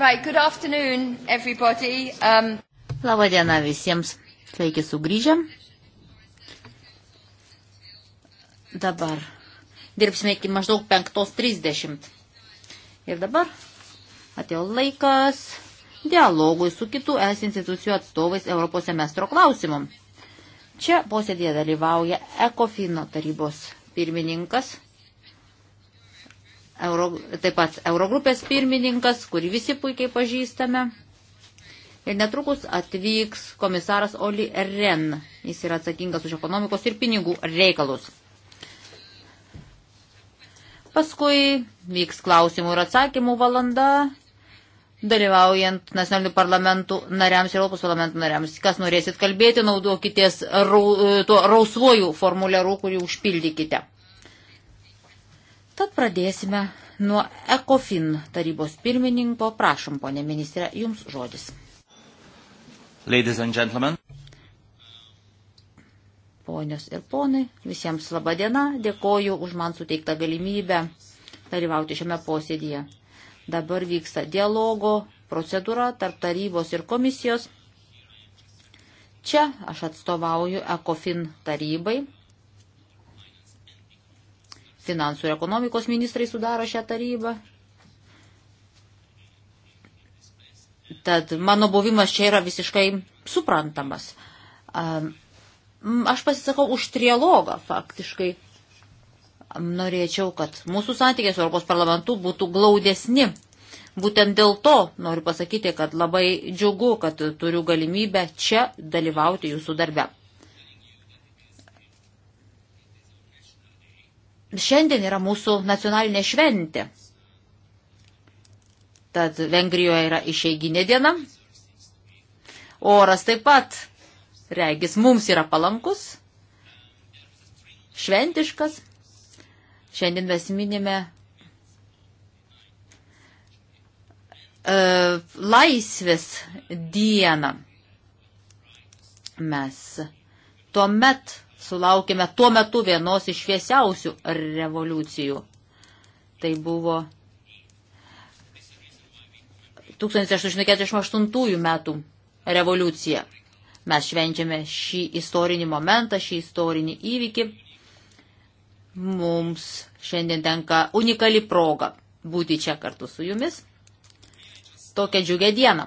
Right, good afternoon, everybody. Um... Labą dieną visiems. Sveiki sugrįžę. Dabar dirbsime iki maždaug 5.30. Ir dabar atėjo laikas dialogui su kitų es institucijų atstovais Europos semestro klausimum. Čia posėdėje dalyvauja Ekofino tarybos pirmininkas Euro, taip pat Eurogrupės pirmininkas, kurį visi puikiai pažįstame. Ir netrukus atvyks komisaras Oli Ren. Jis yra atsakingas už ekonomikos ir pinigų reikalus. Paskui vyks klausimų ir atsakymų valanda, dalyvaujant nacionalinių parlamentų nariams ir Europos parlamentų nariams. Kas norėsit kalbėti, naudokitės rau, e, tuo rausvojų formuliaru, kurį užpildykite. Tad pradėsime nuo ECOFIN tarybos pirmininko. Prašom, ponė ministrė, jums žodis. Ladies and gentlemen. Ponios ir ponai, visiems laba diena. Dėkoju už man suteiktą galimybę dalyvauti šiame posėdėje. Dabar vyksta dialogo procedūra tarp tarybos ir komisijos. Čia aš atstovauju ECOFIN tarybai finansų ir ekonomikos ministrai sudaro šią tarybą. Tad mano buvimas čia yra visiškai suprantamas. Aš pasisakau už trialogą faktiškai. Norėčiau, kad mūsų santykiai su Europos parlamentu būtų glaudesni. Būtent dėl to noriu pasakyti, kad labai džiugu, kad turiu galimybę čia dalyvauti jūsų darbe. šiandien yra mūsų nacionalinė šventė. Tad Vengrijoje yra išeiginė diena. Oras taip pat, regis, mums yra palankus, šventiškas. Šiandien mes minime e, laisvės dieną. Mes tuomet sulaukėme tuo metu vienos iš šviesiausių revoliucijų. Tai buvo 1848 metų revoliucija. Mes švenčiame šį istorinį momentą, šį istorinį įvykį. Mums šiandien tenka unikali proga būti čia kartu su jumis. Tokią džiugę dieną.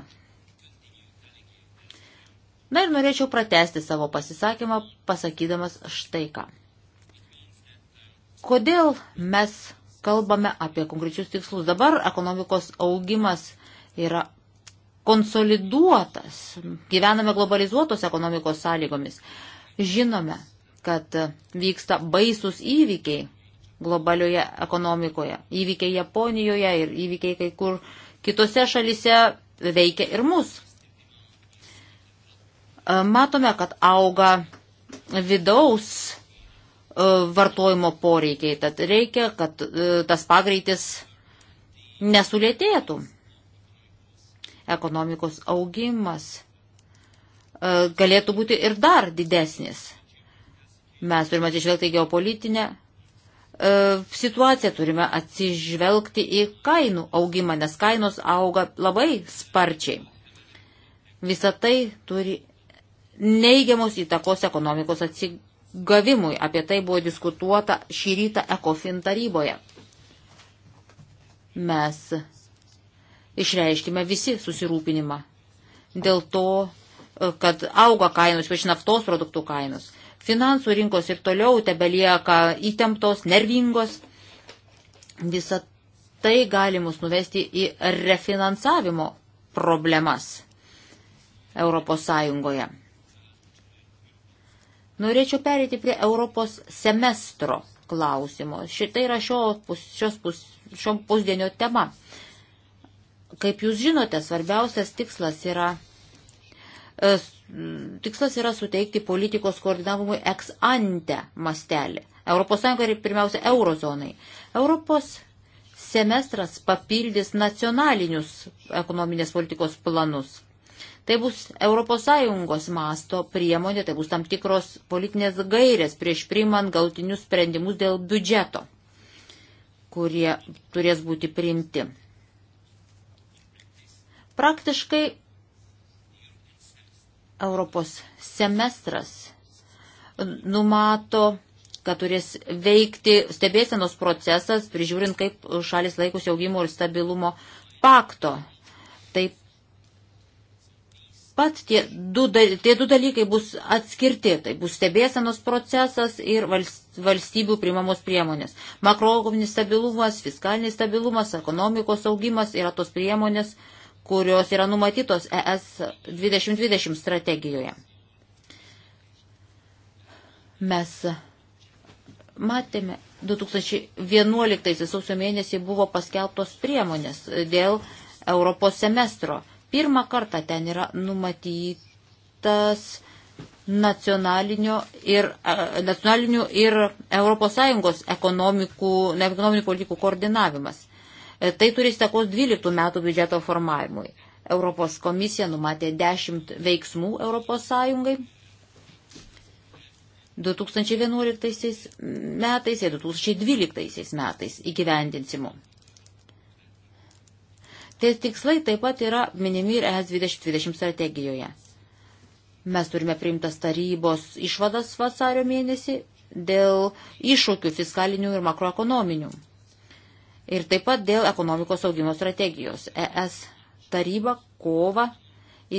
Na ir norėčiau pratesti savo pasisakymą, pasakydamas štai ką. Kodėl mes kalbame apie konkrečius tikslus? Dabar ekonomikos augimas yra konsoliduotas, gyvename globalizuotos ekonomikos sąlygomis. Žinome, kad vyksta baisus įvykiai globalioje ekonomikoje. Įvykiai Japonijoje ir įvykiai kai kur kitose šalise veikia ir mus. E, matome, kad auga vidaus e, vartojimo poreikiai, tad reikia, kad e, tas pagreitis nesulėtėtų. Ekonomikos augimas galėtų būti ir dar didesnis. Mes turime atsižvelgti į geopolitinę situaciją, turime atsižvelgti į kainų augimą, nes kainos auga labai sparčiai. Visą tai turi neigiamos įtakos ekonomikos atsigavimui. Apie tai buvo diskutuota šį rytą ECOFIN taryboje. Mes išreiškime visi susirūpinimą dėl to, kad auga kainos, ypač naftos produktų kainos. Finansų rinkos ir toliau tebelieka įtemptos, nervingos. Visa tai gali mus nuvesti į refinansavimo problemas Europos Sąjungoje. Norėčiau perėti prie Europos semestro klausimo. Šitai yra šio, šios pus, šio pusdienio tema. Kaip jūs žinote, svarbiausias tikslas yra, e, tikslas yra suteikti politikos koordinavimui ex ante mastelį. Europos Sąjunga ir pirmiausia eurozonai. Europos semestras papildys nacionalinius ekonominės politikos planus. Tai bus ES masto priemonė, tai bus tam tikros politinės gairės prieš priimant galtinius sprendimus dėl biudžeto, kurie turės būti priimti. Praktiškai Europos semestras numato kad turės veikti stebėsenos procesas, prižiūrint, kaip šalis laikosi augimo ir stabilumo pakto pat tie du, tie du dalykai bus atskirti. Tai bus stebėsenos procesas ir valstybių primamos priemonės. Makroekonominis stabilumas, fiskalinis stabilumas, ekonomikos augimas yra tos priemonės, kurios yra numatytos ES 2020 strategijoje. Mes matėme, 2011 sausio mėnesį buvo paskelbtos priemonės dėl Europos semestro Pirmą kartą ten yra numatytas nacionalinio ir, nacionalinių ir ES ekonomikų, ne, ekonominių politikų koordinavimas. E, tai turės takos 12 metų biudžeto formavimui. Europos komisija numatė 10 veiksmų ES. 2011 metais ir 2012 metais įgyvendinsimų. Tie tikslai taip pat yra minimi ir ES 2020 strategijoje. Mes turime priimtas tarybos išvadas vasario mėnesį dėl iššūkių fiskalinių ir makroekonominių. Ir taip pat dėl ekonomikos augimo strategijos. ES taryba kova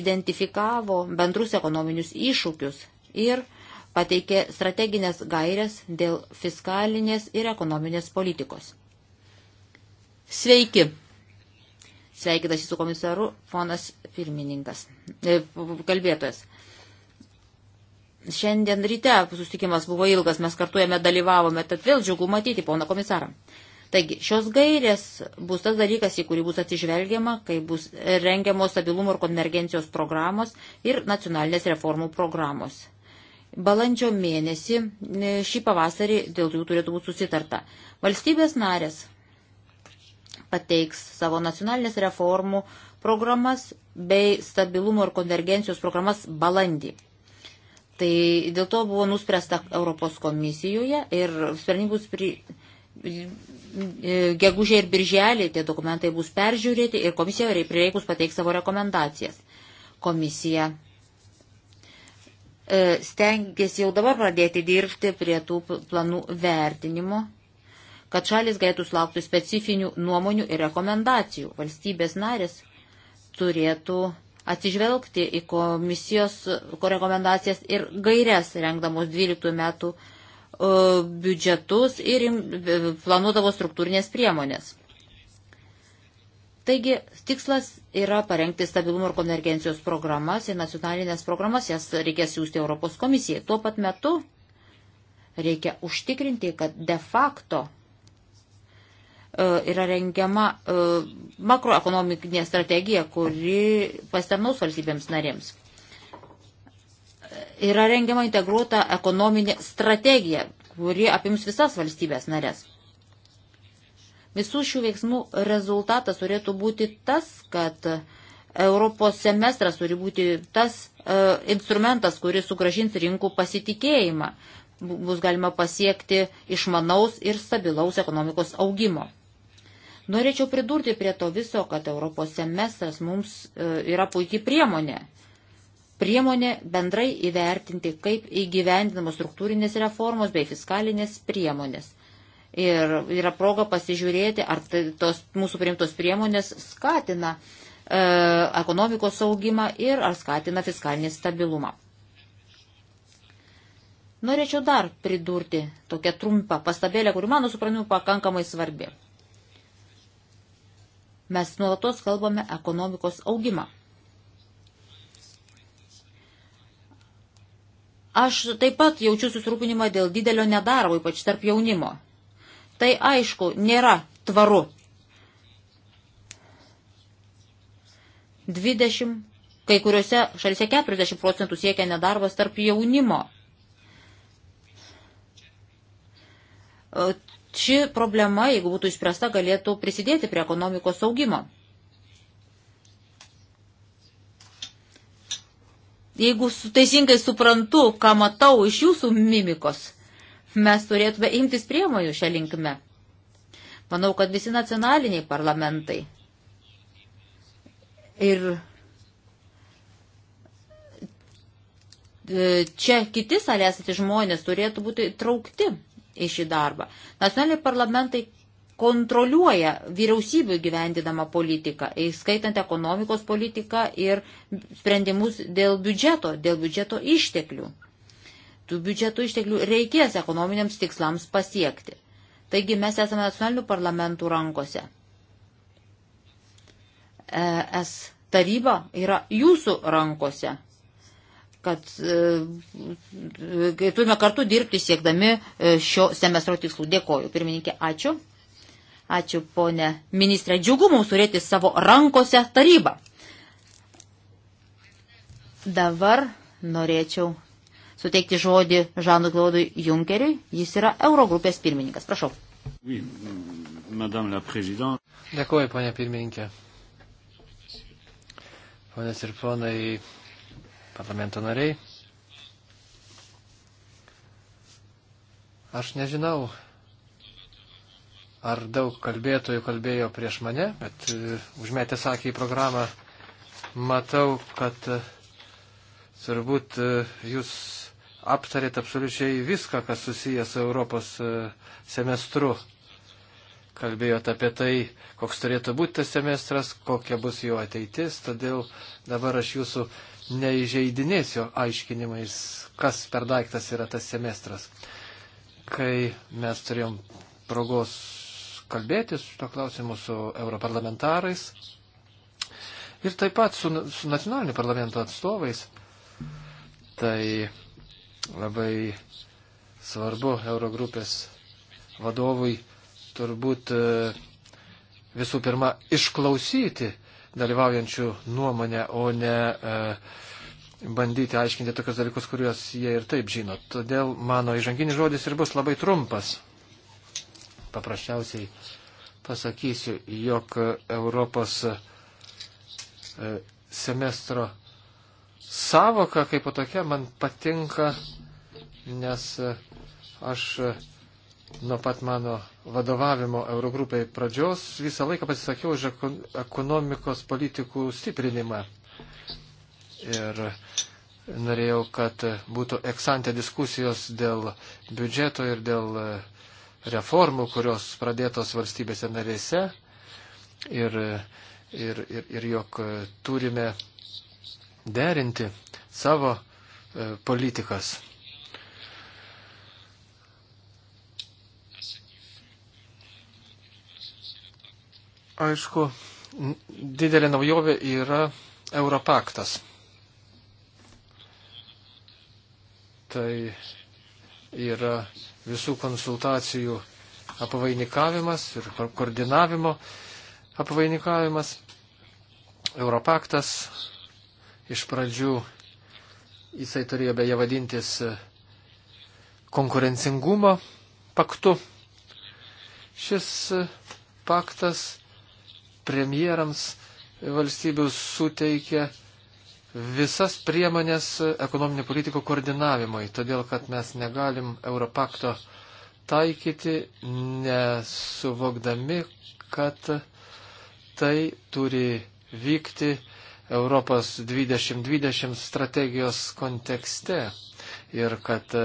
identifikavo bendrus ekonominius iššūkius ir pateikė strateginės gairias dėl fiskalinės ir ekonominės politikos. Sveiki! Sveikinasi su komisaru ponas pirmininkas, e, kalbėtojas. Šiandien ryte susitikimas buvo ilgas, mes kartuojame dalyvavome, tad vėl džiugu matyti poną komisarą. Taigi, šios gairės bus tas dalykas, į kurį bus atsižvelgiama, kai bus rengiamos stabilumo ir konvergencijos programos ir nacionalinės reformų programos. Balandžio mėnesį e, šį pavasarį dėl jų turėtų būti susitarta. Valstybės narės pateiks savo nacionalinės reformų programas bei stabilumo ir konvergencijos programas balandį. Tai dėl to buvo nuspręsta Europos komisijoje ir sprendimus pri... E, gegužė ir birželį tie dokumentai bus peržiūrėti ir komisija prireikus pateiks savo rekomendacijas. Komisija e, stengiasi jau dabar pradėti dirbti prie tų planų vertinimo kad šalis galėtų sulaukti specifinių nuomonių ir rekomendacijų. Valstybės narės turėtų atsižvelgti į komisijos rekomendacijas ir gairias rengdamos 12 metų e, biudžetus ir e, planuodavo struktūrinės priemonės. Taigi tikslas yra parengti stabilumo ir konvergencijos programas ir nacionalinės programas, jas reikės siūsti Europos komisijai. Tuo pat metu reikia užtikrinti, kad de facto E, yra rengiama e, makroekonominė strategija, kuri pasitarnaus valstybėms narėms. Yra rengiama integruota ekonominė strategija, kuri apims visas valstybės narės. Visų šių veiksmų rezultatas turėtų būti tas, kad Europos semestras turi būti tas e, instrumentas, kuris sugražins rinkų pasitikėjimą. Bus galima pasiekti išmanaus ir stabilaus ekonomikos augimo. Norėčiau pridurti prie to viso, kad Europos semestras mums e, yra puikiai priemonė. Priemonė bendrai įvertinti, kaip įgyvendinamos struktūrinės reformos bei fiskalinės priemonės. Ir yra proga pasižiūrėti, ar tai tos mūsų priimtos priemonės skatina e, ekonomikos saugimą ir ar skatina fiskalinį stabilumą. Norėčiau dar pridurti tokią trumpą pastabėlę, kuri mano supranimu pakankamai svarbi. Mes nuolatos kalbame ekonomikos augimą. Aš taip pat jaučiu susirūpinimą dėl didelio nedarbo, ypač tarp jaunimo. Tai aišku, nėra tvaru. 20, kai kuriuose šalise 40 procentų siekia nedarbas tarp jaunimo ši problema, jeigu būtų išspręsta, galėtų prisidėti prie ekonomikos augimo. Jeigu teisingai suprantu, ką matau iš jūsų mimikos, mes turėtume imtis priemonių šią linkme. Manau, kad visi nacionaliniai parlamentai ir e, čia kiti salėsati žmonės turėtų būti traukti į šį darbą. Nacionaliniai parlamentai kontroliuoja vyriausybių gyvendinamą politiką, įskaitant ekonomikos politiką ir sprendimus dėl biudžeto, dėl biudžeto išteklių. Tų biudžeto išteklių reikės ekonominiams tikslams pasiekti. Taigi mes esame nacionalinių parlamentų rankose. E, ES taryba yra jūsų rankose kad e, turime kartu dirbti siekdami e, šio semestro tikslų. Dėkoju, pirmininkė, ačiū. Ačiū, ponė ministrė. Džiugu mums turėti savo rankose tarybą. Dabar norėčiau suteikti žodį Žanui Klaudui Junkeriui. Jis yra Eurogrupės pirmininkas. Prašau. Oui, Dėkuoju, ponė pirmininkė. Ponės ir ponai, parlamento nariai. Aš nežinau, ar daug kalbėtojų kalbėjo prieš mane, bet e, užmetė sakį į programą. Matau, kad e, turbūt e, jūs aptarėt absoliučiai viską, kas susijęs su Europos semestru. Kalbėjot apie tai, koks turėtų būti tas semestras, kokia bus jo ateitis, todėl dabar aš jūsų neįžeidinėsiu aiškinimais, kas per daiktas yra tas semestras. Kai mes turėjom progos kalbėtis šito klausimu su europarlamentarais ir taip pat su, su nacionaliniu parlamento atstovais, tai labai svarbu Eurogrupės vadovui turbūt e, visų pirma išklausyti dalyvaujančių nuomonę, o ne e, bandyti aiškinti tokius dalykus, kuriuos jie ir taip žino. Todėl mano įžanginis žodis ir bus labai trumpas. Paprasčiausiai pasakysiu, jog Europos e, semestro savoka kaip tokia man patinka, nes e, aš. E, nuo pat mano vadovavimo Eurogrupai pradžios visą laiką pasisakiau už ekonomikos politikų stiprinimą. Ir norėjau, kad būtų eksantė diskusijos dėl biudžeto ir dėl reformų, kurios pradėtos valstybėse narėse. Ir, ir, ir, ir jog turime derinti savo e, politikas Aišku, didelė naujovė yra Europaktas. Tai yra visų konsultacijų apvainikavimas ir koordinavimo apvainikavimas. Europaktas iš pradžių jisai turėjo beje vadintis e, konkurencingumo paktu. Šis e, paktas premjerams valstybių suteikia visas priemonės ekonominio politikų koordinavimui, todėl kad mes negalim Europakto taikyti, nesuvokdami, kad tai turi vykti Europos 2020 strategijos kontekste ir kad e,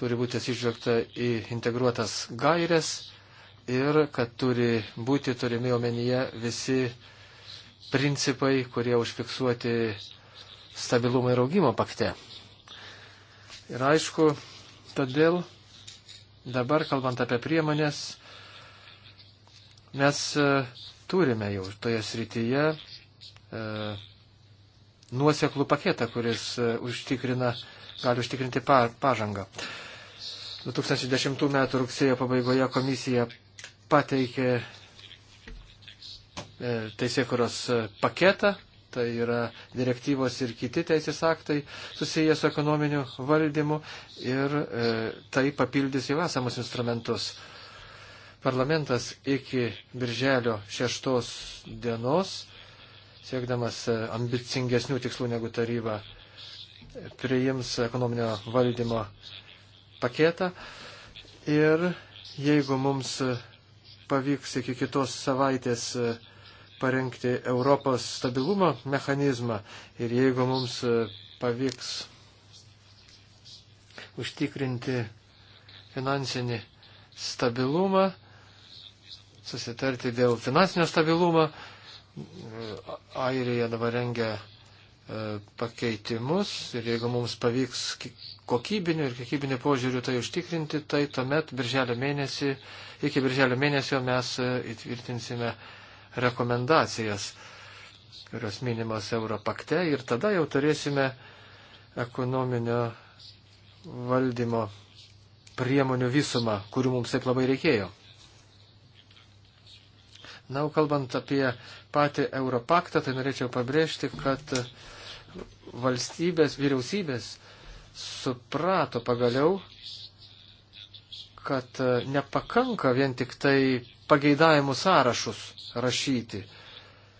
turi būti atsižvelgta į integruotas gairias ir kad turi būti turimi omenyje visi principai, kurie užfiksuoti stabilumo ir augimo pakte. Ir aišku, todėl dabar, kalbant apie priemonės, mes e, turime jau toje srityje e, nuoseklų paketą, kuris e, užtikrina, gali užtikrinti pa, pažangą. 2010 m. rugsėjo pabaigoje komisija pateikė e, teisėkuros paketą, tai yra direktyvos ir kiti teisės aktai susiję su ekonominiu valdymu ir e, tai papildys jau esamus instrumentus. Parlamentas iki birželio šeštos dienos, siekdamas e, ambicingesnių tikslų negu taryba, priims ekonominio valdymo paketą ir jeigu mums pavyks iki kitos savaitės e, parengti Europos stabilumo mechanizmą ir jeigu mums e, pavyks užtikrinti finansinį stabilumą, susitarti dėl finansinio stabilumo, Airija dabar rengia e, pakeitimus ir jeigu mums pavyks kokybiniu ir kiekybiniu požiūriu tai užtikrinti, tai tuomet birželio mėnesį, iki birželio mėnesio mes e, įtvirtinsime rekomendacijas, kurios minimos Europakte ir tada jau turėsime ekonominio valdymo priemonių visumą, kurių mums taip labai reikėjo. Na, kalbant apie patį Europaktą, tai norėčiau pabrėžti, kad valstybės, vyriausybės suprato pagaliau, kad e, nepakanka vien tik tai pageidavimų sąrašus rašyti,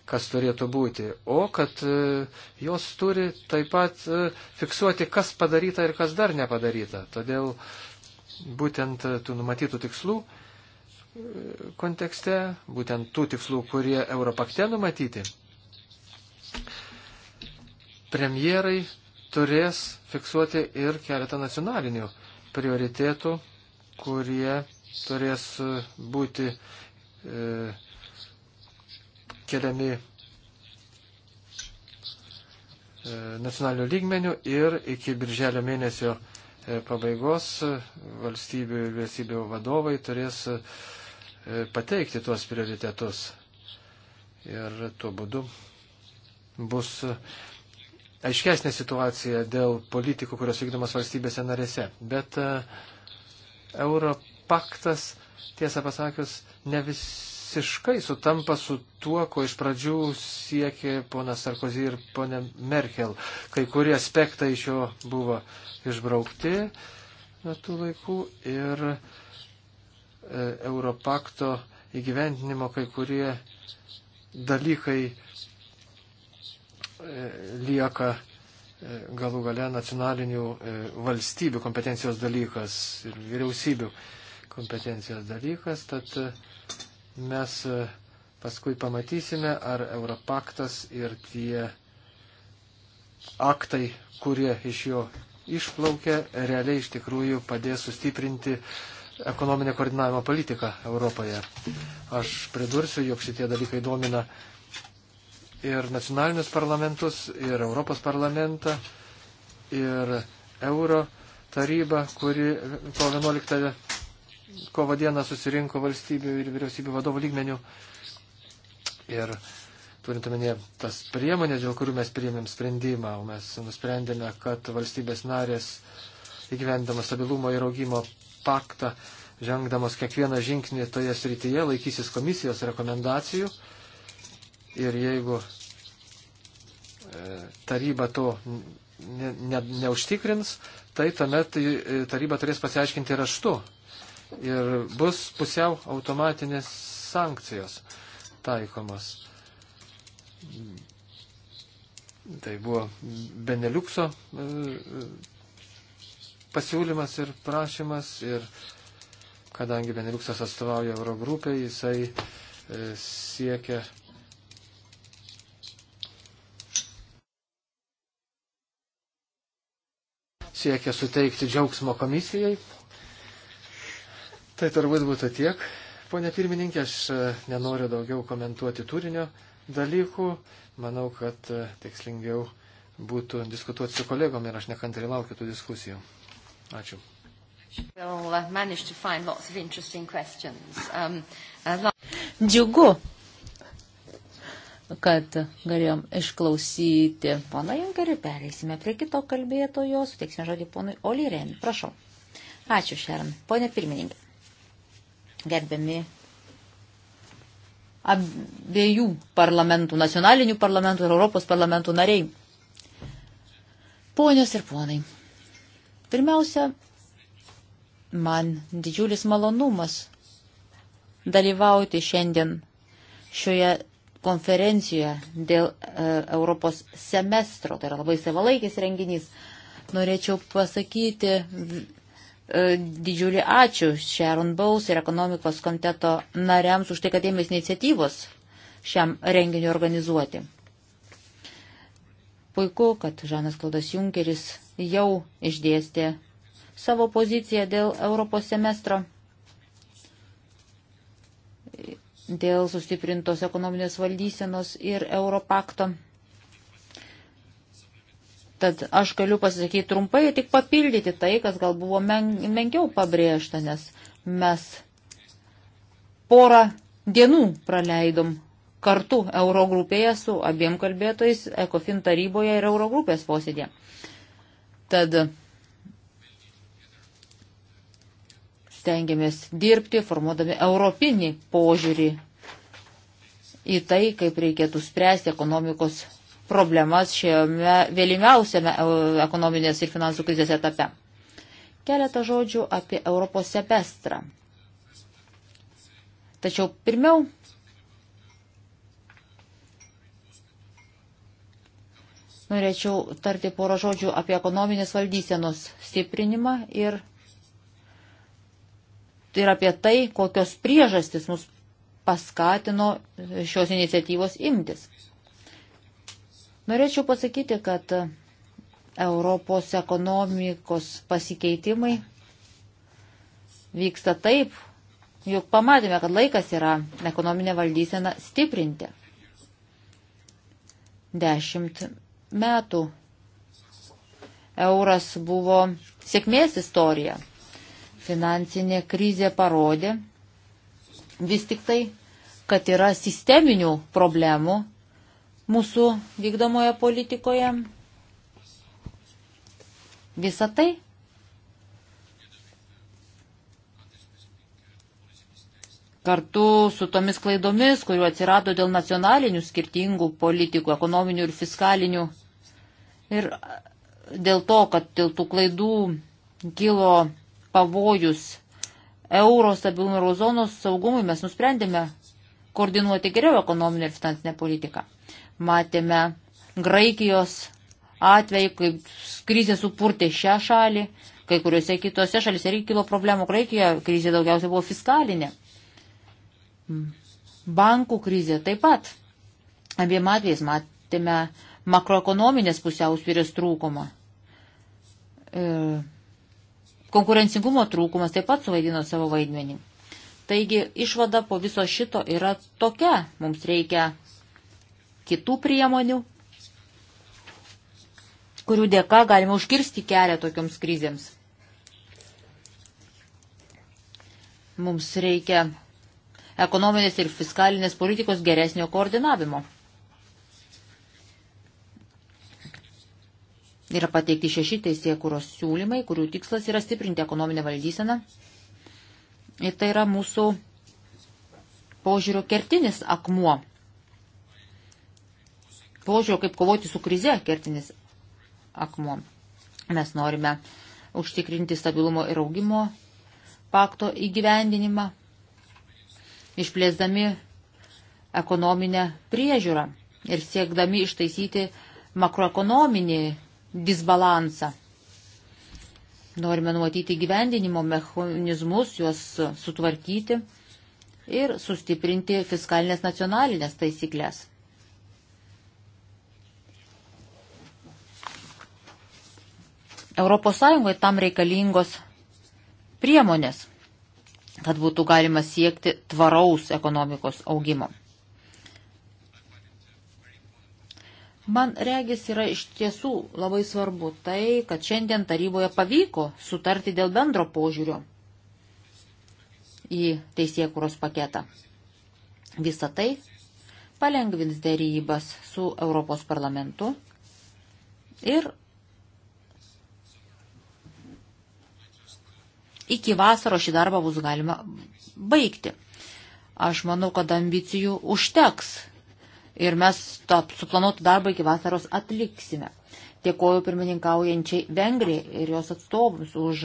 kas turėtų būti, o kad e, jos turi taip pat e, fiksuoti, kas padaryta ir kas dar nepadaryta. Todėl būtent tų numatytų tikslų kontekste, būtent tų tikslų, kurie Europakte numatyti, premjerai turės fiksuoti ir keletą nacionalinių prioritėtų, kurie turės būti e, keliami e, nacionalinių lygmenių ir iki birželio mėnesio e, pabaigos e, valstybių ir valstybių vadovai turės pateikti tuos prioritetus. Ir tuo būdu bus aiškesnė situacija dėl politikų, kurios vykdomas valstybėse narėse. Bet e, Europaktas, tiesą pasakius, ne visiškai sutampa su tuo, ko iš pradžių siekė ponas Sarkozy ir ponė Merkel. Kai kurie aspektai iš jo buvo išbraukti nuo e, tų laikų ir e, Europakto įgyvendinimo kai kurie dalykai E, lieka e, galų gale nacionalinių e, valstybių kompetencijos dalykas ir vyriausybių kompetencijos dalykas, tad mes paskui pamatysime, ar Europaktas ir tie aktai, kurie iš jo išplaukia, realiai iš tikrųjų padės sustiprinti ekonominio koordinavimo politiką Europoje. Aš pridursiu, jog šitie dalykai domina ir nacionalinius parlamentus, ir Europos parlamentą, ir Euro tarybą, kuri kovo 11 kovo dieną susirinko valstybių ir vyriausybių vadovų lygmenių. Ir turint omenyje tas priemonės, dėl kurių mes priėmėm sprendimą, o mes nusprendėme, kad valstybės narės įgyvendamas stabilumo ir augimo paktą, žengdamas kiekvieną žingsnį toje srityje, laikysis komisijos rekomendacijų ir jeigu e, taryba to ne, ne, neužtikrins, tai tuomet e, taryba turės pasiaiškinti raštu ir bus pusiau automatinės sankcijos taikomas. Tai buvo Beneliukso e, pasiūlymas ir prašymas ir kadangi Beneliuksas atstovauja Eurogrupiai, jisai siekia siekia suteikti džiaugsmo komisijai. Tai turbūt būtų tiek. Pone pirmininkė, aš e, nenoriu daugiau komentuoti turinio dalykų. Manau, kad e, tikslingiau būtų diskutuoti su kolegom ir aš nekantrai laukiu tų diskusijų. Ačiū. Um, Džiugu, kad galėjom išklausyti poną Junkerį, pereisime prie kito kalbėtojo, suteiksime žodį ponui Oliren. Prašau. Ačiū, Šern. Pone pirmininkė. Gerbiami abiejų parlamentų, nacionalinių parlamentų ir Europos parlamentų nariai. Ponios ir ponai, pirmiausia, man didžiulis malonumas dalyvauti šiandien šioje konferencijoje dėl e, Europos semestro, tai yra labai savalaikis renginys. Norėčiau pasakyti e, didžiulį ačiū Sharon Bowles ir ekonomikos komiteto nariams už tai, kad ėmės iniciatyvos šiam renginiu organizuoti. Puiku, kad Žanas Klaudas Junkeris jau išdėstė savo poziciją dėl Europos semestro. dėl sustiprintos ekonominės valdysenos ir Europakto. Tad aš galiu pasakyti trumpai, tik papildyti tai, kas gal buvo men menkiau pabrėžta, nes mes porą dienų praleidom kartu Eurogrupėje su abiem kalbėtojais ECOFIN taryboje ir Eurogrupės posėdė. Tad stengiamės dirbti, formuodami europinį požiūrį į tai, kaip reikėtų spręsti ekonomikos problemas šiame vėlymiausiame e, ekonominės ir finansų krizės etape. Keletą žodžių apie Europos semestrą. Tačiau pirmiau norėčiau tarti porą žodžių apie ekonominės valdysenos stiprinimą ir ir apie tai, kokios priežastys mus paskatino šios iniciatyvos imtis. Norėčiau pasakyti, kad Europos ekonomikos pasikeitimai vyksta taip, juk pamatėme, kad laikas yra ekonominę valdyseną stiprinti. Dešimt metų euras buvo sėkmės istorija. Finansinė krizė parodė vis tik tai, kad yra sisteminių problemų mūsų vykdomoje politikoje. Visą tai kartu su tomis klaidomis, kuriuo atsirado dėl nacionalinių skirtingų politikų, ekonominių ir fiskalinių. Ir dėl to, kad dėl tų klaidų kilo pavojus euro stabilumo ir zonos saugumui, mes nusprendėme koordinuoti geriau ekonominę ir finansinę politiką. Matėme Graikijos atvejį, kaip krizė supurtė šią šalį, kai kuriuose kitose šalise irgi kilo problemų. Graikijoje krizė daugiausia buvo fiskalinė. Bankų krizė taip pat. Abiem atvejais matėme makroekonominės pusiausvyrės trūkumą. E, Konkurencingumo trūkumas taip pat suvaidino savo vaidmenį. Taigi išvada po viso šito yra tokia. Mums reikia kitų priemonių, kurių dėka galima užkirsti kelią tokioms krizėms. Mums reikia ekonominės ir fiskalinės politikos geresnio koordinavimo. Yra pateikti šeši teisėkuros siūlymai, kurių tikslas yra stiprinti ekonominę valdyseną. Ir tai yra mūsų požiūrio kertinis akmuo. Požiūrio, kaip kovoti su krize, kertinis akmuo. Mes norime užtikrinti stabilumo ir augimo pakto įgyvendinimą, išplėsdami ekonominę priežiūrą ir siekdami ištaisyti makroekonominį disbalansą. Norime numatyti gyvendinimo mechanizmus, juos sutvarkyti ir sustiprinti fiskalinės nacionalinės taisyklės. Europos Sąjungoje tam reikalingos priemonės, kad būtų galima siekti tvaraus ekonomikos augimo. Man regis yra iš tiesų labai svarbu tai, kad šiandien taryboje pavyko sutarti dėl bendro požiūrio į teisėkuros paketą. Visą tai palengvins dėrybas su Europos parlamentu ir iki vasaro šį darbą bus galima baigti. Aš manau, kad ambicijų užteks ir mes tą suplanuotą darbą iki vasaros atliksime. Dėkoju pirmininkaujančiai Vengrijai ir jos atstovus už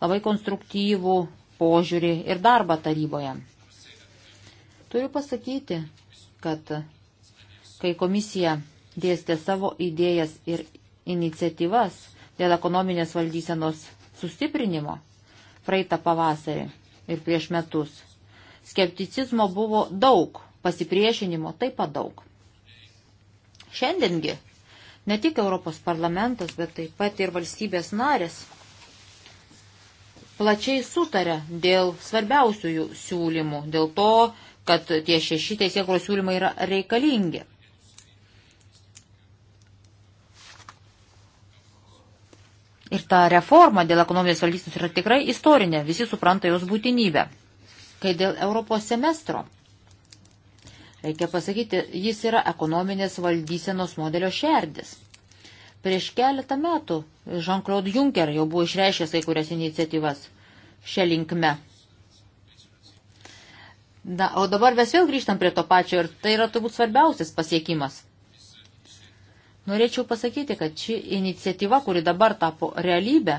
labai konstruktyvų požiūrį ir darbą taryboje. Turiu pasakyti, kad kai komisija dėstė savo idėjas ir iniciatyvas dėl ekonominės valdysenos sustiprinimo praeitą pavasarį ir prieš metus, skepticizmo buvo daug, pasipriešinimo taip pat daug. Šiandiengi ne tik Europos parlamentas, bet taip pat ir valstybės narės plačiai sutarė dėl svarbiausiųjų siūlymų, dėl to, kad tie šeši teisėkros siūlymai yra reikalingi. Ir ta reforma dėl ekonominės valdysenos yra tikrai istorinė, visi supranta jos būtinybę. Kai dėl Europos semestro Reikia pasakyti, jis yra ekonominės valdysenos modelio šerdis. Prieš keletą metų Jean-Claude Juncker jau buvo išreiškęs kai kurias iniciatyvas šią linkme. Na, o dabar mes vėl grįžtam prie to pačio ir tai yra turbūt svarbiausias pasiekimas. Norėčiau pasakyti, kad ši iniciatyva, kuri dabar tapo realybę,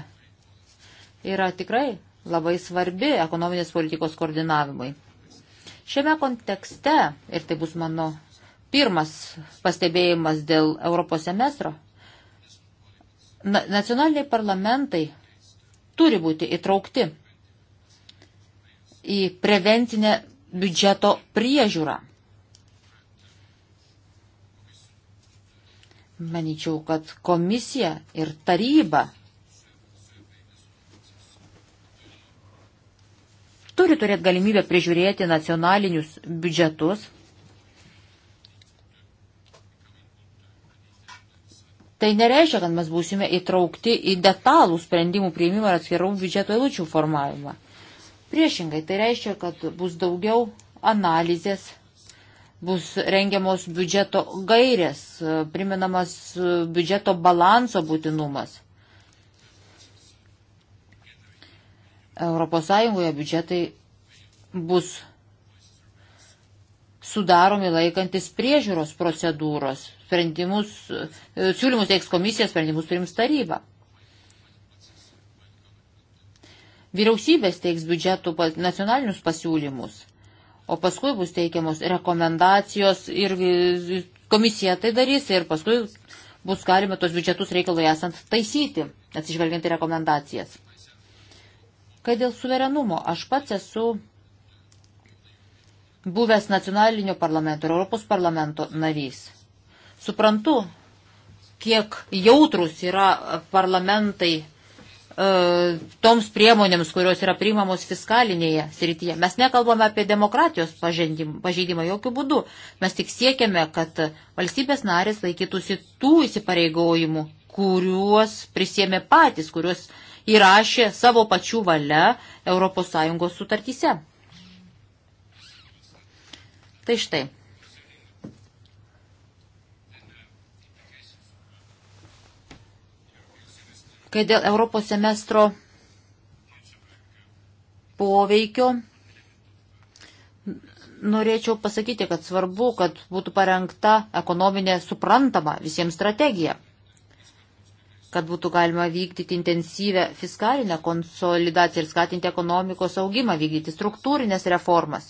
yra tikrai labai svarbi ekonominės politikos koordinavimui. Šiame kontekste, ir tai bus mano pirmas pastebėjimas dėl Europos semestro, na, nacionaliniai parlamentai turi būti įtraukti į prevencinę biudžeto priežiūrą. Manyčiau, kad komisija ir taryba turi turėti galimybę prižiūrėti nacionalinius biudžetus. Tai nereiškia, kad mes būsime įtraukti į detalų sprendimų prieimimą ir atskirų biudžeto eilučių formavimą. Priešingai, tai reiškia, kad bus daugiau analizės, bus rengiamos biudžeto gairės, priminamas biudžeto balanso būtinumas. ES biudžetai bus sudaromi laikantis priežiūros procedūros, sprendimus, e, siūlymus teiks komisija, sprendimus priims taryba. Vyriausybės teiks biudžetų nacionalinius pasiūlymus, o paskui bus teikiamos rekomendacijos ir e, komisija tai darys ir paskui bus galima tos biudžetus reikalui esant taisyti, atsižvelgiant į rekomendacijas. Kad dėl suverenumo aš pats esu buvęs nacionalinio parlamento ir Europos parlamento narys. Suprantu, kiek jautrus yra parlamentai e, toms priemonėms, kurios yra priimamos fiskalinėje srityje. Mes nekalbame apie demokratijos pažeidimą jokių būdų. Mes tik siekiame, kad valstybės narės laikytųsi tų įsipareigojimų, kuriuos prisėmė patys, kuriuos įrašė savo pačių valia ES sutartyse. Tai štai. Kai dėl Europos semestro poveikio norėčiau pasakyti, kad svarbu, kad būtų parengta ekonominė suprantama visiems strategija kad būtų galima vykdyti intensyvę fiskalinę konsolidaciją ir skatinti ekonomikos augimą, vykdyti struktūrinės reformas.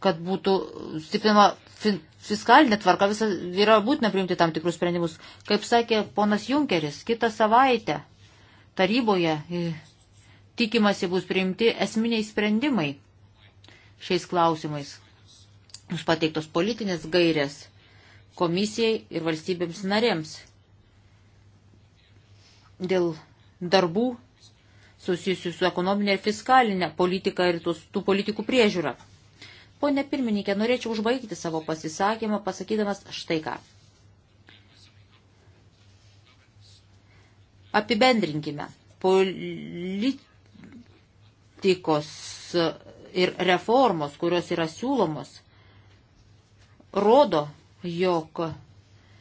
Kad būtų stiprinama fiskalinė tvarka, visa, yra būtina priimti tam tikrus sprendimus. Kaip sakė ponas Junkeris, kitą savaitę taryboje tikimasi bus priimti esminiai sprendimai šiais klausimais. Už pateiktos politinės gairės komisijai ir valstybėms narėms dėl darbų susijusių su ekonominė ir fiskalinė politika ir tų, tų politikų priežiūra. Pone pirmininkė, norėčiau užbaigti savo pasisakymą, pasakydamas štai ką. Apibendrinkime politikos ir reformos, kurios yra siūlomos, rodo, jog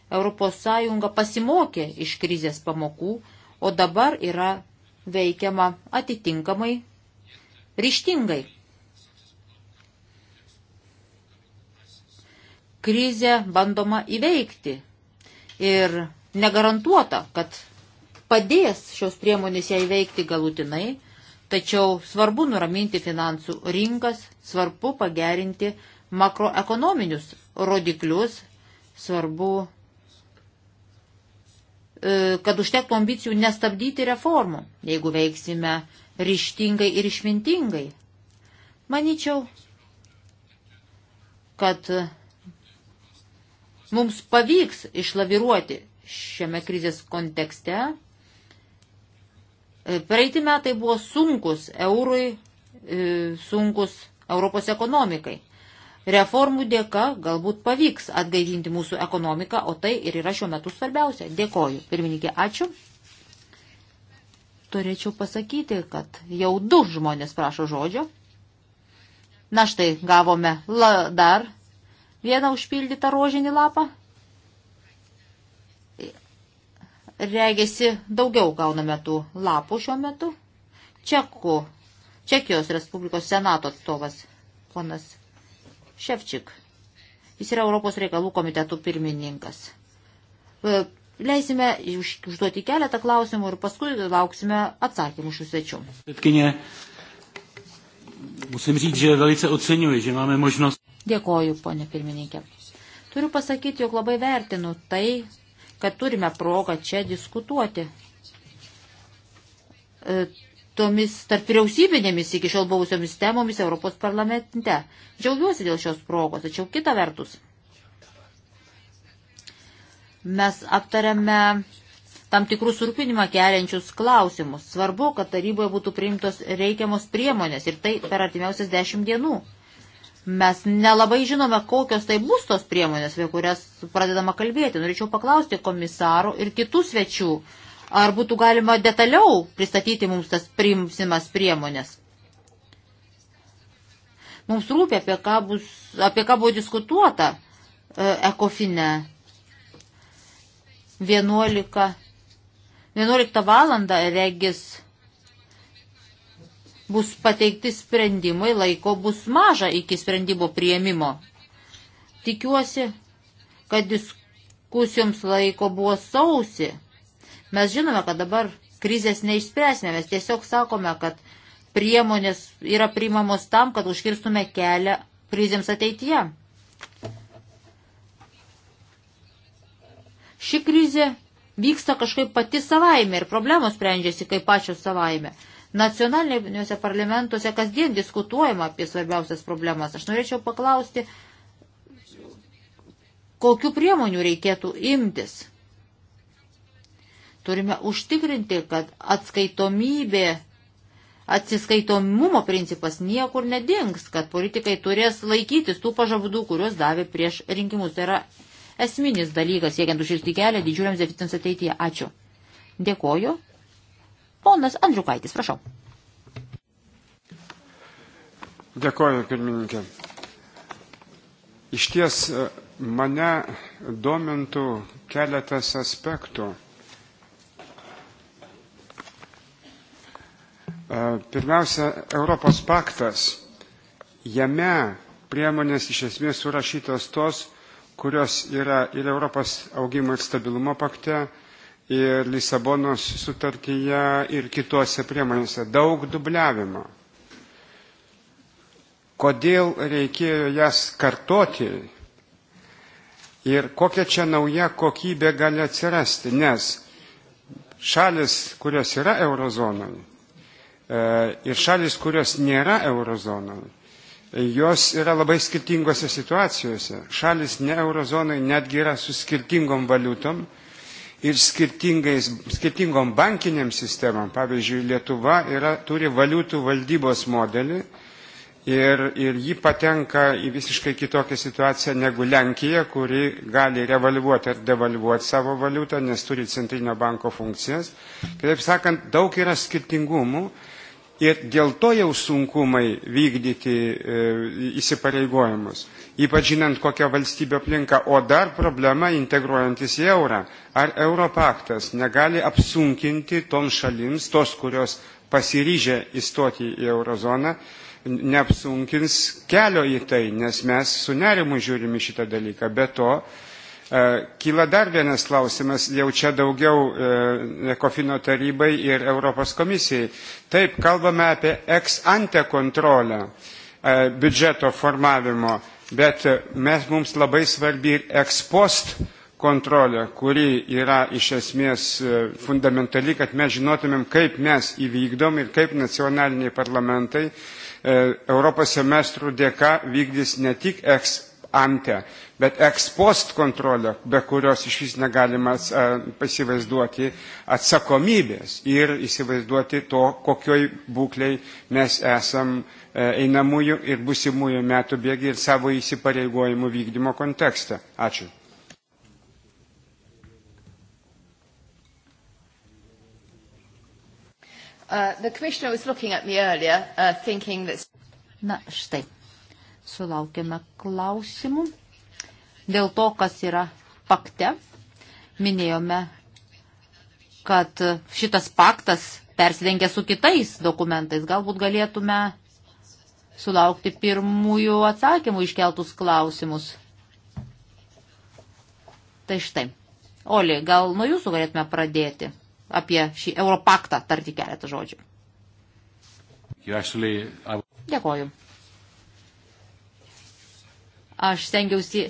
ES pasimokė iš krizės pamokų, o dabar yra veikiama atitinkamai ryštingai. Krizę bandoma įveikti ir negarantuota, kad padės šios priemonės ją įveikti galutinai, Tačiau svarbu nuraminti finansų rinkas, svarbu pagerinti makroekonominius rodiklius, svarbu, e, kad užtektų ambicijų nestabdyti reformų, jeigu veiksime ryštingai ir išmintingai. Maničiau, kad mums pavyks išlaviruoti šiame krizės kontekste Praeiti metai buvo sunkus eurui, e, sunkus Europos ekonomikai. Reformų dėka galbūt pavyks atgaivinti mūsų ekonomiką, o tai ir yra šiuo metu svarbiausia. Dėkoju. Pirmininkė, ačiū. Turėčiau pasakyti, kad jau du žmonės prašo žodžio. Na štai, gavome la, dar vieną užpildytą rožinį lapą. Regėsi daugiau gauname tų lapų šiuo metu. Čekų, Čekijos Respublikos Senato atstovas, ponas Ševčik. Jis yra Europos reikalų komitetų pirmininkas. E, leisime užduoti keletą klausimų ir paskui lauksime atsakymų šių svečių. Musím říct, že velice oceňuji, že máme možnost. Dėkoju, ponė pirmininkė. Turiu pasakyti, jog labai vertinu tai, kad turime progą čia diskutuoti. E, tomis tarp vyriausybinėmis iki šiol buvusiomis temomis Europos parlamente. Džiaugiuosi dėl šios progos, tačiau kita vertus. Mes aptariame tam tikrus rūpinimą keliančius klausimus. Svarbu, kad taryboje būtų priimtos reikiamos priemonės ir tai per artimiausias dešimt dienų mes nelabai žinome, kokios tai bus tos priemonės, apie kurias pradedama kalbėti. Norėčiau paklausti komisaro ir kitų svečių, ar būtų galima detaliau pristatyti mums tas priimsimas priemonės. Mums rūpia, apie ką, bus, apie ką buvo diskutuota e, ekofine 11, 11 valandą regis bus pateikti sprendimai, laiko bus maža iki sprendimo prieimimo. Tikiuosi, kad diskusijoms laiko buvo sausi. Mes žinome, kad dabar krizės neišspręsime, mes tiesiog sakome, kad priemonės yra priimamos tam, kad užkirstume kelią krizėms ateityje. Ši krizė vyksta kažkaip pati savaime ir problemos sprendžiasi kaip pačios savaime. Nacionaliniuose parlamentuose kasdien diskutuojama apie svarbiausias problemas. Aš norėčiau paklausti, kokiu priemonių reikėtų imtis. Turime užtikrinti, kad atskaitomybė, atsiskaitomumo principas niekur nedings, kad politikai turės laikytis tų pažadų, kuriuos davė prieš rinkimus. Tai yra esminis dalykas, siekiant užkirsti kelią didžiuliams deficitams ateityje. Ačiū. Dėkoju. Ponas Andriukaitis, prašau. Dėkoju, pirmininkė. Iš ties e, mane domintų keletas aspektų. E, pirmiausia, Europos paktas. Jame priemonės iš esmės surašytos tos, kurios yra ir Europos augimo ir stabilumo pakte, ir Lisabonos sutartyje ir kitose priemonėse. Daug dubliavimo. Kodėl reikėjo jas kartoti ir kokia čia nauja kokybė gali atsirasti, nes šalis, kurios yra eurozonoje ir šalis, kurios nėra eurozonoje, jos yra labai skirtingose situacijose. Šalis ne eurozonai netgi yra su skirtingom valiutom, ir skirtingom bankiniam sistemam. Pavyzdžiui, Lietuva yra, turi valiutų valdybos modelį ir, ir ji patenka į visiškai kitokią situaciją negu Lenkija, kuri gali revalvuoti ar devalvuoti savo valiutą, nes turi centrinio banko funkcijas. Kitaip sakant, daug yra skirtingumų ir dėl to jau sunkumai vykdyti e, įsipareigojimus, ypač žinant, kokia valstybė aplinka, o dar problema integruojantis į eurą. Ar Europaktas negali apsunkinti toms šalims, tos, kurios pasiryžę įstoti į eurozoną, neapsunkins kelio į tai, nes mes su nerimu žiūrime šitą dalyką. Be to, E, kyla dar vienas klausimas, jau čia daugiau e, Ekofino tarybai ir Europos komisijai. Taip, kalbame apie ex ante kontrolę e, biudžeto formavimo, bet mes mums labai svarbi ir ex post kontrolė, kuri yra iš esmės fundamentali, kad mes žinotumėm, kaip mes įvykdom ir kaip nacionaliniai parlamentai Europos semestrų dėka vykdys ne tik ex ante, bet ekspost kontrolė, be kurios iš vis negalima e, pasivaizduoti atsakomybės ir įsivaizduoti to, kokioj būkliai mes esam e, einamųjų ir busimųjų metų bėgi ir savo įsipareigojimų vykdymo kontekste. Ačiū. Uh, the commissioner was looking at me earlier, uh, thinking that. Na, štai. Sulaukėme klausimų dėl to, kas yra pakte. Minėjome, kad šitas paktas persidengia su kitais dokumentais. Galbūt galėtume sulaukti pirmųjų atsakymų iškeltus klausimus. Tai štai. Oli, gal nuo jūsų galėtume pradėti apie šį Europaktą tarti keletą žodžių. Dėkoju. Aš stengiausi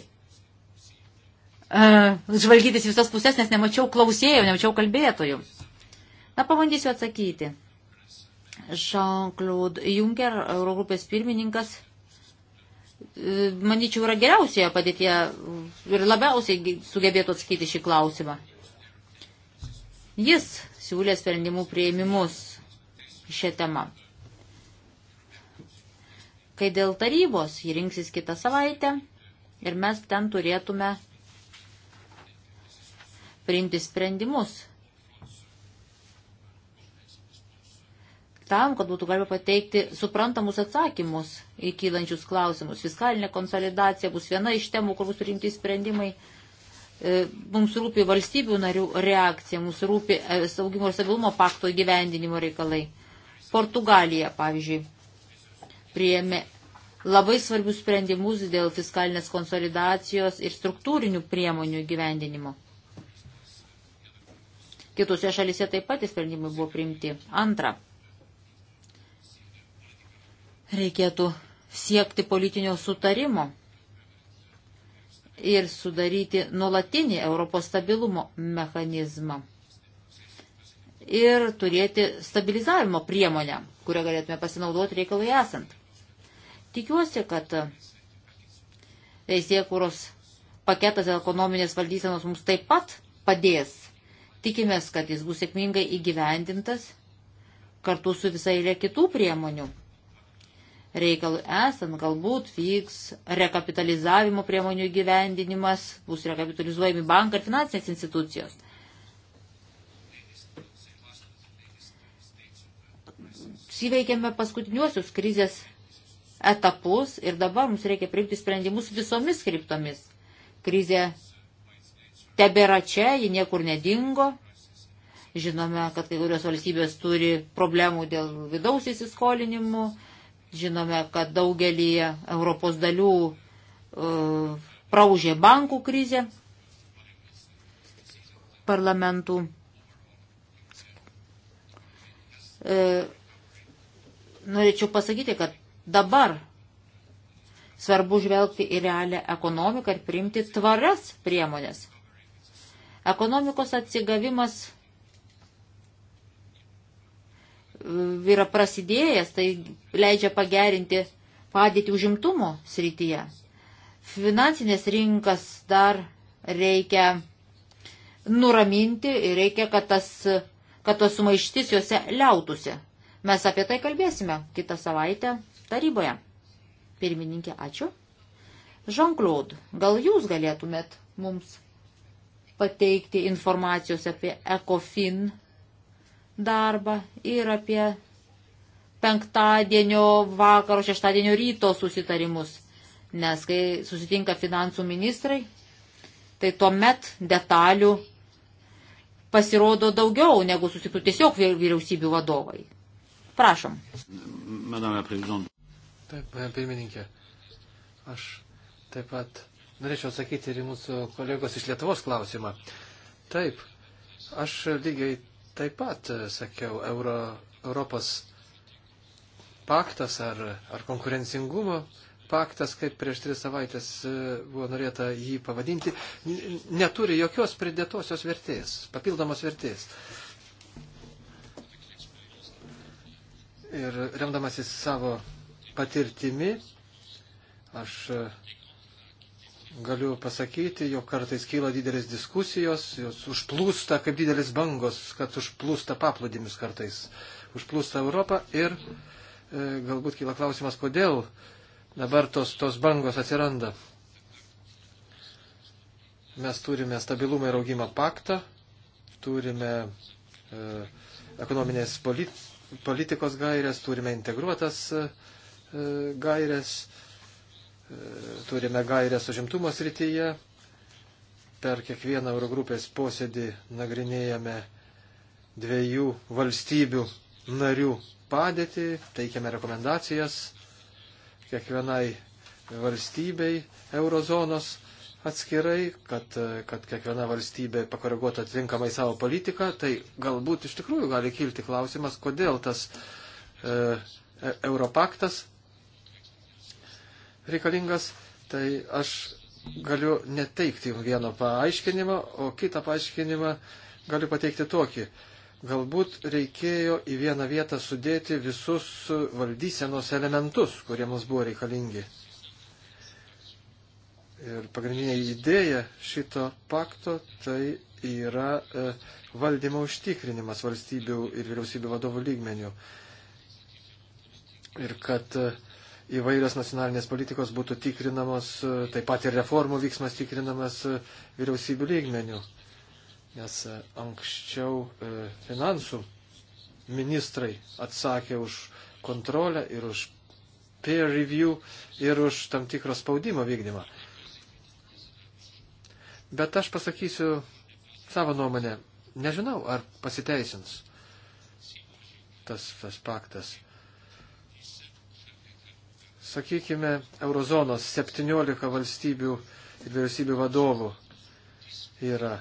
uh, žvalgytis visas pusės, nes nemačiau klausėjų, nemačiau kalbėtojų. Na, pabandysiu atsakyti. Jean-Claude Juncker, Eurogrupės pirmininkas, e, manyčiau, yra geriausioje padėtėje ir labiausiai sugebėtų atsakyti šį klausimą. Jis siūlė sprendimų prieimimus šią temą. Kai dėl tarybos jį rinksis kitą savaitę ir mes ten turėtume priimti sprendimus. Tam, kad būtų galima pateikti suprantamus atsakymus į kylančius klausimus. Fiskalinė konsolidacija bus viena iš temų, kur bus priimti sprendimai e, mums rūpi valstybių narių reakcija, mums rūpi e, saugimo ir stabilumo pakto įgyvendinimo reikalai. Portugalija, pavyzdžiui, prieėmė labai svarbius sprendimus dėl fiskalinės konsolidacijos ir struktūrinių priemonių gyvendinimo. Kitose šalise taip pat sprendimai buvo priimti. Antra, reikėtų siekti politinio sutarimo ir sudaryti nuolatinį Europos stabilumo mechanizmą ir turėti stabilizavimo priemonę, kurią galėtume pasinaudoti reikalui esant. Tikiuosi, kad teisėkūros paketas ekonominės valdysenos mums taip pat padės. Tikimės, kad jis bus sėkmingai įgyvendintas kartu su visai ir kitų priemonių. Reikalui esant, galbūt vyks rekapitalizavimo priemonių įgyvendinimas, bus rekapitalizuojami bankai ir finansinės institucijos. įveikėme paskutiniuosius krizės etapus ir dabar mums reikia priimti sprendimus visomis kryptomis. Krizė tebėra čia, ji niekur nedingo. Žinome, kad kai kurios valstybės turi problemų dėl vidaus įsiskolinimų. Žinome, kad daugelį Europos dalių uh, e, praužė bankų krizė parlamentų. Uh, norėčiau pasakyti, kad dabar svarbu žvelgti į realią ekonomiką ir priimti tvarias priemonės. Ekonomikos atsigavimas mm, yra prasidėjęs, tai leidžia pagerinti padėtį užimtumo srityje. Finansinės rinkas dar reikia nuraminti ir reikia, kad, tas, kad tos sumaištis juose liautųsi. Mes apie tai kalbėsime kitą savaitę taryboje. Pirmininkė, ačiū. Jean-Claude, gal jūs galėtumėt mums pateikti informacijos apie ECOFIN darbą ir apie penktadienio vakaro, šeštadienio ryto susitarimus. Nes kai susitinka finansų ministrai, tai tuomet detalių pasirodo daugiau negu susitiktų tiesiog vyriausybių vadovai. Prašom. Madame Prezident. Taip, pirmininkė. Aš taip pat norėčiau atsakyti ir mūsų kolegos iš Lietuvos klausimą. Taip, aš lygiai taip pat sakiau Euro, Europos paktas ar, ar konkurencingumo paktas, kaip prieš tris savaitės e, buvo norėta jį pavadinti, neturi jokios pridėtosios vertės, papildomos vertės. Uh, Ir remdamasis savo patirtimi, aš e, galiu pasakyti, jog kartais kyla didelės diskusijos, jos užplūsta kaip didelis bangos, kad užplūsta paplūdimis kartais, užplūsta Europą ir e, galbūt kyla klausimas, kodėl dabar tos, tos bangos atsiranda. Mes turime stabilumą ir augimą paktą, turime e, ekonominės politikos politikos gairias, turime integruotas e, e, gairias, e, turime gairias užimtumo srityje. Per kiekvieną Eurogrupės posėdį nagrinėjame dviejų valstybių narių padėtį, teikiame rekomendacijas kiekvienai valstybei eurozonos atskirai, kad, kad kiekviena valstybė pakoreguotų atitinkamai savo politiką, tai galbūt iš tikrųjų gali kilti klausimas, kodėl tas e, e Europaktas reikalingas. Tai aš galiu neteikti jums vieno paaiškinimo, o kitą paaiškinimą galiu pateikti tokį. Galbūt reikėjo į vieną vietą sudėti visus valdysenos elementus, kurie mums buvo reikalingi. Ir pagrindinė idėja šito pakto tai yra e, valdymo užtikrinimas valstybių ir vyriausybių vadovų lygmenių. Ir kad e, įvairios nacionalinės politikos būtų tikrinamos, e, taip pat ir reformų vyksmas tikrinamas vyriausybių lygmenių. Nes anksčiau finansų ministrai atsakė už kontrolę ir už peer review ir už tam tikro spaudimo vykdymą. Bet aš pasakysiu savo nuomonę. Nežinau, ar pasiteisins tas, tas paktas. Sakykime, eurozonos 17 valstybių ir vyriausybių vadovų yra.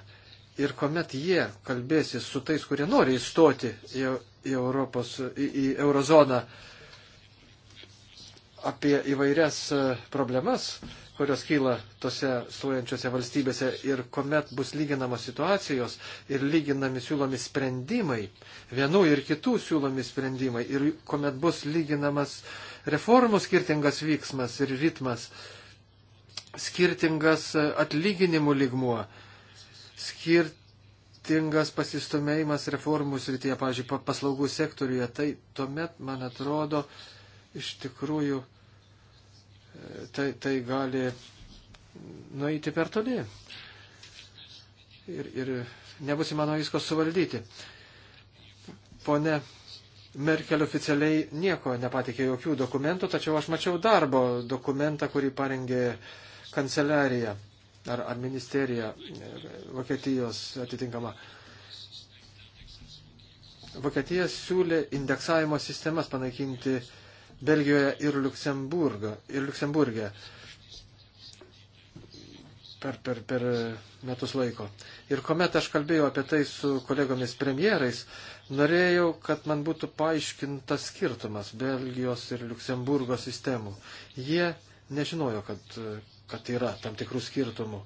Ir kuomet jie kalbėsis su tais, kurie nori įstoti į, į, Europos, į, į eurozoną apie įvairias e, problemas, kurios kyla tose stojančiose valstybėse ir kuomet bus lyginamos situacijos ir lyginami siūlomi sprendimai, vienų ir kitų siūlomi sprendimai ir kuomet bus lyginamas reformų skirtingas vyksmas ir ritmas, skirtingas atlyginimų ligmuo, skirtingas pasistumėjimas reformų srityje, pažiūrėjau, paslaugų sektoriuje, tai tuomet, man atrodo, iš tikrųjų tai, tai gali nueiti per toli ir, ir nebus įmanoma visko suvaldyti. Pone Merkel oficialiai nieko nepatikė jokių dokumentų, tačiau aš mačiau darbo dokumentą, kurį parengė kanceliarija ar, ar ministerija Vokietijos atitinkama. Vokietija siūlė indeksavimo sistemas panaikinti Belgijoje ir, ir Luksemburgė per, per, per metus laiko. Ir kuomet aš kalbėjau apie tai su kolegomis premjerais, norėjau, kad man būtų paaiškintas skirtumas Belgijos ir Luksemburgo sistemų. Jie nežinojo, kad, kad yra tam tikrų skirtumų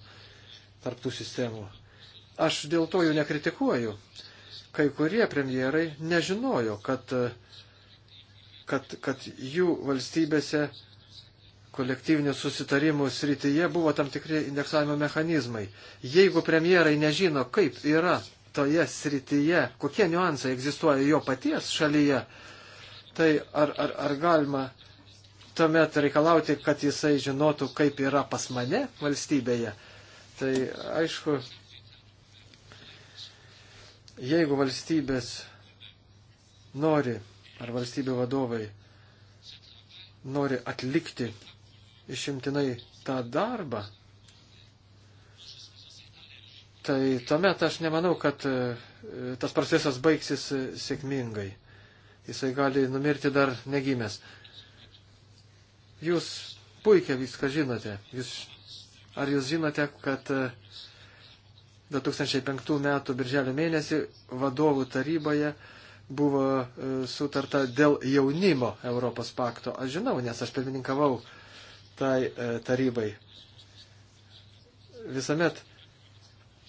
tarptų sistemų. Aš dėl to jų nekritikuoju. Kai kurie premjerai nežinojo, kad uh, kad, kad jų valstybėse kolektyvinių susitarimų srityje buvo tam tikri indeksavimo mechanizmai. Jeigu premjerai nežino, kaip yra toje srityje, kokie niuansai egzistuoja jo paties šalyje, tai ar, ar, ar galima tuomet reikalauti, kad jisai žinotų, kaip yra pas mane valstybėje. Tai aišku, jeigu valstybės nori ar valstybių vadovai nori atlikti išimtinai tą darbą, tai tuomet aš nemanau, kad e, tas procesas baigsis e, sėkmingai. Jisai gali numirti dar negimęs. Jūs puikiai viską žinote. Jūs, ar jūs žinote, kad 2005 e, m. birželio mėnesį vadovų taryboje buvo e, sutarta dėl jaunimo Europos pakto. Aš žinau, nes aš pirmininkavau tai e, tarybai. Visuomet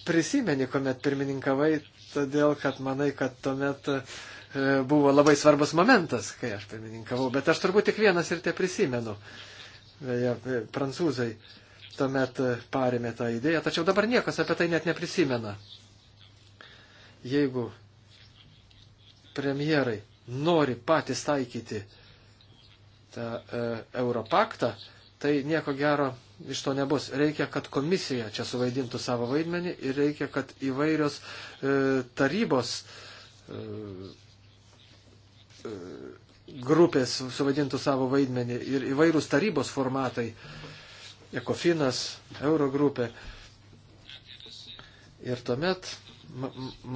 prisimeni, kuomet pirmininkavai, todėl kad manai, kad tuomet e, buvo labai svarbus momentas, kai aš pirmininkavau. Bet aš turbūt tik vienas ir te prisimenu. Beje, prancūzai tuomet parėmė tą idėją, tačiau dabar niekas apie tai net neprisimena. Jeigu premjerai nori patys taikyti tą e, Europaktą, tai nieko gero iš to nebus. Reikia, kad komisija čia suvaidintų savo vaidmenį ir reikia, kad įvairios e, tarybos e, e, grupės suvaidintų savo vaidmenį ir įvairūs tarybos formatai, ekofinas, eurogrupė. Ir tuomet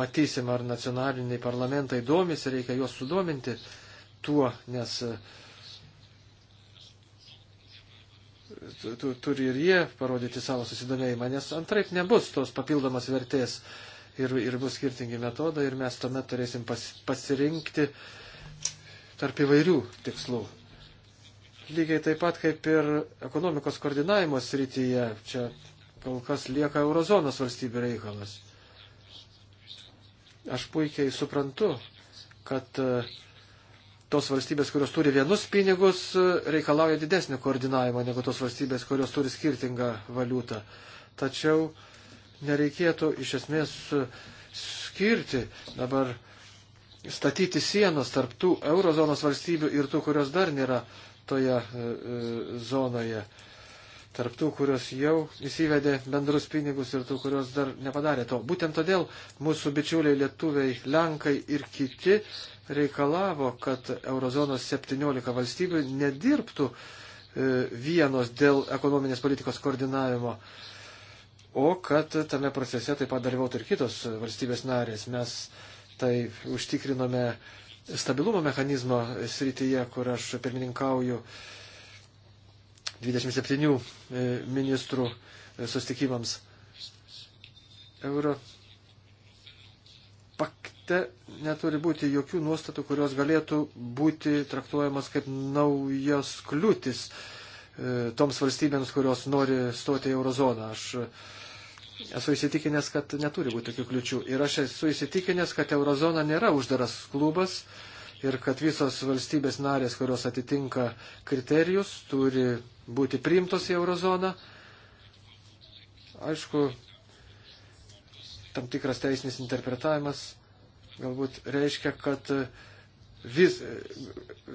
matysim, ar nacionaliniai parlamentai domisi, reikia juos sudominti tuo, nes turi ir jie parodyti savo susidomėjimą, nes antraip nebus tos papildomas vertės ir, ir bus skirtingi metodai ir mes tuomet turėsim pas, pasirinkti tarp įvairių tikslų. Lygiai taip pat kaip ir ekonomikos koordinavimo srityje, čia kol kas lieka eurozonos valstybių reikalas. Aš puikiai suprantu, kad e, tos valstybės, kurios turi vienus pinigus, e, reikalauja didesnio koordinavimo negu tos valstybės, kurios turi skirtingą valiutą. Tačiau nereikėtų iš esmės e, skirti dabar statyti sienos tarp tų eurozonos valstybių ir tų, kurios dar nėra toje zonoje tarptų, kurios jau įsivedė bendrus pinigus ir tų, kurios dar nepadarė to. Būtent todėl mūsų bičiuliai lietuviai, lenkai ir kiti reikalavo, kad eurozonos 17 valstybių nedirbtų e, vienos dėl ekonominės politikos koordinavimo, o kad tame procese taip pat dalyvautų ir kitos valstybės narės. Mes tai užtikrinome stabilumo mechanizmo srityje, kur aš pirmininkauju 27 e, ministrų e, sustikimams. Euro pakte neturi būti jokių nuostatų, kurios galėtų būti traktuojamas kaip naujos kliūtis e, toms valstybėms, kurios nori stoti į eurozoną. Aš esu įsitikinęs, kad neturi būti tokių kliučių. Ir aš esu įsitikinęs, kad eurozona nėra uždaras klubas ir kad visos valstybės narės, kurios atitinka kriterijus, turi būti priimtos į eurozoną. Aišku, tam tikras teisinis interpretavimas galbūt reiškia, kad e, vis, e,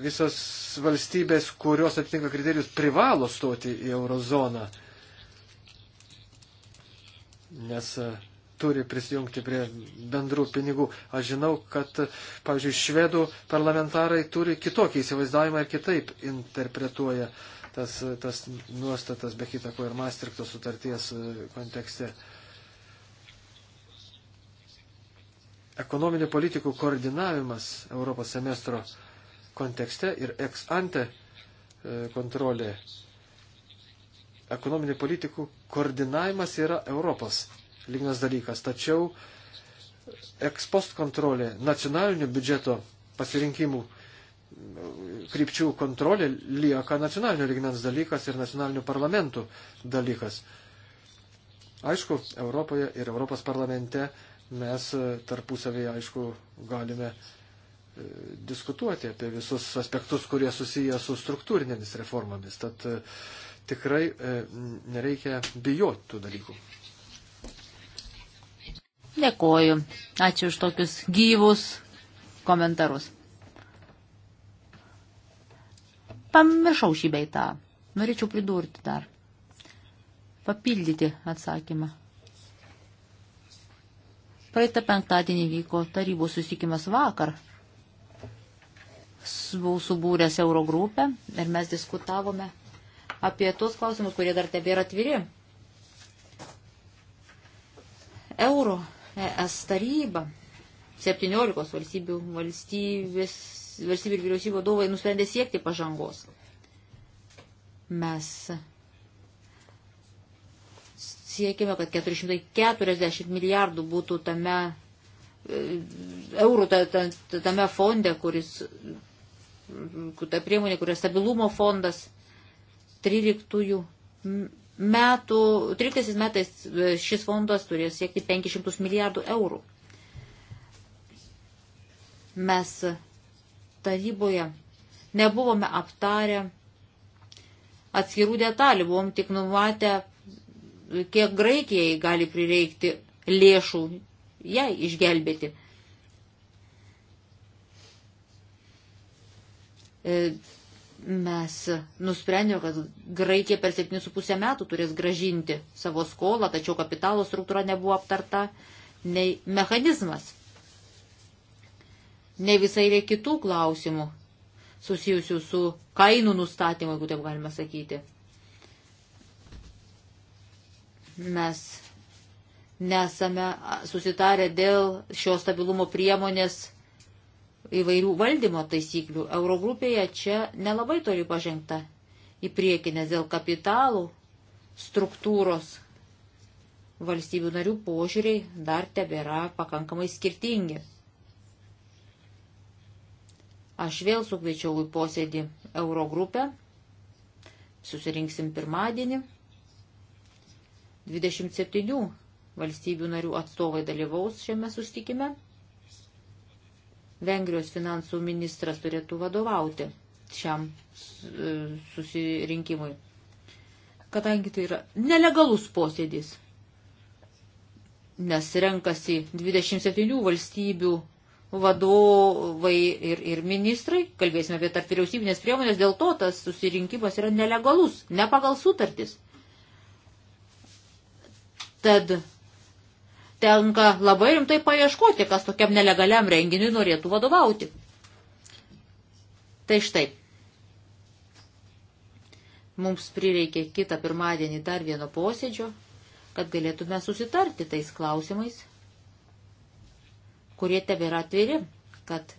visos valstybės, kurios atitinka kriterijus, privalo stoti į eurozoną, nes e, turi prisijungti prie bendrų pinigų. Aš žinau, kad, pavyzdžiui, švedų parlamentarai turi kitokį įsivaizdavimą ir kitaip interpretuoja uh, tas, tas nuostatas, be kita ko ir Mastrikto sutarties e, kontekste. Ekonominių politikų koordinavimas Europos semestro kontekste ir ex ante e, kontrolė. Ekonominių politikų koordinavimas yra Europos lygnas dalykas, tačiau ex post kontrolė nacionalinių biudžeto pasirinkimų krypčių kontrolė lieka nacionalinio lygmens dalykas ir nacionalinių parlamentų dalykas. Aišku, Europoje ir Europos parlamente mes tarpusavėje, aišku, galime e, diskutuoti apie visus aspektus, kurie susiję su struktūrinėmis reformomis. Tad e, tikrai e, nereikia bijoti tų dalykų. Dėkoju. Ačiū už tokius gyvus komentarus. Pamiršau šį beitą. Norėčiau pridurti dar. Papildyti atsakymą. Praeitą penktadienį vyko tarybos susikimas vakar. Buvau subūręs Eurogrupę ir mes diskutavome apie tuos klausimus, kurie dar tebėra atviri. Euro ES taryba 17 valstybių valstybės valstybių ir vyriausybių vadovai nusprendė siekti pažangos. Mes siekime, kad 440 milijardų būtų tame e, eurų tame fonde, kuris, ta priemonė, kuria stabilumo fondas 13 metų, 13 metais e, šis fondas turės siekti 500 milijardų eurų. Mes taryboje nebuvome aptarę atskirų detalių, buvom tik numatę, kiek Graikijai gali prireikti lėšų jai išgelbėti. E, mes nusprendėme, kad Graikija per 7,5 metų turės gražinti savo skolą, tačiau kapitalo struktūra nebuvo aptarta, nei mechanizmas ne visai reikia kitų klausimų susijusių su kainų nustatymu, jeigu taip galima sakyti. Mes nesame susitarę dėl šios stabilumo priemonės įvairių valdymo taisyklių. Eurogrupėje čia nelabai toli pažengta į priekį, nes dėl kapitalų struktūros valstybių narių požiūriai dar tebėra pakankamai skirtingi. Aš vėl sukviečiau į posėdį Eurogrupę. Susirinksim pirmadienį. 27 valstybių narių atstovai dalyvaus šiame sustikime. Vengrijos finansų ministras turėtų vadovauti šiam e, susirinkimui. Kadangi tai yra nelegalus posėdis, nes renkasi 27 valstybių vadovai ir, ir ministrai, kalbėsime apie tarp vyriausybinės priemonės, dėl to tas susirinkimas yra nelegalus, ne pagal sutartis. Tad tenka labai rimtai paieškoti, kas tokiam nelegaliam renginiui norėtų vadovauti. Tai štai. Mums prireikė kitą pirmadienį dar vieno posėdžio, kad galėtume susitarti tais klausimais kurie tebėra atviri, kad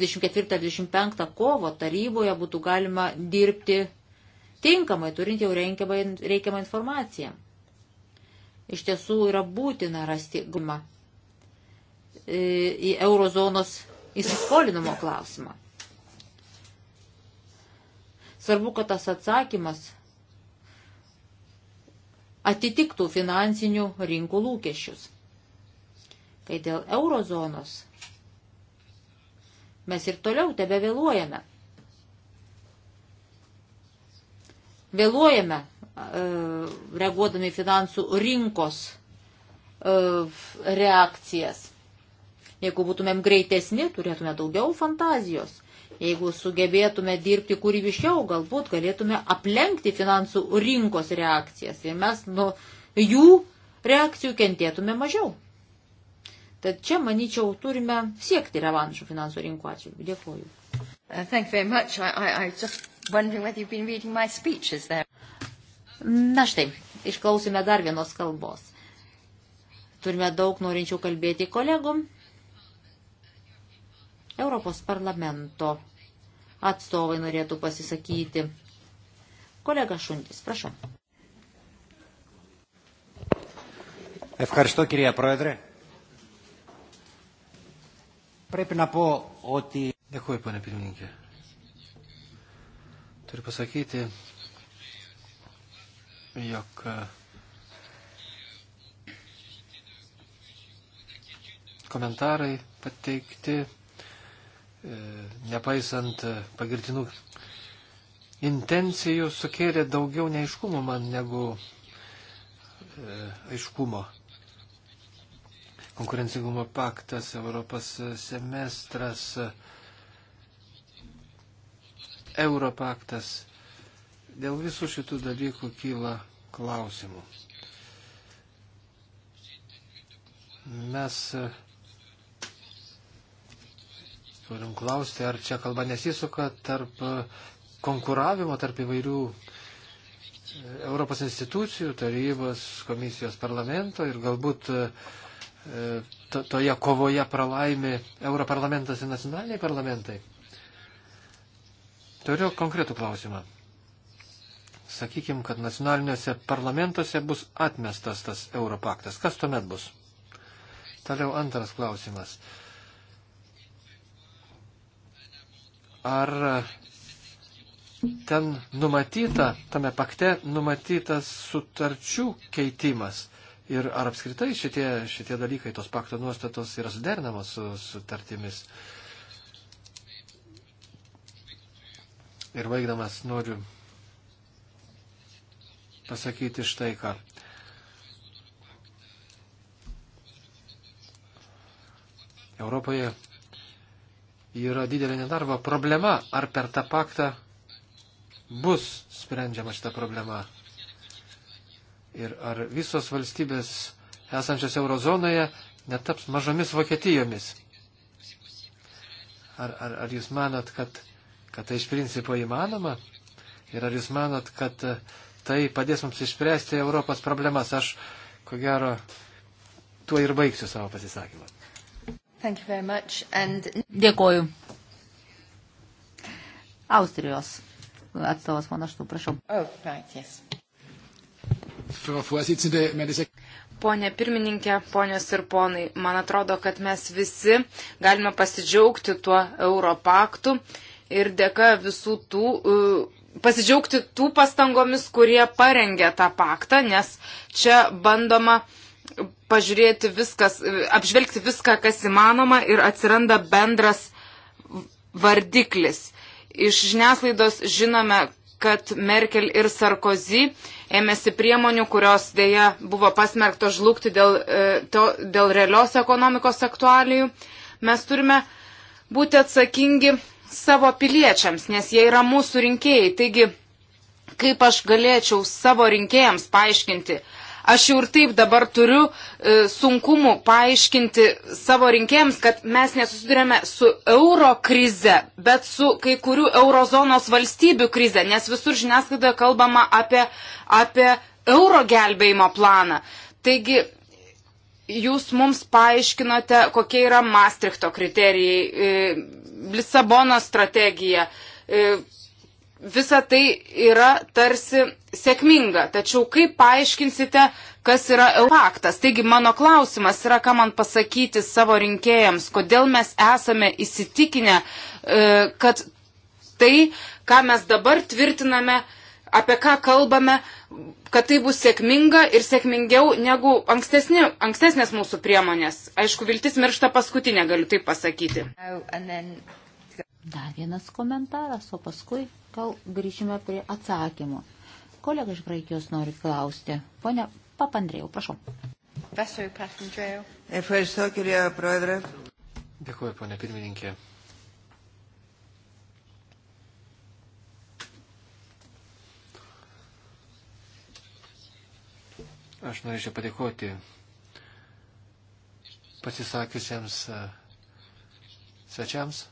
24-25 kovo taryboje būtų galima dirbti tinkamai, turint jau reikiamą informaciją. Iš tiesų yra būtina rasti gumą e, į eurozonos įsiskolinimo klausimą. Svarbu, kad tas atsakymas atitiktų finansinių rinkų lūkesčius. Kai dėl eurozonos mes ir toliau tebe vėluojame. Vėluojame reaguodami finansų rinkos e, reakcijas. Jeigu būtumėm greitesni, turėtume daugiau fantazijos. Jeigu sugebėtume dirbti kūrybiškiau, galbūt galėtume aplenkti finansų rinkos reakcijas ir mes nuo jų reakcijų kentėtume mažiau. Tad čia, manyčiau, turime siekti revanšų finansų rinkų atžvilgių. Dėkuoju. Uh, Na štai, išklausime dar vienos kalbos. Turime daug norinčių kalbėti kolegom. Europos parlamento atstovai norėtų pasisakyti. Kolega Šuntis, prašau. Ευχαριστώ κυρία Πρόεδρε. Πρέπει να πω ότι... Dėkuoju, ponė pirmininkė. Turiu pasakyti, jog komentarai pateikti, e, nepaisant pagirtinų intencijų, sukėlė daugiau neiškumo man negu e, aiškumo konkurencingumo paktas, Europos semestras, Europaktas. Dėl visų šitų dalykų kyla klausimų. Mes e, turim klausti, ar čia kalba nesisuka tarp e, konkuravimo, tarp įvairių e, Europos institucijų, tarybos, komisijos, parlamento ir galbūt uh, to, toje kovoje pralaimi Europarlamentas ir nacionaliniai parlamentai? Turiu konkretų klausimą. Sakykime, kad nacionaliniuose parlamentuose bus atmestas tas Europaktas. Kas tuomet bus? Toliau antras klausimas. Ar ten numatyta, tame pakte numatytas sutarčių keitimas? ir ar apskritai šitie, šitie dalykai, tos pakto nuostatos yra suderinamos su sutartimis. Ir baigdamas noriu pasakyti štai ką. Europoje yra didelė nedarbo problema. Ar per tą paktą bus sprendžiama šita problema? ir ar visos valstybės esančios eurozonoje netaps mažomis Vokietijomis. Ar, ar, ar jūs manot, kad, kad tai iš principo įmanoma? Ir ar jūs manot, kad e, tai padės mums išspręsti Europos problemas? Aš, ko gero, tuo ir baigsiu savo pasisakymą. And... Dėkoju. Austrijos atstovas, man aš tu, prašau. Oh, right, yes. Pone pirmininkė, ponios ir ponai, man atrodo, kad mes visi galime pasidžiaugti tuo Europaktu ir dėka visų tų, e, pasidžiaugti tų pastangomis, kurie parengė tą paktą, nes čia bandoma pažiūrėti viskas, e, apžvelgti viską, kas įmanoma ir atsiranda bendras vardiklis. Iš žiniasklaidos žinome, kad Merkel ir Sarkozy ėmėsi priemonių, kurios dėja buvo pasmerkto žlugti dėl, e, to, dėl realios ekonomikos aktualijų. Mes turime būti atsakingi savo piliečiams, nes jie yra mūsų rinkėjai. Taigi, kaip aš galėčiau savo rinkėjams paaiškinti, Aš jau ir taip dabar turiu e, sunkumų paaiškinti savo rinkėjams, kad mes nesusidurėme su euro krize, bet su kai kurių eurozonos valstybių krize, nes visur žiniasklaidoje kalbama apie, apie euro gelbėjimo planą. Taigi, jūs mums paaiškinote, kokie yra Maastrichto kriterijai, e, Lisabono strategija, e, visa tai yra tarsi sėkminga. Tačiau kaip paaiškinsite, kas yra Europaktas? Taigi mano klausimas yra, ką man pasakyti savo rinkėjams, kodėl mes esame įsitikinę, e, kad tai, ką mes dabar tvirtiname, apie ką kalbame, kad tai bus sėkminga ir sėkmingiau negu ankstesni, ankstesnės mūsų priemonės. Aišku, viltis miršta paskutinė, galiu taip pasakyti. Dar vienas komentaras, o paskui kol grįšime prie atsakymų. Kolega iš Graikijos nori klausti. Pone Papandrėjau, prašau. Dėkuoju, ponė pirmininkė. Aš norėčiau padėkoti pasisakiusiems eh, svečiams.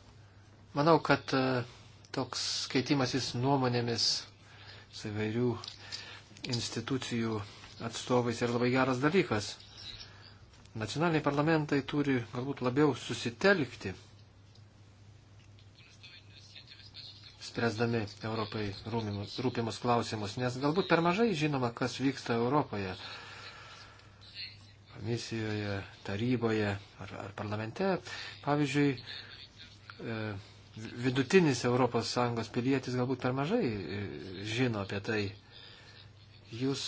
Manau, kad eh, toks keitimasis nuomonėmis su įvairių institucijų atstovais yra labai geras dalykas. Nacionaliniai parlamentai turi galbūt labiau susitelkti, spręsdami Europai rūpimus, rūpimus klausimus, nes galbūt per mažai žinoma, kas vyksta Europoje, komisijoje, taryboje ar, ar parlamente. Pavyzdžiui, e, vidutinis ES pilietis galbūt per mažai e, žino apie tai. Jūs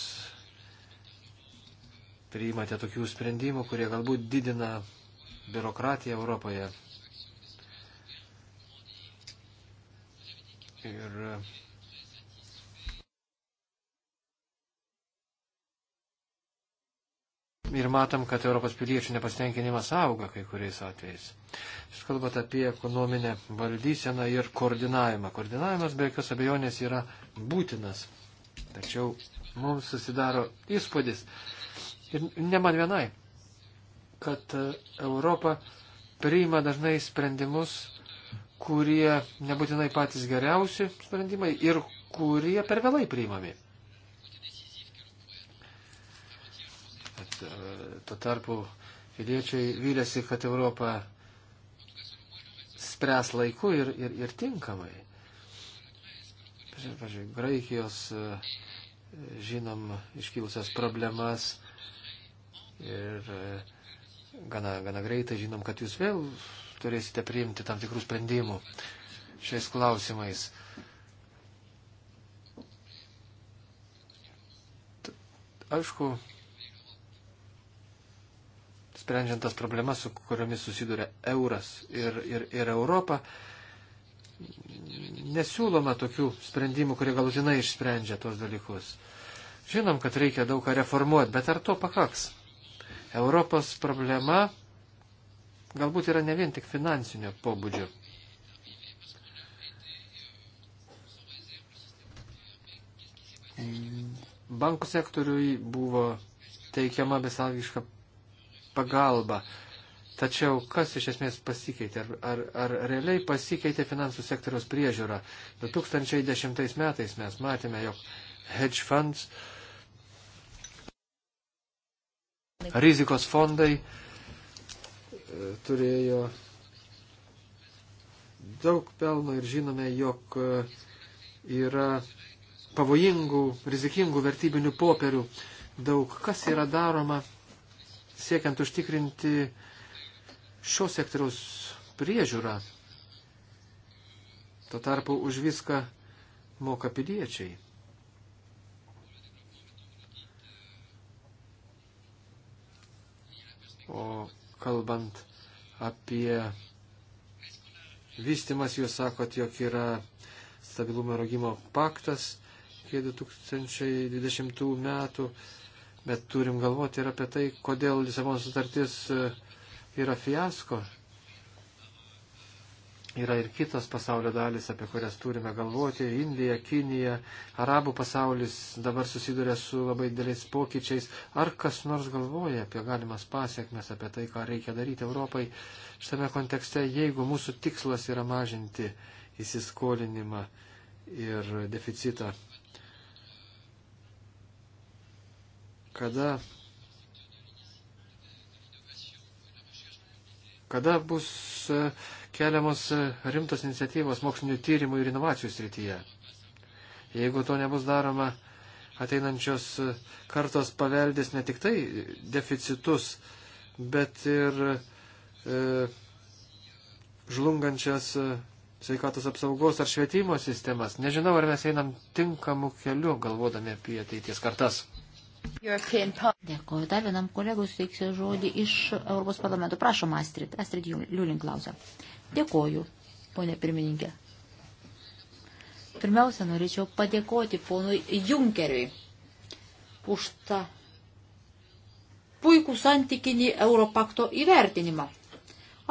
priimate tokių sprendimų, kurie galbūt didina biurokratiją Europoje. Ir Ir matom, kad Europos piliečių nepasitenkinimas auga kai kuriais atvejais. Jūs kalbate apie ekonominę valdyseną ir koordinavimą. Koordinavimas be jokios abejonės yra būtinas. Tačiau mums susidaro įspūdis, ir ne man vienai, kad e, Europa priima dažnai sprendimus, kurie nebūtinai patys geriausi sprendimai ir kurie per vėlai priimami. E, tuo tarpu piliečiai vylėsi, kad Europa spręs laiku ir, ir, ir tinkamai. Pavyzdžiui, Graikijos e, žinom iškilusias problemas ir e, gana, gana greitai žinom, kad jūs vėl turėsite priimti tam tikrų sprendimų šiais klausimais. Aišku, sprendžiant tas problemas, su kuriomis susiduria euras ir, ir, ir Europa, nesiūloma tokių sprendimų, kurie galutinai išsprendžia tuos dalykus. Žinom, kad reikia daug ką reformuoti, bet ar to pakaks? Europos problema galbūt yra ne vien tik finansinio pobūdžio. Bankų sektoriui buvo teikiama besąlygiška pagalba. Tačiau kas iš esmės pasikeitė? Ar, ar, ar realiai pasikeitė finansų sektoriaus priežiūra? 2010 metais mes matėme, jog hedge funds, rizikos fondai e, turėjo daug pelno ir žinome, jog e, yra pavojingų, rizikingų vertybinių popierių daug. Kas yra daroma siekiant užtikrinti šio sektoriaus priežiūrą. Tuo tarpu už viską moka piliečiai. O kalbant apie vystimas, jūs sakot, jog yra stabilumo ir augimo paktas iki 2020 metų. Bet turim galvoti ir apie tai, kodėl Lisabonos sutartis e, yra fiasko. Yra ir kitos pasaulio dalis, apie kurias turime galvoti. Indija, Kinija, arabų pasaulis dabar susiduria su labai dėliais pokyčiais. Ar kas nors galvoja apie galimas pasiekmes, apie tai, ką reikia daryti Europai šitame kontekste, jeigu mūsų tikslas yra mažinti įsiskolinimą ir deficitą kada, kada bus e, keliamos e, rimtos iniciatyvos mokslinio tyrimų ir inovacijų srityje. Jeigu to nebus daroma, ateinančios e, kartos paveldės ne tik tai deficitus, bet ir e, žlungančias sveikatos apsaugos ar švietimo sistemas. Nežinau, ar mes einam tinkamu keliu, galvodami apie ateities kartas. Dėkuoju. Dar vienam kolegui suteiksiu žodį iš Europos parlamento. Prašom, Astrid. Astrid Liulin klausia. Dėkuoju, ponė pirmininkė. Pirmiausia, norėčiau padėkoti ponui Junkeriui už tą puikų santykinį Europakto įvertinimą.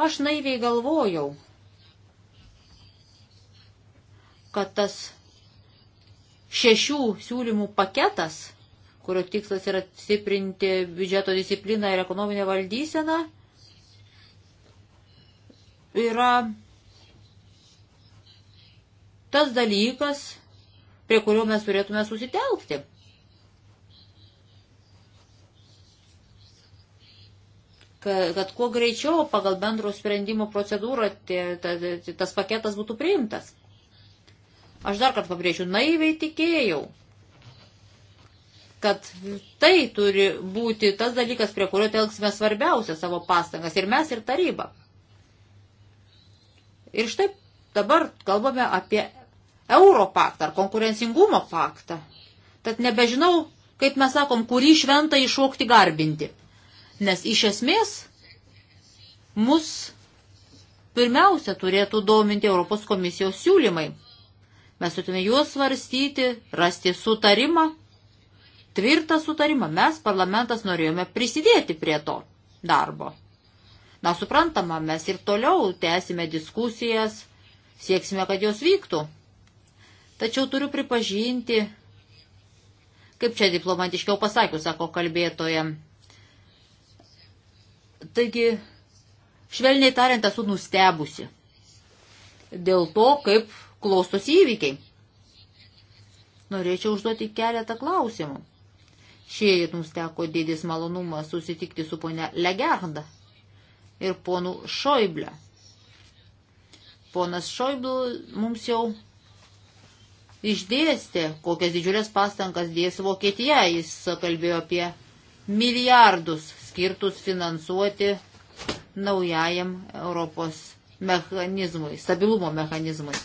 Aš naiviai galvojau, kad tas šešių siūlymų paketas kurio tikslas yra stiprinti biudžeto discipliną ir ekonominę valdyseną, yra tas dalykas, prie kurio mes turėtume susitelkti. Kad, kad kuo greičiau pagal bendro sprendimo procedūrą tie, ta, tas paketas būtų priimtas. Aš dar kartą pabrėžiu, naiviai tikėjau, kad tai turi būti tas dalykas, prie kurio telksime svarbiausią savo pastangas ir mes, ir taryba. Ir štai dabar kalbame apie Europaktą ar konkurencingumo paktą. Tad nebežinau, kaip mes sakom, kurį šventą iššokti garbinti. Nes iš esmės mus pirmiausia turėtų dominti Europos komisijos siūlymai. Mes turėtume juos svarstyti, rasti sutarimą tvirtą sutarimą. Mes, parlamentas, norėjome prisidėti prie to darbo. Na, suprantama, mes ir toliau tęsime diskusijas, sieksime, kad jos vyktų. Tačiau turiu pripažinti, kaip čia diplomatiškiau pasakiau, sako kalbėtoja. Taigi, švelniai tariant, esu nustebusi dėl to, kaip klostosi įvykiai. Norėčiau užduoti keletą klausimų. Šieji mums teko didis malonumas susitikti su ponia Legerda ir ponu Šoiblė. Ponas Šoiblė mums jau išdėstė, kokias didžiulės pastangas dės Vokietija. Jis kalbėjo apie milijardus skirtus finansuoti naujajam Europos mechanizmui, stabilumo mechanizmui.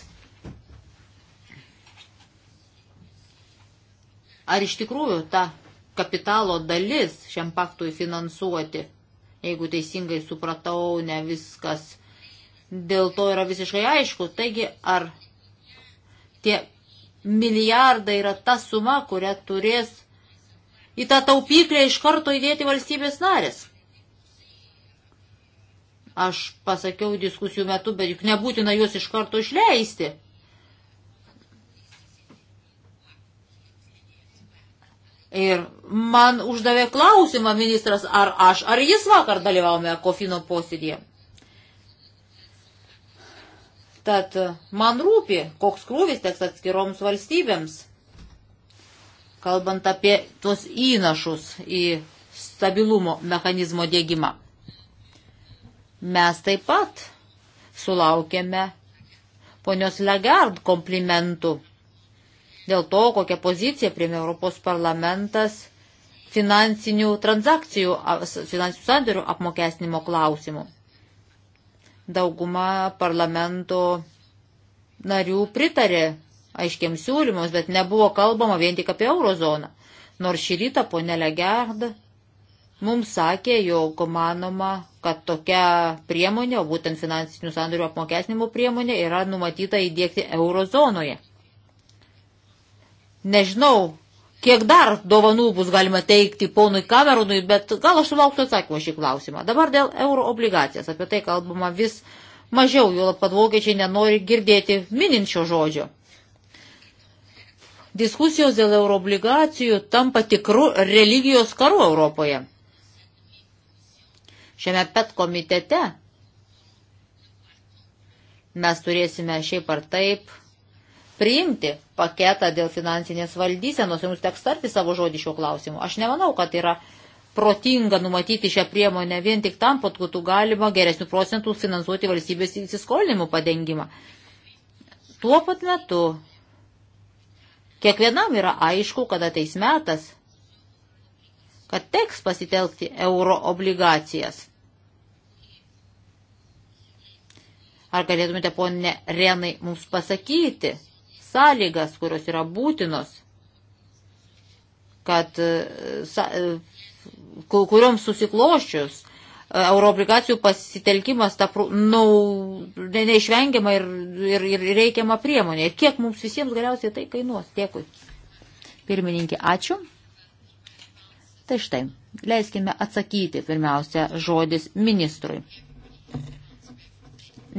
Ar iš tikrųjų ta kapitalo dalis šiam paktui finansuoti. Jeigu teisingai supratau, ne viskas dėl to yra visiškai aišku. Taigi, ar tie milijardai yra ta suma, kurią turės į tą taupyklę iš karto įdėti valstybės narės? Aš pasakiau diskusijų metu, bet juk nebūtina juos iš karto išleisti. Ir man uždavė klausimą ministras, ar aš, ar jis vakar dalyvavome kofino posėdėje. Tad man rūpi, koks krūvis teks atskiroms valstybėms, kalbant apie tuos įnašus į stabilumo mechanizmo dėgymą. Mes taip pat sulaukėme ponios Legard komplimentų dėl to, kokią poziciją priėmė Europos parlamentas finansinių transakcijų, finansinių sandorių apmokestinimo klausimų. Dauguma parlamento narių pritarė aiškiams siūlymus, bet nebuvo kalbama vien tik apie eurozoną. Nors šį rytą ponė Legerd mums sakė, jog manoma, kad tokia priemonė, o būtent finansinių sandorių apmokestinimo priemonė, yra numatyta įdėkti eurozonoje. Nežinau, kiek dar dovanų bus galima teikti ponui Kamerunui, bet gal aš sulauksiu atsakymą šį klausimą. Dabar dėl euro obligacijas, apie tai kalbama vis mažiau, jo lab, kad vokiečiai nenori girdėti mininčio žodžio. Diskusijos dėl euro obligacijų tampa tikrų religijos karų Europoje. Šiame PET komitete mes turėsime šiaip ar taip priimti paketą dėl finansinės valdysenos, jums teks tarti savo žodį šiuo klausimu. Aš nemanau, kad yra protinga numatyti šią priemonę vien tik tam, kad būtų galima geresnių procentų finansuoti valstybės įsiskolinimų padengimą. Tuo pat metu kiekvienam yra aišku, kada ateis metas, kad teks pasitelkti euro obligacijas. Ar galėtumėte, ponė Renai, mums pasakyti, sąlygas, kurios yra būtinos, kad e, e, kurioms susikloščius e, euroobligacijų pasitelkimas ta nau, ne, neišvengiama ir, ir, ir reikiama priemonė. Ir kiek mums visiems galiausiai tai kainuos. Dėkui. Pirmininkė, ačiū. Tai štai, leiskime atsakyti pirmiausia žodis ministrui.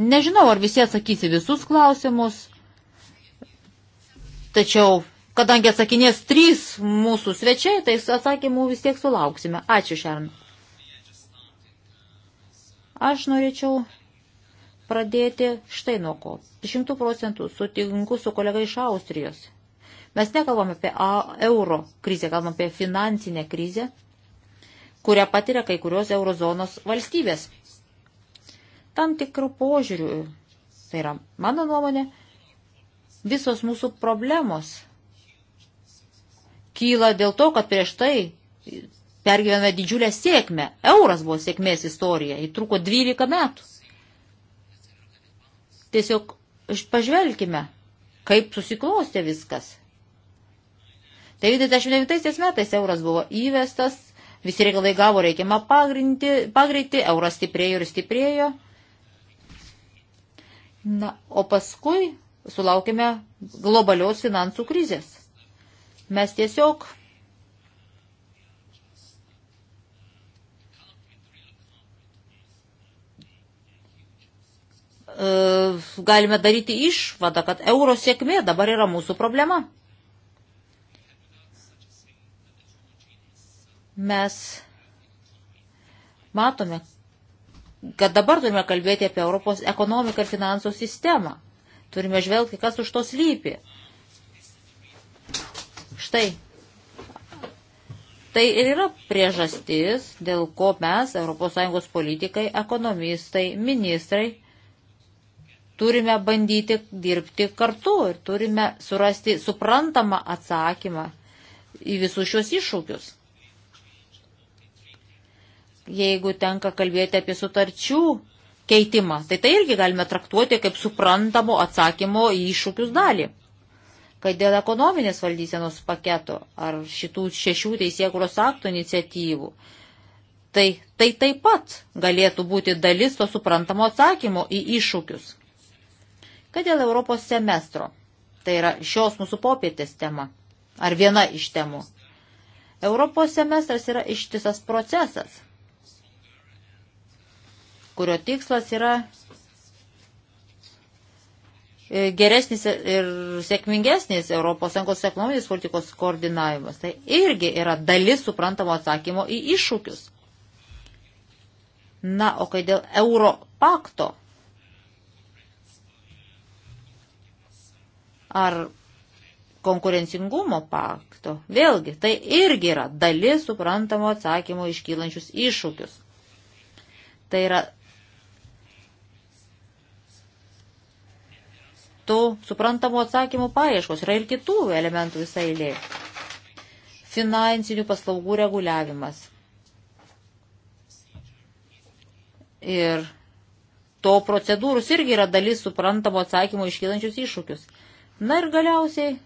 Nežinau, ar visi atsakys į visus klausimus, Tačiau, kadangi atsakinės trys mūsų svečiai, tai atsakymų vis tiek sulauksime. Ačiū, Šern. Aš norėčiau pradėti štai nuo ko. Šimtų procentų sutinku su kolega iš Austrijos. Mes nekalbam apie euro krizę, kalbam apie finansinę krizę, kurią patiria kai kurios eurozonos valstybės. Tam tikrų požiūrių, tai yra mano nuomonė, Visos mūsų problemos kyla dėl to, kad prieš tai pergyvenome didžiulę sėkmę. Euras buvo sėkmės istorija, jį truko 12 metų. Tiesiog pažvelkime, kaip susiklostė viskas. 99 metais euras buvo įvestas, visi reikalai gavo reikiamą pagreitį, euras stiprėjo ir stiprėjo. Na, o paskui sulaukėme globalios finansų krizės. Mes tiesiog e, galime daryti išvadą, kad euro sėkmė dabar yra mūsų problema. Mes matome, kad dabar turime kalbėti apie Europos ekonomiką ir finansų sistemą. Turime žvelgti, kas už to slypi. Štai. Tai ir yra priežastis, dėl ko mes, ES politikai, ekonomistai, ministrai, turime bandyti dirbti kartu ir turime surasti suprantamą atsakymą į visus šios iššūkius jeigu tenka kalbėti apie sutarčių keitimą. Tai tai irgi galime traktuoti kaip suprantamo atsakymo į iššūkius dalį. Kad dėl ekonominės valdysenos paketo ar šitų šešių teisėkuros aktų iniciatyvų, tai tai taip pat galėtų būti dalis to suprantamo atsakymo į iššūkius. Kad dėl Europos semestro, tai yra šios mūsų popietės tema, ar viena iš temų. Europos semestras yra ištisas procesas kurio tikslas yra e, geresnis ir sėkmingesnis ES ekonominės politikos koordinavimas. Tai irgi yra dalis suprantamo atsakymo į iššūkius. Na, o kai dėl euro pakto, ar konkurencingumo pakto, vėlgi, tai irgi yra dalis suprantamo atsakymo iškylančius iššūkius. Tai yra to suprantamų atsakymų paieškos. Yra ir kitų elementų visai eilė. Finansinių paslaugų reguliavimas. Ir to procedūrus irgi yra dalis suprantamo atsakymo iškylančius iššūkius. Na ir galiausiai,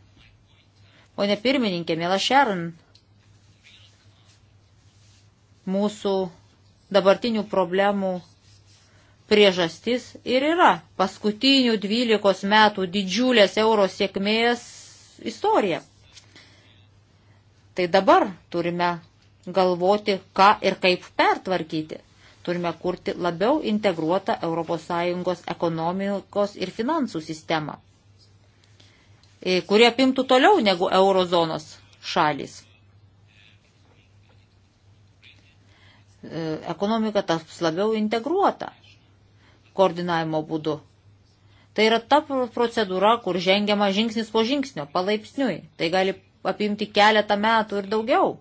o ne pirmininkė, mėla Šern, mūsų dabartinių problemų priežastis ir yra paskutinių 12 metų didžiulės euro sėkmės istorija. Tai dabar turime galvoti, ką ir kaip pertvarkyti. Turime kurti labiau integruotą ES ekonomikos ir finansų sistemą, e, kurie apimtų toliau negu eurozonos šalis. E, ekonomika taps labiau integruota koordinavimo būdu. Tai yra ta procedūra, kur žengiama žingsnis po žingsnio, palaipsniui. Tai gali apimti keletą metų ir daugiau.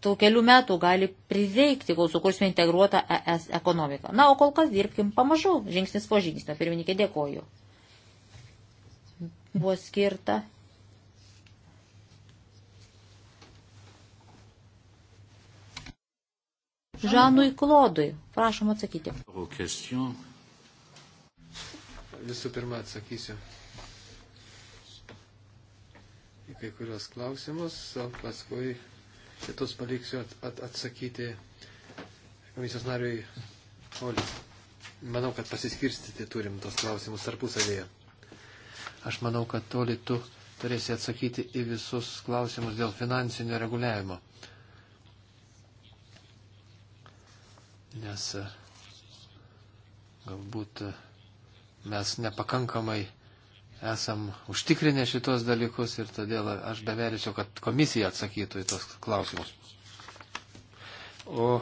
Tų kelių metų gali prireikti, kol sukursime integruotą ES ekonomiką. Na, o kol kas dirbkim pamažu, žingsnis po žingsnio. Pirmininkė, dėkoju. Buvo skirta Žanui Klodui. Prašom atsakyti. Visų pirma atsakysiu į kai kurios klausimus, o paskui kitus paliksiu at, at, atsakyti komisijos nariui Oli. Manau, kad pasiskirstyti turim tos klausimus tarpusavėje. Aš manau, kad Oli tu turėsi atsakyti į visus klausimus dėl finansinio reguliavimo. nes e, galbūt e, mes nepakankamai esam užtikrinę šitos dalykus ir todėl aš beveričiau, kad komisija atsakytų į tos klausimus. O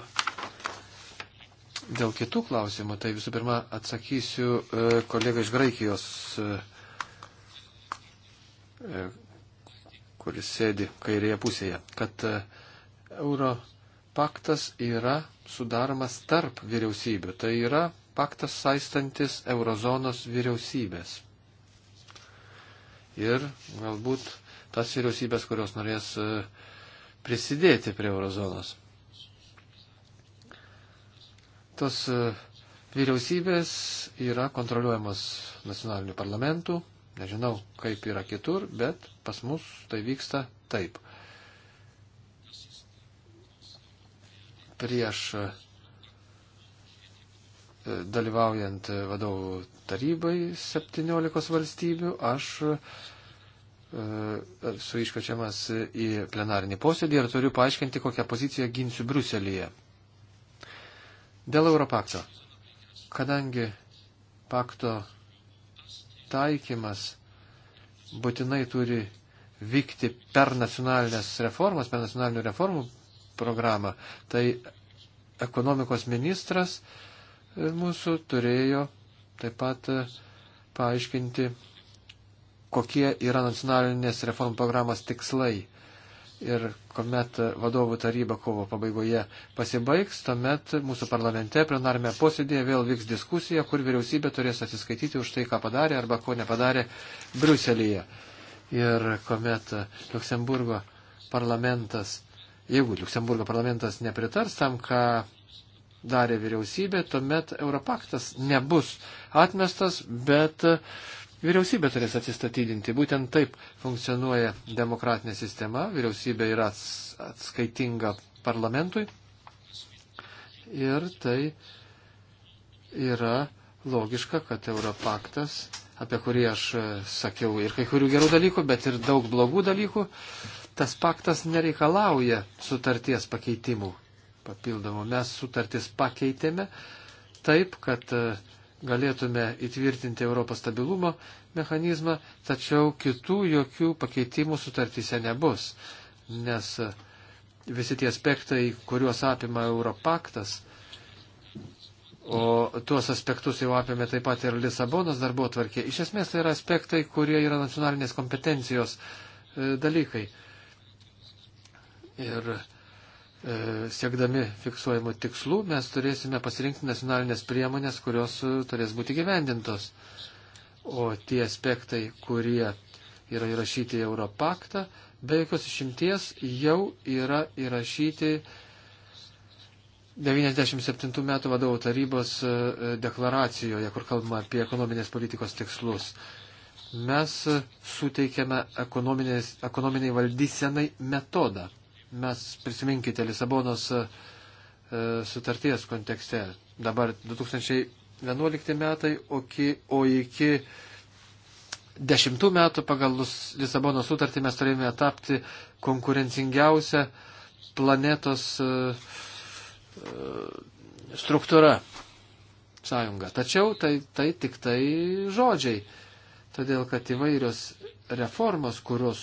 dėl kitų klausimų, tai visų pirma atsakysiu e, kolegą iš Graikijos, kuris sėdi kairėje pusėje, kad euro paktas yra sudaromas tarp vyriausybių. Tai yra paktas saistantis eurozonos vyriausybės. Ir galbūt tas vyriausybės, kurios norės e, prisidėti prie eurozonos. Tos e, vyriausybės yra kontroliuojamos nacionalinių parlamentų. Nežinau, kaip yra kitur, bet pas mus tai vyksta taip. prieš e, dalyvaujant vadovų tarybai 17 valstybių, aš e, su iškvečiamas į plenarinį posėdį ir turiu paaiškinti, kokią poziciją ginsiu Bruselėje. Dėl Europakto. Kadangi pakto taikymas būtinai turi vykti per nacionalinės reformas, per nacionalinių reformų programą. Tai ekonomikos ministras e, mūsų turėjo taip pat e, paaiškinti, kokie yra nacionalinės reformų programos tikslai. Ir kuomet e, vadovų taryba kovo pabaigoje pasibaigs, tuomet mūsų parlamente plenarme posėdėje vėl vyks diskusija, kur vyriausybė turės atsiskaityti už tai, ką padarė arba ko nepadarė Bruselėje. Ir kuomet Luksemburgo parlamentas Jeigu Luksemburgo parlamentas nepritars tam, ką darė vyriausybė, tuomet Europaktas nebus atmestas, bet vyriausybė turės atsistatydinti. Būtent taip funkcionuoja demokratinė sistema. Vyriausybė yra atskaitinga parlamentui. Ir tai yra logiška, kad Europaktas apie kurį aš e, sakiau ir kai kurių gerų dalykų, bet ir daug blogų dalykų, tas paktas nereikalauja sutarties pakeitimų papildomų. Mes sutartis pakeitėme taip, kad e, galėtume įtvirtinti Europos stabilumo mechanizmą, tačiau kitų jokių pakeitimų sutartyse nebus, nes e, visi tie aspektai, kuriuos apima Europaktas, O tuos aspektus jau apėmė taip pat ir Lisabonos darbo tvarkė. Iš esmės tai yra aspektai, kurie yra nacionalinės kompetencijos e, dalykai. Ir e, siekdami fiksuojamų tikslų mes turėsime pasirinkti nacionalinės priemonės, kurios e, turės būti gyvendintos. O tie aspektai, kurie yra įrašyti į Europaktą, be jokios išimties jau yra įrašyti 97 metų vadovų tarybos e, e, deklaracijoje, kur kalbama apie ekonominės politikos tikslus. Mes e, suteikėme ekonominiai valdysenai metodą. Mes prisiminkite Lisabonos sutarties kontekste. Dabar 2011 metai, o iki 10 metų pagal Lisabono sutartį mes turėjome tapti konkurencingiausią planetos uh, E, struktūra sąjunga. Tačiau tai, tai tik tai žodžiai, todėl kad įvairios reformos, kurios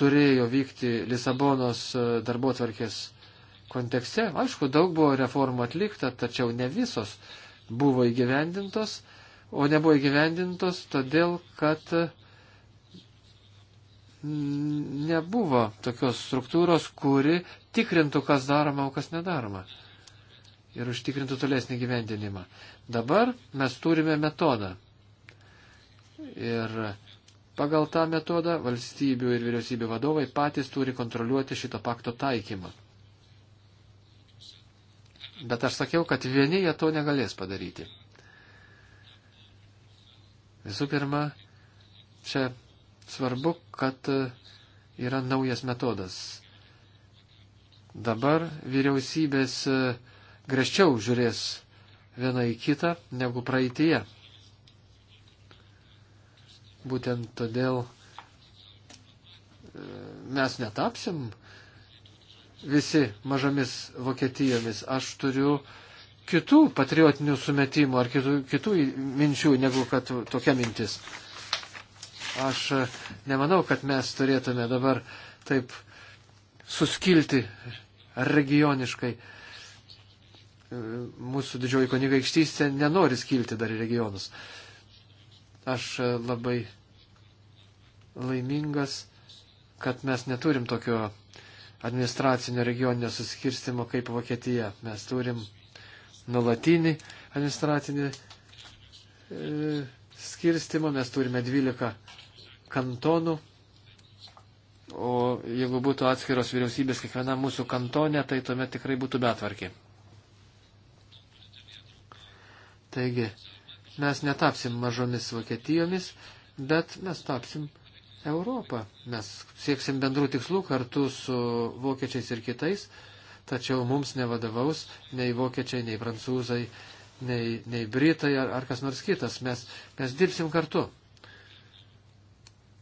turėjo vykti Lisabonos e, darbo tvarkės kontekste, aišku, daug buvo reformų atlikta, tačiau ne visos buvo įgyvendintos, o nebuvo įgyvendintos todėl, kad nebuvo tokios struktūros, kuri tikrintų, kas daroma, o kas nedaroma. Ir užtikrintų tolesnį gyvendinimą. Dabar mes turime metodą. Ir pagal tą metodą valstybių ir vyriausybių vadovai patys turi kontroliuoti šito pakto taikymą. Bet aš sakiau, kad vieni jie to negalės padaryti. Visų pirma, čia Svarbu, kad e, yra naujas metodas. Dabar vyriausybės e, greščiau žiūrės viena į kitą negu praeitie. Būtent todėl e, mes netapsim visi mažomis Vokietijomis. Aš turiu kitų patriotinių sumetimų ar kitų, kitų minčių negu kad tokia mintis. Aš e, nemanau, kad mes turėtume dabar taip suskilti regioniškai. E, mūsų didžioji kunigaikštystė nenori skilti dar į regionus. Aš e, labai laimingas, kad mes neturim tokio administracinio regioninio suskirstimo kaip Vokietija. Mes turim nulatinį administracinį e, skirstimą, mes turime 12 kantonų, o jeigu būtų atskiros vyriausybės kiekviena mūsų kantone, tai tuomet tikrai būtų betvarkė. Taigi, mes netapsim mažomis Vokietijomis, bet mes tapsim Europą. Mes sieksim bendrų tikslų kartu su vokiečiais ir kitais, tačiau mums nevadovaus nei vokiečiai, nei prancūzai, nei, nei britai ar, ar kas nors kitas. Mes, mes dirbsim kartu.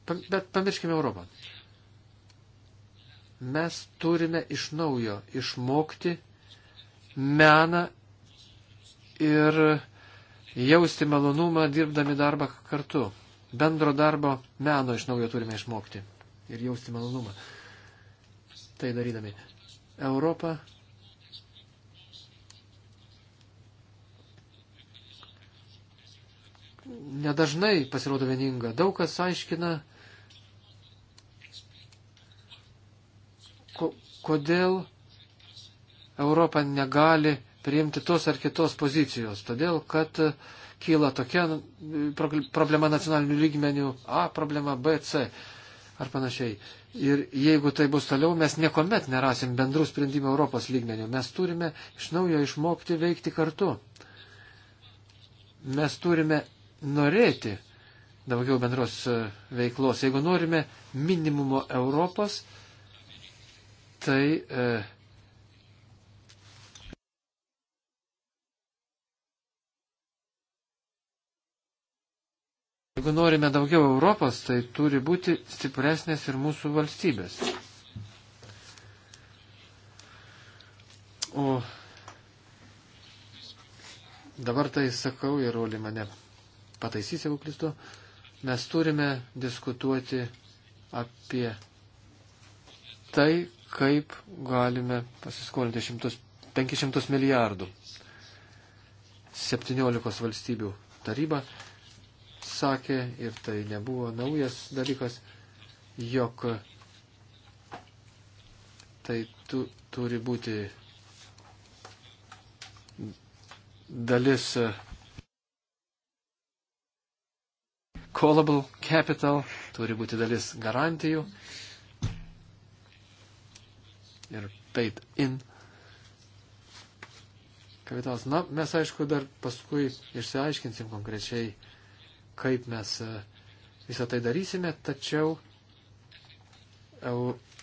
Bet pamirškime Europą. Mes turime iš naujo išmokti meną ir jausti malonumą dirbdami darbą kartu. Bendro darbo meno iš naujo turime išmokti ir jausti malonumą. Tai darydami. Europą nedažnai pasirodo vieninga. Daug kas aiškina kodėl Europa negali priimti tos ar kitos pozicijos. Todėl, kad kyla tokia problema nacionalinių lygmenių A, problema B, C ar panašiai. Ir jeigu tai bus toliau, mes niekuomet nerasim bendrų sprendimų Europos lygmenių. Mes turime iš naujo išmokti veikti kartu. Mes turime norėti daugiau bendros veiklos. Jeigu norime minimumo Europos, tai e, Jeigu norime daugiau Europos, tai turi būti stipresnės ir mūsų valstybės. O dabar tai sakau ir Oli mane pataisys, jeigu klistu, mes turime diskutuoti apie tai, kaip galime pasiskolinti 100, 500 milijardų. 17 valstybių taryba sakė, ir tai nebuvo naujas dalykas, jog tai tu, turi būti dalis e, callable capital, turi būti dalis garantijų. Mm ir paid in kapitalas. Na, mes aišku dar paskui išsiaiškinsim konkrečiai, kaip mes e, visą tai darysime, tačiau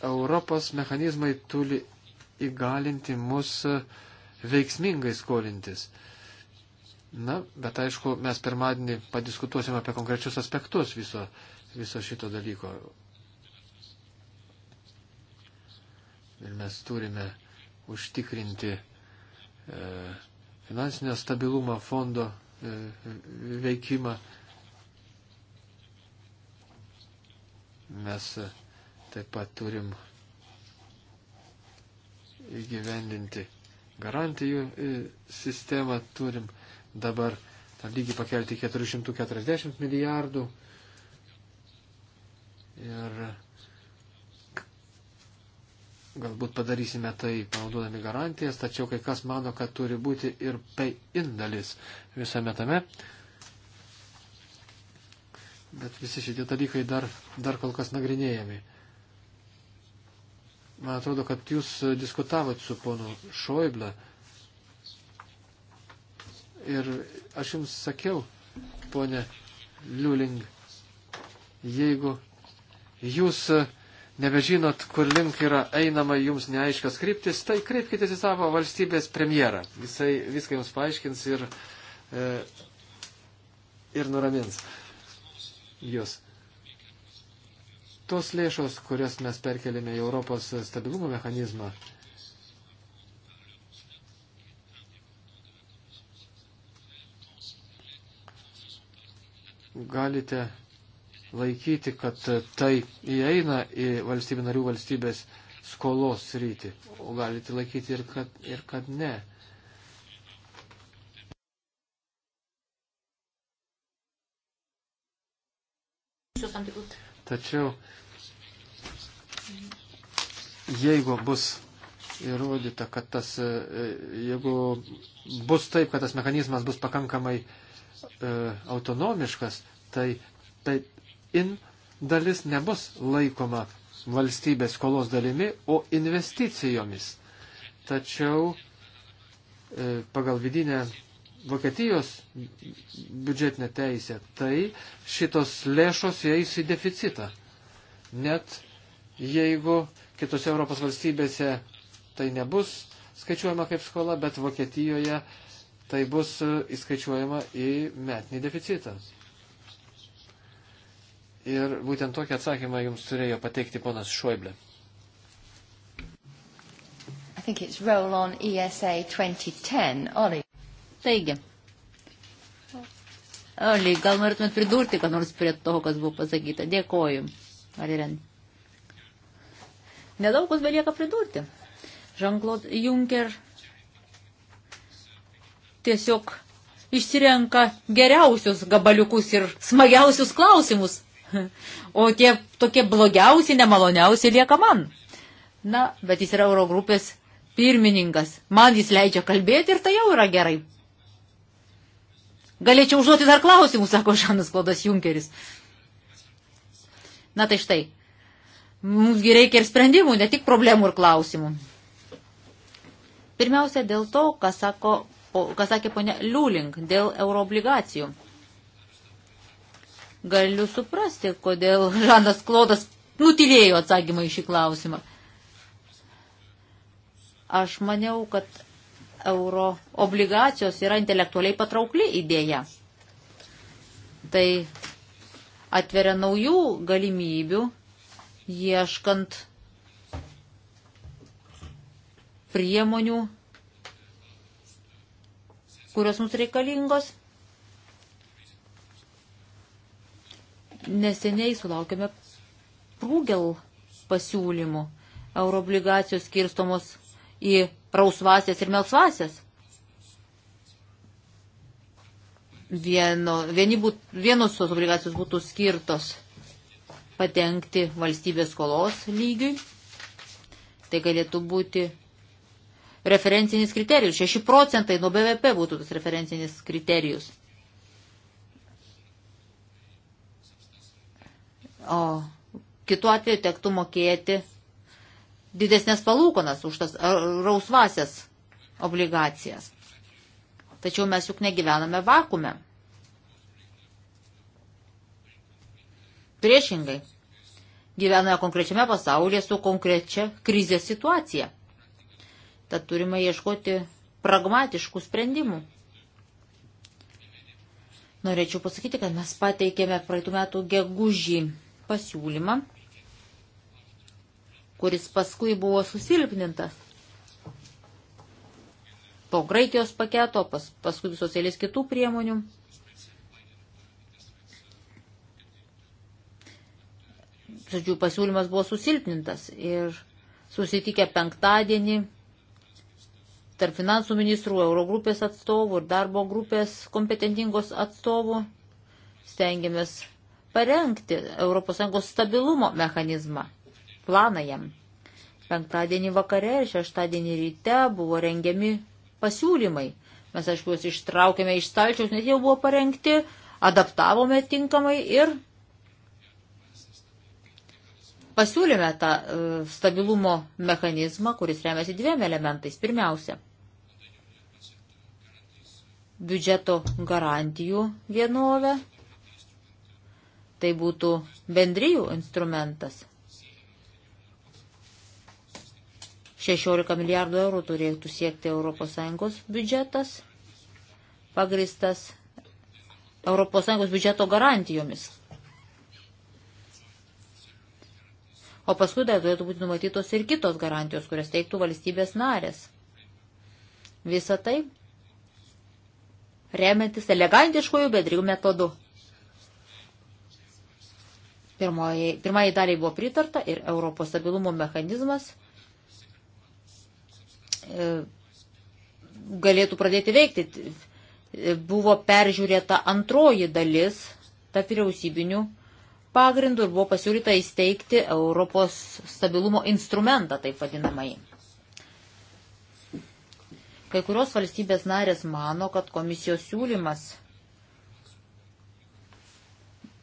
Europos mechanizmai turi įgalinti mus e, veiksmingai skolintis. Na, bet aišku, mes pirmadienį padiskutuosim apie konkrečius aspektus viso, viso šito dalyko. ir mes turime užtikrinti e, finansinio stabilumo fondo e, veikimą. Mes e, taip pat turim įgyvendinti garantijų sistemą, turim dabar tą lygį pakelti 440 milijardų. Ir Galbūt padarysime tai panaudodami garantijas, tačiau kai kas mano, kad turi būti ir pay indalis visame tame. Bet visi šitie dalykai dar, dar kol kas nagrinėjami. Man atrodo, kad jūs diskutavot su ponu Šoible. Ir aš jums sakiau, ponė Liuling, jeigu jūs uh, nebežinot, kur link yra einama jums neaiškas kryptis, tai kreipkite į savo valstybės premjerą. Jisai viską jums paaiškins ir, e, ir nuramins jūs. Tos lėšos, kurias mes perkelėme į Europos stabilumo mechanizmą, galite laikyti, kad tai įeina į valstybių narių valstybės skolos rytį, o galite laikyti ir kad, ir kad ne. Tačiau jeigu bus įrodyta, kad tas, e, jeigu bus taip, kad tas mechanizmas bus pakankamai e, autonomiškas, tai, tai in dalis nebus laikoma valstybės skolos dalimi, o investicijomis. Tačiau e, pagal vidinę Vokietijos biudžetinę teisę, tai šitos lėšos įeis į deficitą. Net jeigu kitose Europos valstybėse tai nebus skaičiuojama kaip skola, bet Vokietijoje tai bus e, įskaičiuojama į metinį deficitą. Ir būtent tokį atsakymą jums turėjo pateikti ponas Šoiblė. E Taigi, Oli, gal norėtumėt pridurti, kad nors prie to, kas buvo pasakyta. Dėkoju, Aliren. Nedaug kas belieka pridurti. Jean-Claude Juncker tiesiog išsirenka geriausius gabaliukus ir smagiausius klausimus O tie tokie blogiausi, nemaloniausi lieka man. Na, bet jis yra Eurogrupės pirmininkas. Man jis leidžia kalbėti ir tai jau yra gerai. Galėčiau užduoti dar klausimų, sako Žanas Klodas Junkeris. Na tai štai, Mums reikia ir sprendimų, ne tik problemų ir klausimų. Pirmiausia, dėl to, ką, sako, ką sakė ponia Liūlink, dėl euroobligacijų. Galiu suprasti, kodėl Žanas Klodas nutilėjo atsakymą į šį klausimą. Aš maniau, kad euro obligacijos yra intelektualiai patraukli idėja. Tai atveria naujų galimybių, ieškant priemonių, kurios mums reikalingos Neseniai sulaukėme prūgel pasiūlymų. Euroobligacijos skirstomos į rausvasias ir melsvasias. Vieno, vieni būt, vienos tos obligacijos būtų skirtos padengti valstybės skolos lygiui. Tai galėtų būti referencinis kriterijus. 6 procentai nuo BVP būtų tas referencinis kriterijus. o kitu atveju tektų mokėti didesnės palūkonas už tas rausvasias obligacijas. Tačiau mes juk negyvename vakume. Priešingai, gyvename konkrečiame pasaulyje su konkrečia krizės situacija. Tad turime ieškoti pragmatiškų sprendimų. Norėčiau pasakyti, kad mes pateikėme praeitų metų gegužį pasiūlymą, kuris paskui buvo susilpnintas po Graikijos paketo, pas, paskui visos eilės kitų priemonių. Žodžiu, pasiūlymas buvo susilpnintas ir susitikę penktadienį tarp finansų ministrų, Eurogrupės atstovų ir darbo grupės kompetentingos atstovų stengiamės parengti ES stabilumo mechanizmą, planą jam. Penktadienį vakare ir šeštadienį ryte buvo rengiami pasiūlymai. Mes, aišku, juos ištraukėme iš stalčiaus, nes jau buvo parengti, adaptavome tinkamai ir pasiūlėme tą e, stabilumo mechanizmą, kuris remiasi dviem elementais. Pirmiausia, biudžeto garantijų vienovę tai būtų bendrijų instrumentas. 16 milijardų eurų turėtų siekti ES biudžetas, pagristas ES biudžeto garantijomis. O paskui dar turėtų būti numatytos ir kitos garantijos, kurias teiktų valstybės narės. Visa tai remiantis elegantiškojų bedrių metodu. Pirmajai, pirmajai daliai buvo pritarta ir Europos stabilumo mechanizmas e, galėtų pradėti veikti. Buvo peržiūrėta antroji dalis, ta vyriausybinių pagrindų ir buvo pasiūlyta įsteigti Europos stabilumo instrumentą, taip vadinamai. Kai kurios valstybės narės mano, kad komisijos siūlymas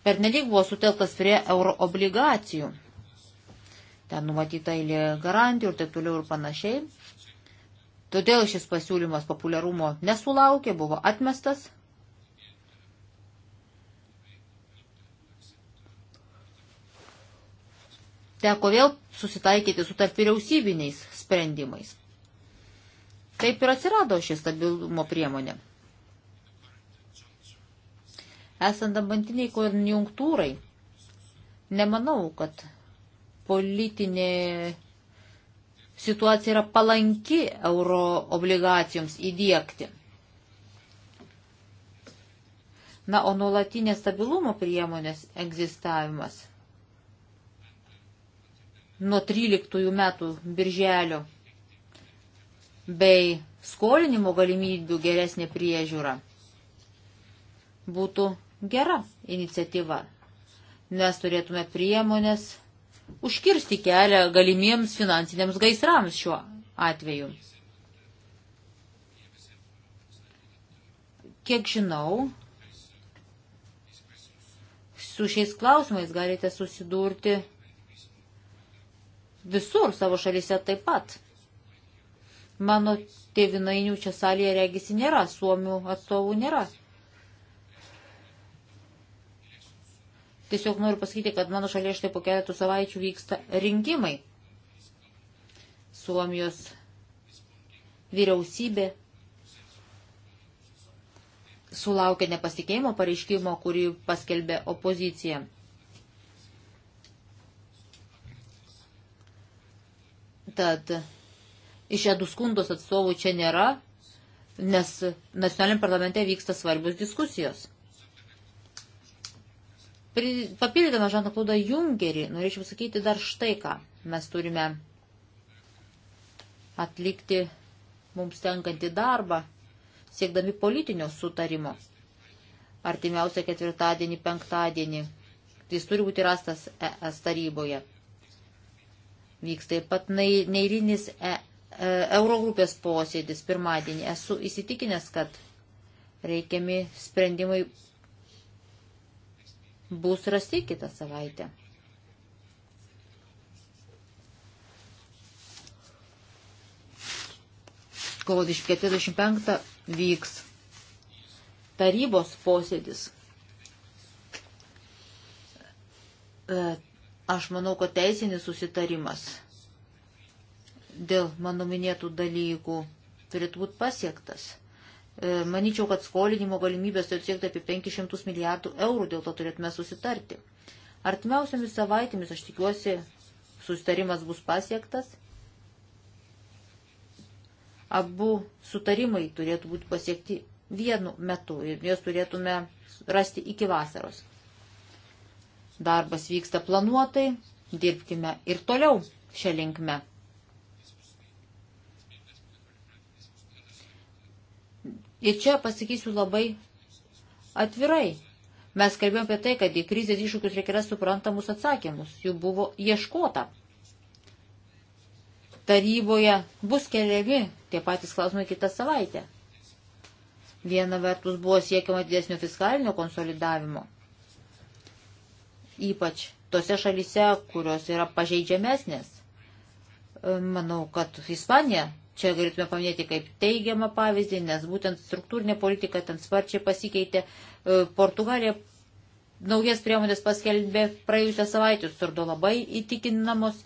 per nedik buvo sutelktas prie euro obligacijų. Ten numatyta eilė garantijų ir taip toliau ir panašiai. Todėl šis pasiūlymas populiarumo nesulaukė, buvo atmestas. Teko vėl susitaikyti su tarp vyriausybiniais sprendimais. Taip ir atsirado ši stabilumo priemonė. Esant dabartiniai konjunktūrai, nemanau, kad politinė situacija yra palanki euro obligacijoms įdėkti. Na, o nuolatinės stabilumo priemonės egzistavimas nuo 13 metų birželio bei skolinimo galimybių geresnė priežiūra būtų gera iniciatyva, nes turėtume priemonės užkirsti kelią galimiems finansiniams gaisrams šiuo atveju. Kiek žinau, su šiais klausimais galite susidurti visur savo šalyse taip pat. Mano tėvinainių čia salėje regisi nėra, suomių atstovų nėra. Tiesiog noriu pasakyti, kad mano šalia štai po keletų savaičių vyksta rinkimai. Suomijos vyriausybė sulaukė nepasikeimo pareiškimo, kurį paskelbė opozicija. Tad iš Eduskundos atstovų čia nėra, nes nacionaliniam parlamente vyksta svarbios diskusijos. Papildydama Žaną Klaudą Jungerį, norėčiau sakyti dar štai ką. Mes turime atlikti mums tenkantį darbą, siekdami politinio sutarimo. Artimiausia ketvirtadienį, penktadienį. Jis turi būti rastas ES taryboje. Vyks taip pat neįrinis e, e, Eurogrupės posėdis pirmadienį. Esu įsitikinęs, kad reikiami sprendimai bus rasti kitą savaitę. Kovo 45 vyks tarybos posėdis. E, aš manau, kad teisinis susitarimas dėl mano minėtų dalykų turėtų būti pasiektas. E, manyčiau, kad skolinimo galimybės turi siekti apie 500 milijardų eurų, dėl to turėtume susitarti. Artimiausiamis savaitėmis, aš tikiuosi, sustarimas bus pasiektas. Abu sutarimai turėtų būti pasiekti vienu metu ir juos turėtume rasti iki vasaros. Darbas vyksta planuotai, dirbkime ir toliau šią linkmę. Ir čia pasakysiu labai atvirai. Mes kalbėjome apie tai, kad į krizės iššūkius reikia rasti suprantamus atsakymus. Jų buvo ieškota. Taryboje bus keliami tie patys klausimai kitą savaitę. Viena vertus buvo siekiama didesnio fiskalinio konsolidavimo. Ypač tose šalyse, kurios yra pažeidžiamesnės. Manau, kad Ispanija Čia galėtume paminėti kaip teigiamą pavyzdį, nes būtent struktūrinė politika ten sparčiai pasikeitė. E, Portugalija naujas priemonės paskelbė praėjusią savaitę, jos turdo labai įtikinamos.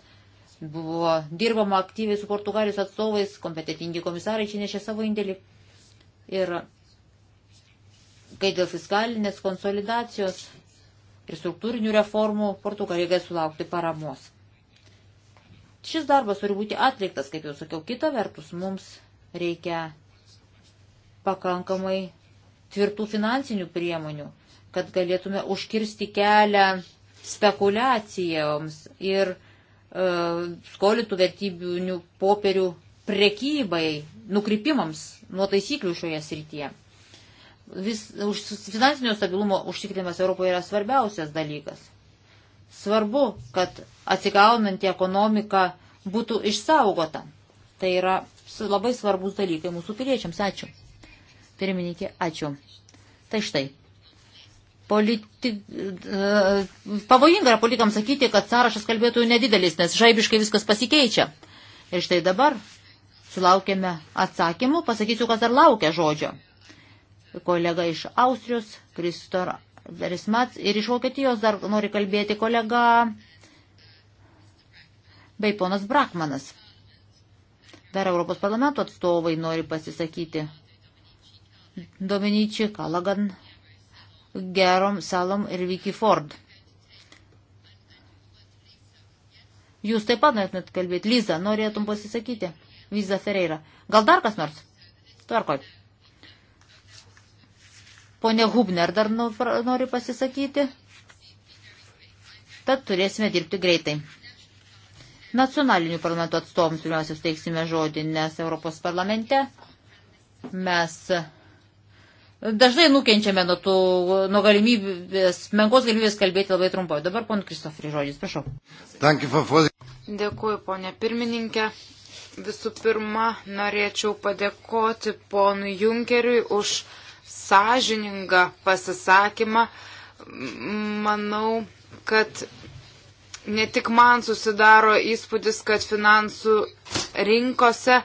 Buvo dirbama aktyviai su Portugalijos atstovais, kompetitingi komisarai čia nešė savo indėlį. Ir kai dėl fiskalinės konsolidacijos ir struktūrinių reformų Portugalija gali sulaukti paramos. Šis darbas turi būti atliktas, kaip jau sakiau, kita vertus mums reikia pakankamai tvirtų finansinių priemonių, kad galėtume užkirsti kelią spekulacijoms ir e, skolytų vertybinių popierių prekybai, nukrypimams nuo taisyklių šioje srityje. Vis, už, finansinio stabilumo užtikrinimas Europoje yra svarbiausias dalykas. Svarbu, kad atsigaunanti ekonomika būtų išsaugota. Tai yra labai svarbus dalykai mūsų piliečiams. Ačiū. Pirmininkė, ačiū. Tai štai. Politi... E, pavojinga yra politikams sakyti, kad sąrašas kalbėtojų nedidelis, nes žaibiškai viskas pasikeičia. Ir štai dabar sulaukėme atsakymų, pasakysiu, kas dar laukia žodžio. Kolega iš Austrijos, Kristor Daris Mats ir iš Vokietijos dar nori kalbėti kolega bei ponas Brakmanas. Dar Europos parlamento atstovai nori pasisakyti. Dominici Kalagan, Gerom Salom ir Vicky Ford. Jūs taip pat norėtumėt kalbėti. Liza, norėtum pasisakyti? Liza Ferreira. Gal dar kas nors? Tvarkoj. Pone Hubner dar nori pasisakyti. Tad turėsime dirbti greitai. Nacionalinių parlamento atstovams pirmiausia suteiksime žodį, nes Europos parlamente mes dažnai nukenčiame nuo, tų, nuo galimybės, menkos galimybės kalbėti labai trumpai. Dabar pon Kristofri žodis, prašau. Dėkuoju, ponė pirmininkė. Visų pirma, norėčiau padėkoti ponui Junkeriui už sąžiningą pasisakymą, manau, kad ne tik man susidaro įspūdis, kad finansų rinkose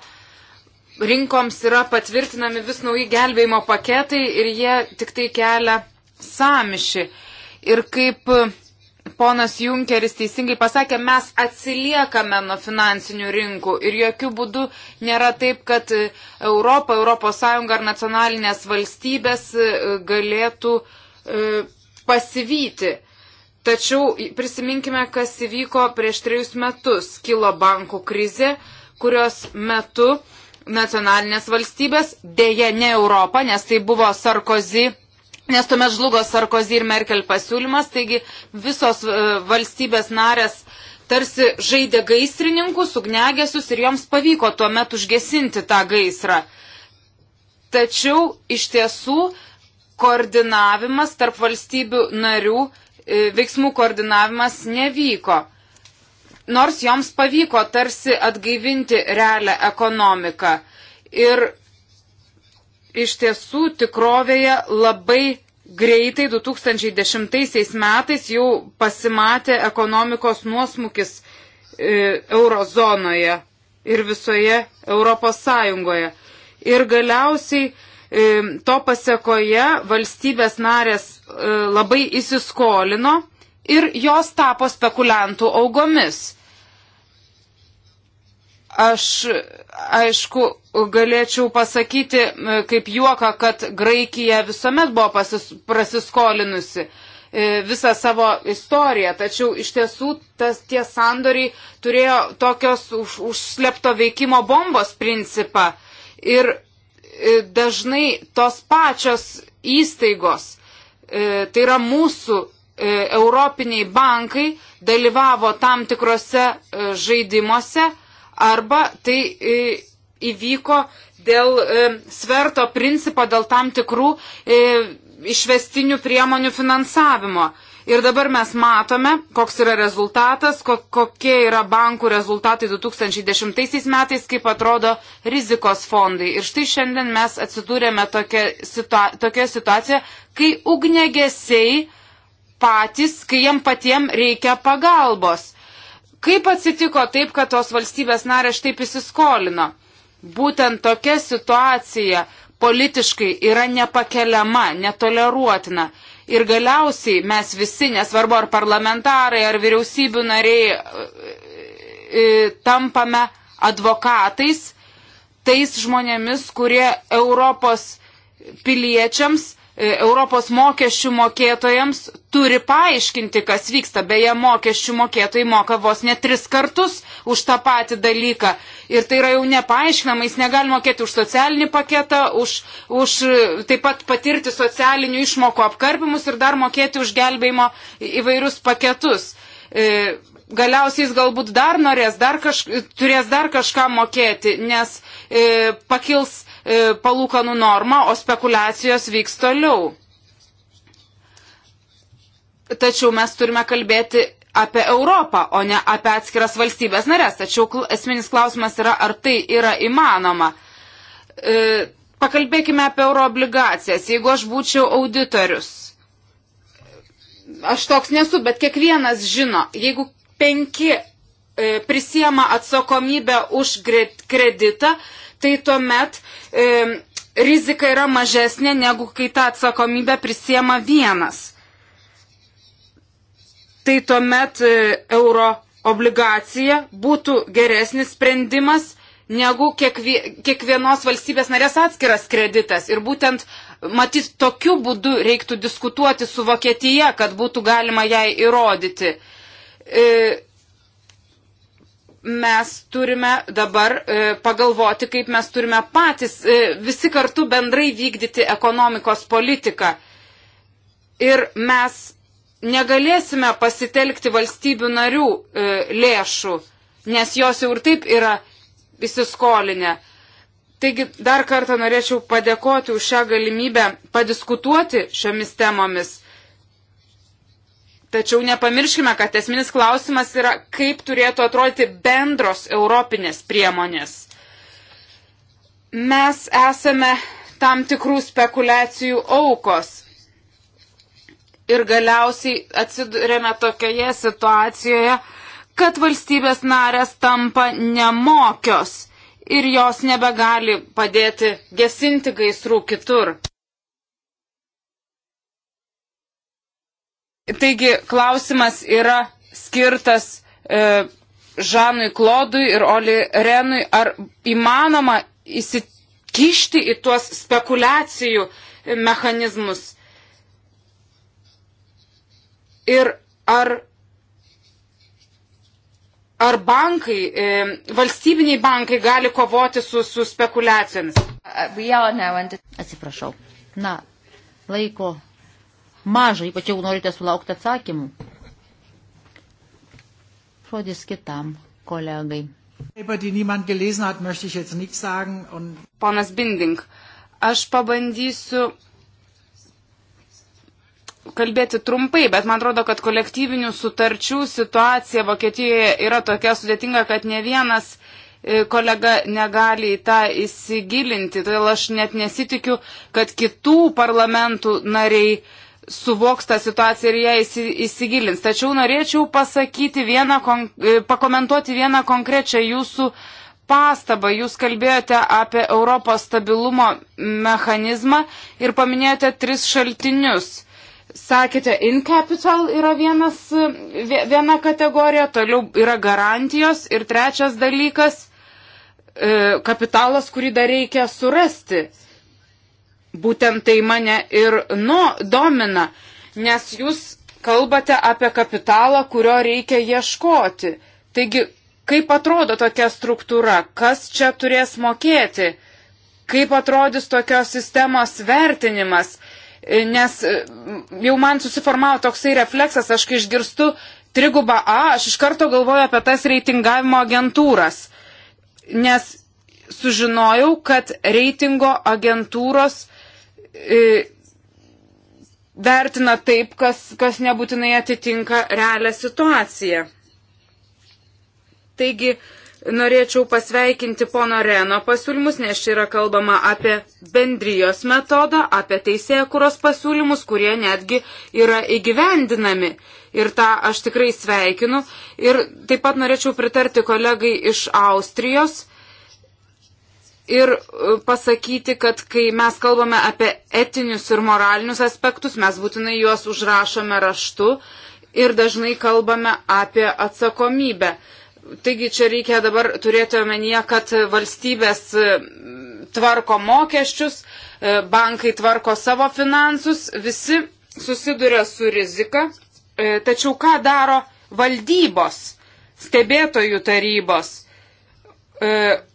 rinkoms yra patvirtinami vis nauji gelbėjimo paketai ir jie tik tai kelia samišį. Ir kaip ponas Junkeris teisingai pasakė, mes atsiliekame nuo finansinių rinkų ir jokių būdų nėra taip, kad e, Europa, ES ar nacionalinės valstybės e, galėtų e, pasivyti. Tačiau prisiminkime, kas įvyko prieš trejus metus. Kilo bankų krizė, kurios metu nacionalinės valstybės, dėja ne Europa, nes tai buvo Sarkozy Nes tuomet žlugo Sarkozy ir Merkel pasiūlymas, taigi visos e, valstybės narės tarsi žaidė gaisrininkus, ugnegesius ir joms pavyko tuomet užgesinti tą gaisrą. Tačiau iš tiesų koordinavimas tarp valstybių narių, e, veiksmų koordinavimas nevyko. Nors joms pavyko tarsi atgaivinti realią ekonomiką. Ir iš tiesų tikrovėje labai greitai 2010 metais jau pasimatė ekonomikos nuosmukis e, eurozonoje ir visoje Europos Sąjungoje. Ir galiausiai e, to pasiekoje valstybės narės e, labai įsiskolino ir jos tapo spekuliantų augomis. Aš, aišku, galėčiau pasakyti e, kaip juoka, kad Graikija visuomet buvo pasis, prasiskolinusi e, visą savo istoriją, tačiau iš tiesų tas tie sandoriai turėjo tokios už, užslepto veikimo bombos principą ir e, dažnai tos pačios įstaigos, tai yra mūsų europiniai bankai, dalyvavo tam tikrose žaidimuose, arba tai e, įvyko dėl e, sverto principo, dėl tam tikrų e, išvestinių priemonių finansavimo. Ir dabar mes matome, koks yra rezultatas, kokie yra bankų rezultatai 2010 metais, kaip atrodo rizikos fondai. Ir štai šiandien mes atsidūrėme tokia situa tokia situacija, kai ugnegesiai patys, kai jiem patiem reikia pagalbos. Kaip atsitiko taip, kad tos valstybės narės taip įsiskolino? Būtent tokia situacija politiškai yra nepakeliama, netoleruotina. Ir galiausiai mes visi, nesvarbu ar parlamentarai, ar vyriausybių nariai, e, e, tampame advokatais, tais žmonėmis, kurie Europos piliečiams E, Europos mokesčių mokėtojams turi paaiškinti, kas vyksta. Beje, mokesčių mokėtojai moka vos ne tris kartus už tą patį dalyką. Ir tai yra jau nepaaiškinama, jis negali mokėti už socialinį paketą, už, už e, taip pat patirti socialinių išmokų apkarpimus ir dar mokėti už gelbėjimo įvairius paketus. E, galiausiai jis galbūt dar norės, dar kaž, turės dar kažką mokėti, nes e, pakils E, palūkanų normą, o spekulacijos vyks toliau. Tačiau mes turime kalbėti apie Europą, o ne apie atskiras valstybės narės. Tačiau esminis klausimas yra, ar tai yra įmanoma. E, pakalbėkime apie euroobligacijas. Jeigu aš būčiau auditorius, aš toks nesu, bet kiekvienas žino, jeigu penki e, prisiema atsakomybę už kreditą, tai tuomet e, rizika yra mažesnė, negu kai tą atsakomybę prisiema vienas. Tai tuomet e, euro obligacija būtų geresnis sprendimas negu kiekvienos valstybės narės atskiras kreditas. Ir būtent, matyt, tokiu būdu reiktų diskutuoti su Vokietija, kad būtų galima jai įrodyti. E, mes turime dabar e, pagalvoti, kaip mes turime patys e, visi kartu bendrai vykdyti ekonomikos politiką. Ir mes negalėsime pasitelkti valstybių narių e, lėšų, nes jos jau ir taip yra įsiskolinę. Taigi dar kartą norėčiau padėkoti už šią galimybę padiskutuoti šiomis temomis. Tačiau nepamirškime, kad esminis klausimas yra, kaip turėtų atrodyti bendros europinės priemonės. Mes esame tam tikrų spekulacijų aukos. Ir galiausiai atsidurėme tokioje situacijoje, kad valstybės narės tampa nemokios ir jos nebegali padėti gesinti gaisrų kitur. Taigi klausimas yra skirtas e, Žanui Klodui ir Oli Renui, ar įmanoma įsikišti į tuos spekulacijų mechanizmus. Ir ar, ar bankai, e, valstybiniai bankai gali kovoti su, su spekulacijomis? Uh, under... Atsiprašau. Na, laiko maža, ypač jeigu norite sulaukti atsakymų. Žodis kitam kolegai. Ponas Binding, aš pabandysiu kalbėti trumpai, bet man atrodo, kad kolektyvinių sutarčių situacija Vokietijoje yra tokia sudėtinga, kad ne vienas e, kolega negali į tą įsigilinti. Todėl aš net nesitikiu, kad kitų parlamentų nariai suvoks tą situaciją ir ją įsigilins. Tačiau norėčiau pasakyti vieną, e, pakomentuoti vieną konkrečią jūsų pastabą. Jūs kalbėjote apie Europos stabilumo mechanizmą ir paminėjote tris šaltinius. Sakėte, in capital yra vienas, e, viena kategorija, toliau yra garantijos ir trečias dalykas e, kapitalas, kurį dar reikia surasti būtent tai mane ir nu, domina, nes jūs kalbate apie kapitalą, kurio reikia ieškoti. Taigi, kaip atrodo tokia struktūra, kas čia turės mokėti, kaip atrodys tokios sistemos vertinimas, nes e, jau man susiformavo toksai refleksas, aš kai išgirstu trigubą A, aš iš karto galvoju apie tas reitingavimo agentūras, nes sužinojau, kad reitingo agentūros E, vertina taip, kas, kas nebūtinai atitinka realią situaciją. Taigi, norėčiau pasveikinti pono Reno pasiūlymus, nes čia yra kalbama apie bendrijos metodą, apie teisėją kuros pasiūlymus, kurie netgi yra įgyvendinami. Ir tą aš tikrai sveikinu. Ir taip pat norėčiau pritarti kolegai iš Austrijos, ir e, pasakyti, kad kai mes kalbame apie etinius ir moralinius aspektus, mes būtinai juos užrašome raštu ir dažnai kalbame apie atsakomybę. Taigi čia reikia dabar turėti omenyje, kad valstybės e, tvarko mokesčius, e, bankai tvarko savo finansus, visi susiduria su rizika. Tačiau ką daro valdybos, stebėtojų tarybos?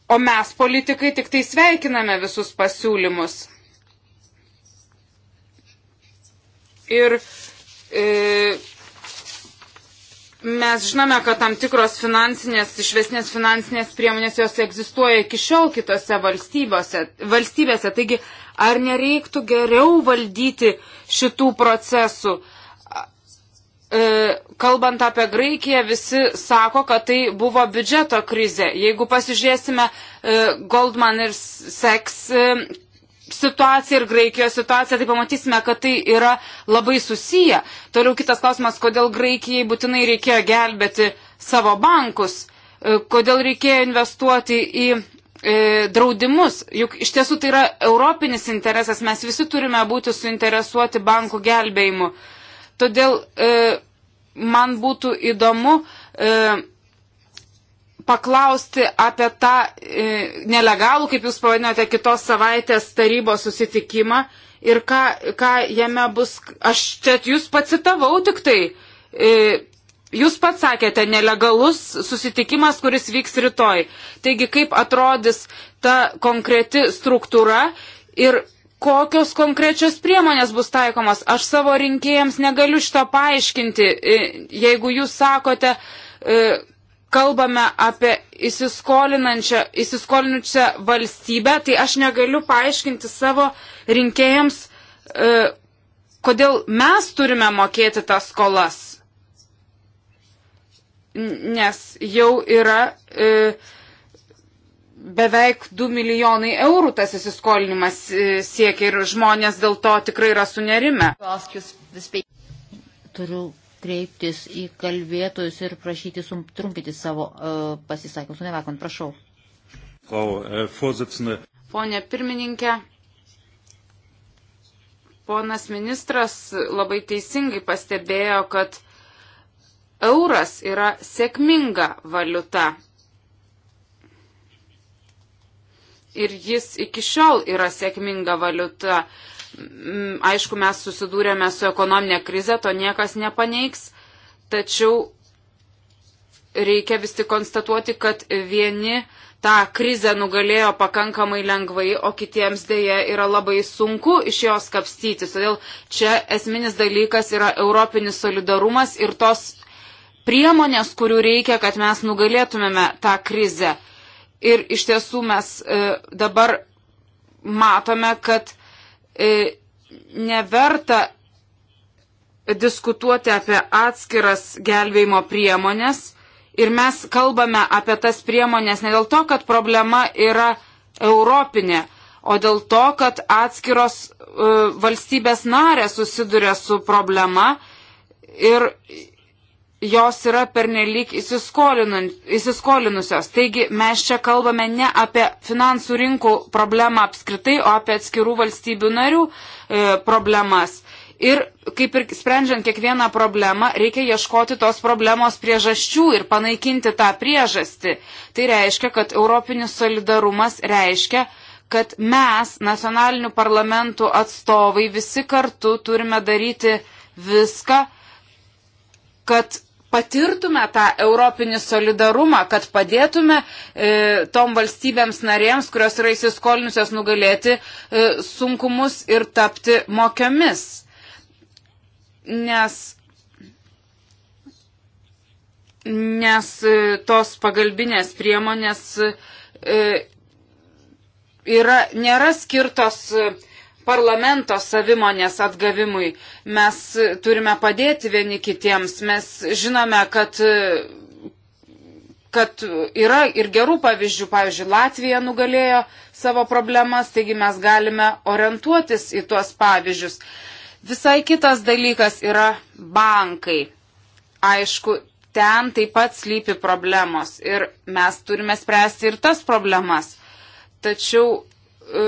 O mes, politikai, tik tai sveikiname visus pasiūlymus. Ir e, mes žinome, kad tam tikros finansinės, išvesnės finansinės priemonės jos egzistuoja iki šiol kitose valstybėse. Taigi, ar nereiktų geriau valdyti šitų procesų? E, kalbant apie Graikiją, visi sako, kad tai buvo biudžeto krizė. Jeigu pasižiūrėsime e, Goldman ir Seks e, situaciją ir Graikijos situaciją, tai pamatysime, kad tai yra labai susiję. Toliau kitas klausimas, kodėl Graikijai būtinai reikėjo gelbėti savo bankus, kodėl reikėjo investuoti į draudimus, juk iš tiesų tai yra europinis interesas, mes visi turime būti suinteresuoti bankų gelbėjimu. Todėl e, man būtų įdomu e, paklausti apie tą e, nelegalų, kaip jūs pavadinote, kitos savaitės tarybos susitikimą ir ką, ką jame bus. Aš čia jūs pacitavau tik tai. E, Jūs pats sakėte, nelegalus susitikimas, kuris vyks rytoj. Taigi, kaip atrodys ta konkreti struktūra ir kokios konkrečios priemonės bus taikomos. Aš savo rinkėjams negaliu šito paaiškinti, e, jeigu jūs sakote, e, kalbame apie įsiskolinusią valstybę, tai aš negaliu paaiškinti savo rinkėjams, e, kodėl mes turime mokėti tas skolas. Nes jau yra. E, beveik 2 milijonai eurų tas įsiskolinimas e, siekia ir žmonės dėl to tikrai yra sunerime. Turiu kreiptis į kalbėtojus ir prašyti trumpyti savo uh, pasisakymus. Nevakant, prašau. E, Pone pirmininkė, ponas ministras labai teisingai pastebėjo, kad euras yra sėkminga valiuta ir jis iki šiol yra sėkminga valiuta. Mm, aišku, mes susidūrėme su ekonominė krize, to niekas nepaneiks, tačiau reikia vis tik konstatuoti, kad vieni tą krizę nugalėjo pakankamai lengvai, o kitiems dėje yra labai sunku iš jos kapstyti. Todėl čia esminis dalykas yra europinis solidarumas ir tos priemonės, kurių reikia, kad mes nugalėtumėme tą krizę. Ir iš tiesų mes e, dabar matome, kad e, neverta diskutuoti apie atskiras gelbėjimo priemonės. Ir mes kalbame apie tas priemonės ne dėl to, kad problema yra europinė, o dėl to, kad atskiros uh, valstybės narės susiduria su problema ir jos yra pernelyg įsiskolinusios. Taigi mes čia kalbame ne apie finansų rinkų problemą apskritai, o apie atskirų valstybių narių e, problemas. Ir kaip ir sprendžiant kiekvieną problemą, reikia ieškoti tos problemos priežasčių ir panaikinti tą priežastį. Tai reiškia, kad europinis solidarumas reiškia, kad mes, nacionalinių parlamentų atstovai, visi kartu turime daryti viską, kad patirtume tą europinį solidarumą, kad padėtume e, tom valstybėms narėms, kurios yra įsiskolinusios nugalėti e, sunkumus ir tapti mokiomis. Nes nes e, tos pagalbinės priemonės e, yra, nėra skirtos e, parlamento savimonės atgavimui. Mes turime padėti vieni kitiems. Mes žinome, kad, kad yra ir gerų pavyzdžių. Pavyzdžiui, Latvija nugalėjo savo problemas, taigi mes galime orientuotis į tuos pavyzdžius. Visai kitas dalykas yra bankai. Aišku, ten taip pat slypi problemos ir mes turime spręsti ir tas problemas. Tačiau e,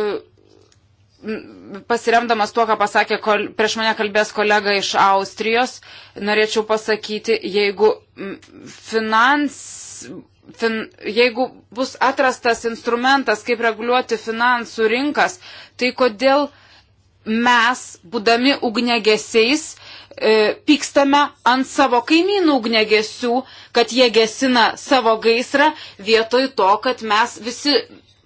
pasiremdamas tuo, ką pasakė kol, prieš mane kalbės kolega iš Austrijos, norėčiau pasakyti, jeigu, finans, fin, jeigu bus atrastas instrumentas, kaip reguliuoti finansų rinkas, tai kodėl mes, būdami ugnegesiais, e, pykstame ant savo kaimynų ugnegesių, kad jie gesina savo gaisrą, vietoj to, kad mes visi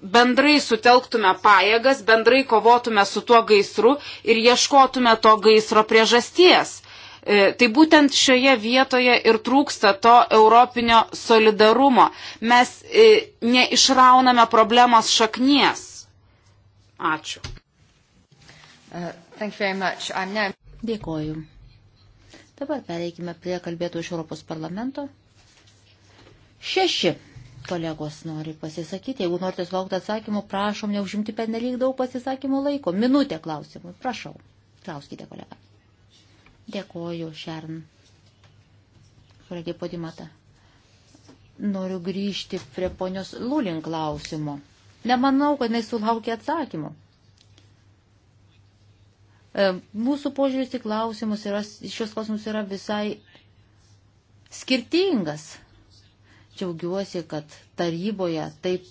bendrai sutelktume pajėgas, bendrai kovotume su tuo gaisru ir ieškotume to gaisro priežasties. E, tai būtent šioje vietoje ir trūksta to europinio solidarumo. Mes e, neišrauname problemos šaknies. Ačiū. Uh, now... Dėkoju. Dabar pereikime prie kalbėtų iš Europos parlamento. Šeši kolegos nori pasisakyti. Jeigu norite sulaukti atsakymų, prašom neužimti pernelyg daug pasisakymų laiko. Minutė klausimui. Prašau. Klauskite, kolega. Dėkoju, Šern. Kolegė Podimata. Noriu grįžti prie ponios Lulin klausimo. Nemanau, kad jis sulaukė atsakymų. E, mūsų požiūris į klausimus yra, šios klausimus yra visai skirtingas džiaugiuosi, kad taryboje taip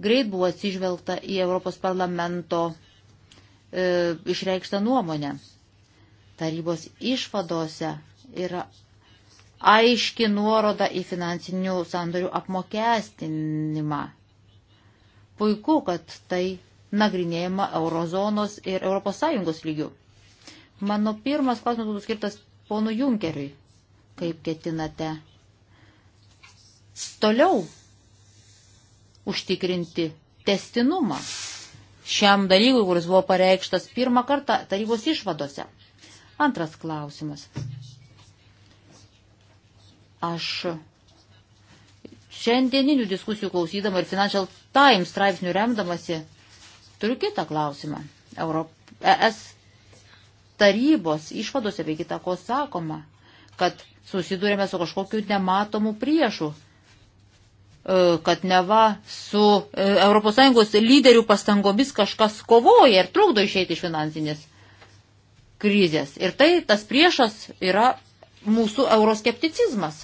greit buvo atsižvelgta į Europos parlamento e, išreikštą nuomonę. Tarybos išvadose yra aiški nuoroda į finansinių sandorių apmokestinimą. Puiku, kad tai nagrinėjama eurozonos ir ES lygių. Mano pirmas klausimas būtų skirtas ponu Junkeriui. Kaip ketinate toliau užtikrinti testinumą šiam dalykui, kuris buvo pareikštas pirmą kartą tarybos išvadose. Antras klausimas. Aš šiandieninių diskusijų klausydama ir Financial Times straipsnių remdamasi turiu kitą klausimą. Europ... ES tarybos išvadose be kitako sakoma, kad susidūrėme su kažkokiu nematomu priešu E, kad neva su ES lyderių pastangomis kažkas kovoja ir trukdo išeiti iš finansinės krizės. Ir tai tas priešas yra mūsų euroskepticizmas.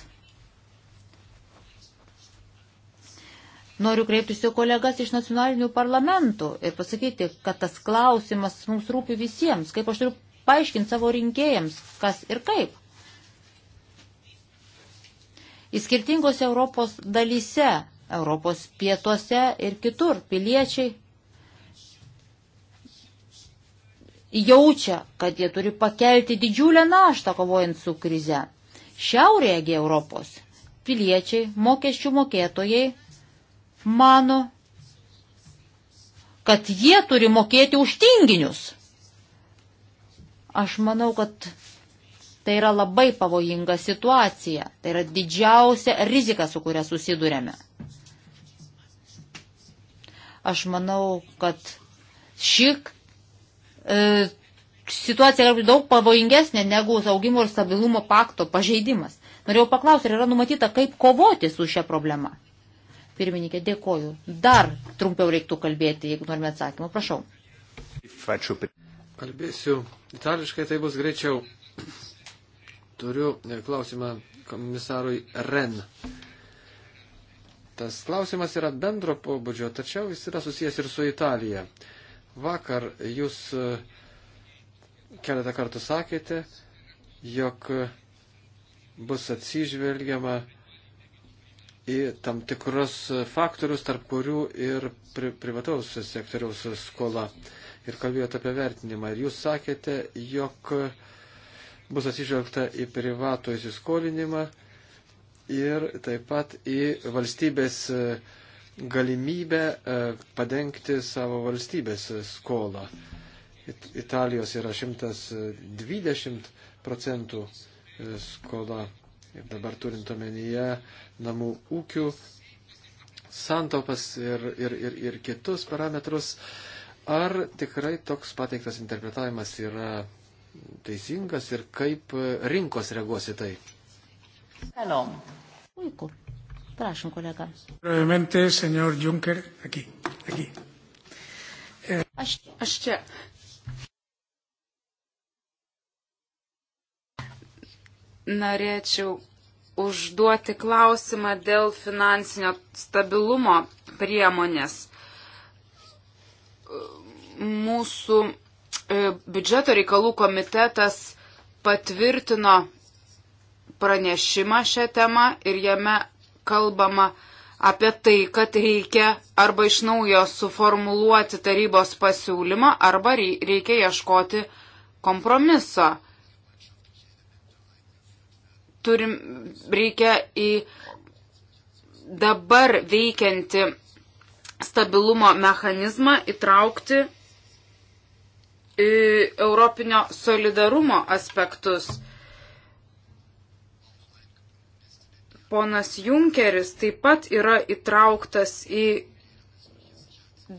Noriu kreiptis į kolegas iš nacionalinių parlamentų ir pasakyti, kad tas klausimas mums rūpi visiems, kaip aš turiu paaiškinti savo rinkėjams, kas ir kaip. Į skirtingose Europos dalyse, Europos pietuose ir kitur piliečiai jaučia, kad jie turi pakelti didžiulę naštą kovojant su krize. Šiaurėgi Europos piliečiai, mokesčių mokėtojai mano, kad jie turi mokėti už tinginius. Aš manau, kad Tai yra labai pavojinga situacija. Tai yra didžiausia rizika, su kuria susidurėme. Aš manau, kad šik e, situacija yra daug pavojingesnė negu saugimo ir stabilumo pakto pažeidimas. Norėjau paklausti, ar yra numatyta, kaip kovoti su šia problema. Pirmininkė, dėkoju. Dar trumpiau reiktų kalbėti, jeigu norime atsakymą. Prašau. Kalbėsiu itališkai, tai bus greičiau. Turiu e, klausimą komisarui Ren. Tas klausimas yra bendro pobūdžio, tačiau jis yra susijęs ir su Italija. Vakar jūs e, keletą kartų sakėte, jog bus atsižvelgiama į tam tikrus faktorius, tarp kurių ir pri, privataus sektoriaus skola. Ir kalbėjote apie vertinimą. Ir jūs sakėte, jog uh, bus atsižvelgta į privato įsiskolinimą ir taip pat į valstybės e, galimybę e, padengti savo valstybės e, skolą. Italijos yra 120 procentų skola ir dabar turint omenyje namų ūkių santopas ir, ir, ir, ir kitus parametrus, ar tikrai toks pateiktas interpretavimas yra teisingas ir kaip rinkos reaguos į tai. Hello. Puiku. Prašom, kolega. Brevemente, senor Juncker, aquí, aquí. E... Aš, aš čia. Norėčiau užduoti klausimą dėl finansinio stabilumo priemonės. Mūsų biudžeto reikalų komitetas patvirtino pranešimą šią temą ir jame kalbama apie tai, kad reikia arba iš naujo suformuluoti tarybos pasiūlymą, arba reikia ieškoti kompromiso. Turim, reikia į dabar veikianti stabilumo mechanizmą įtraukti europinio solidarumo aspektus. Ponas Junkeris taip pat yra įtrauktas į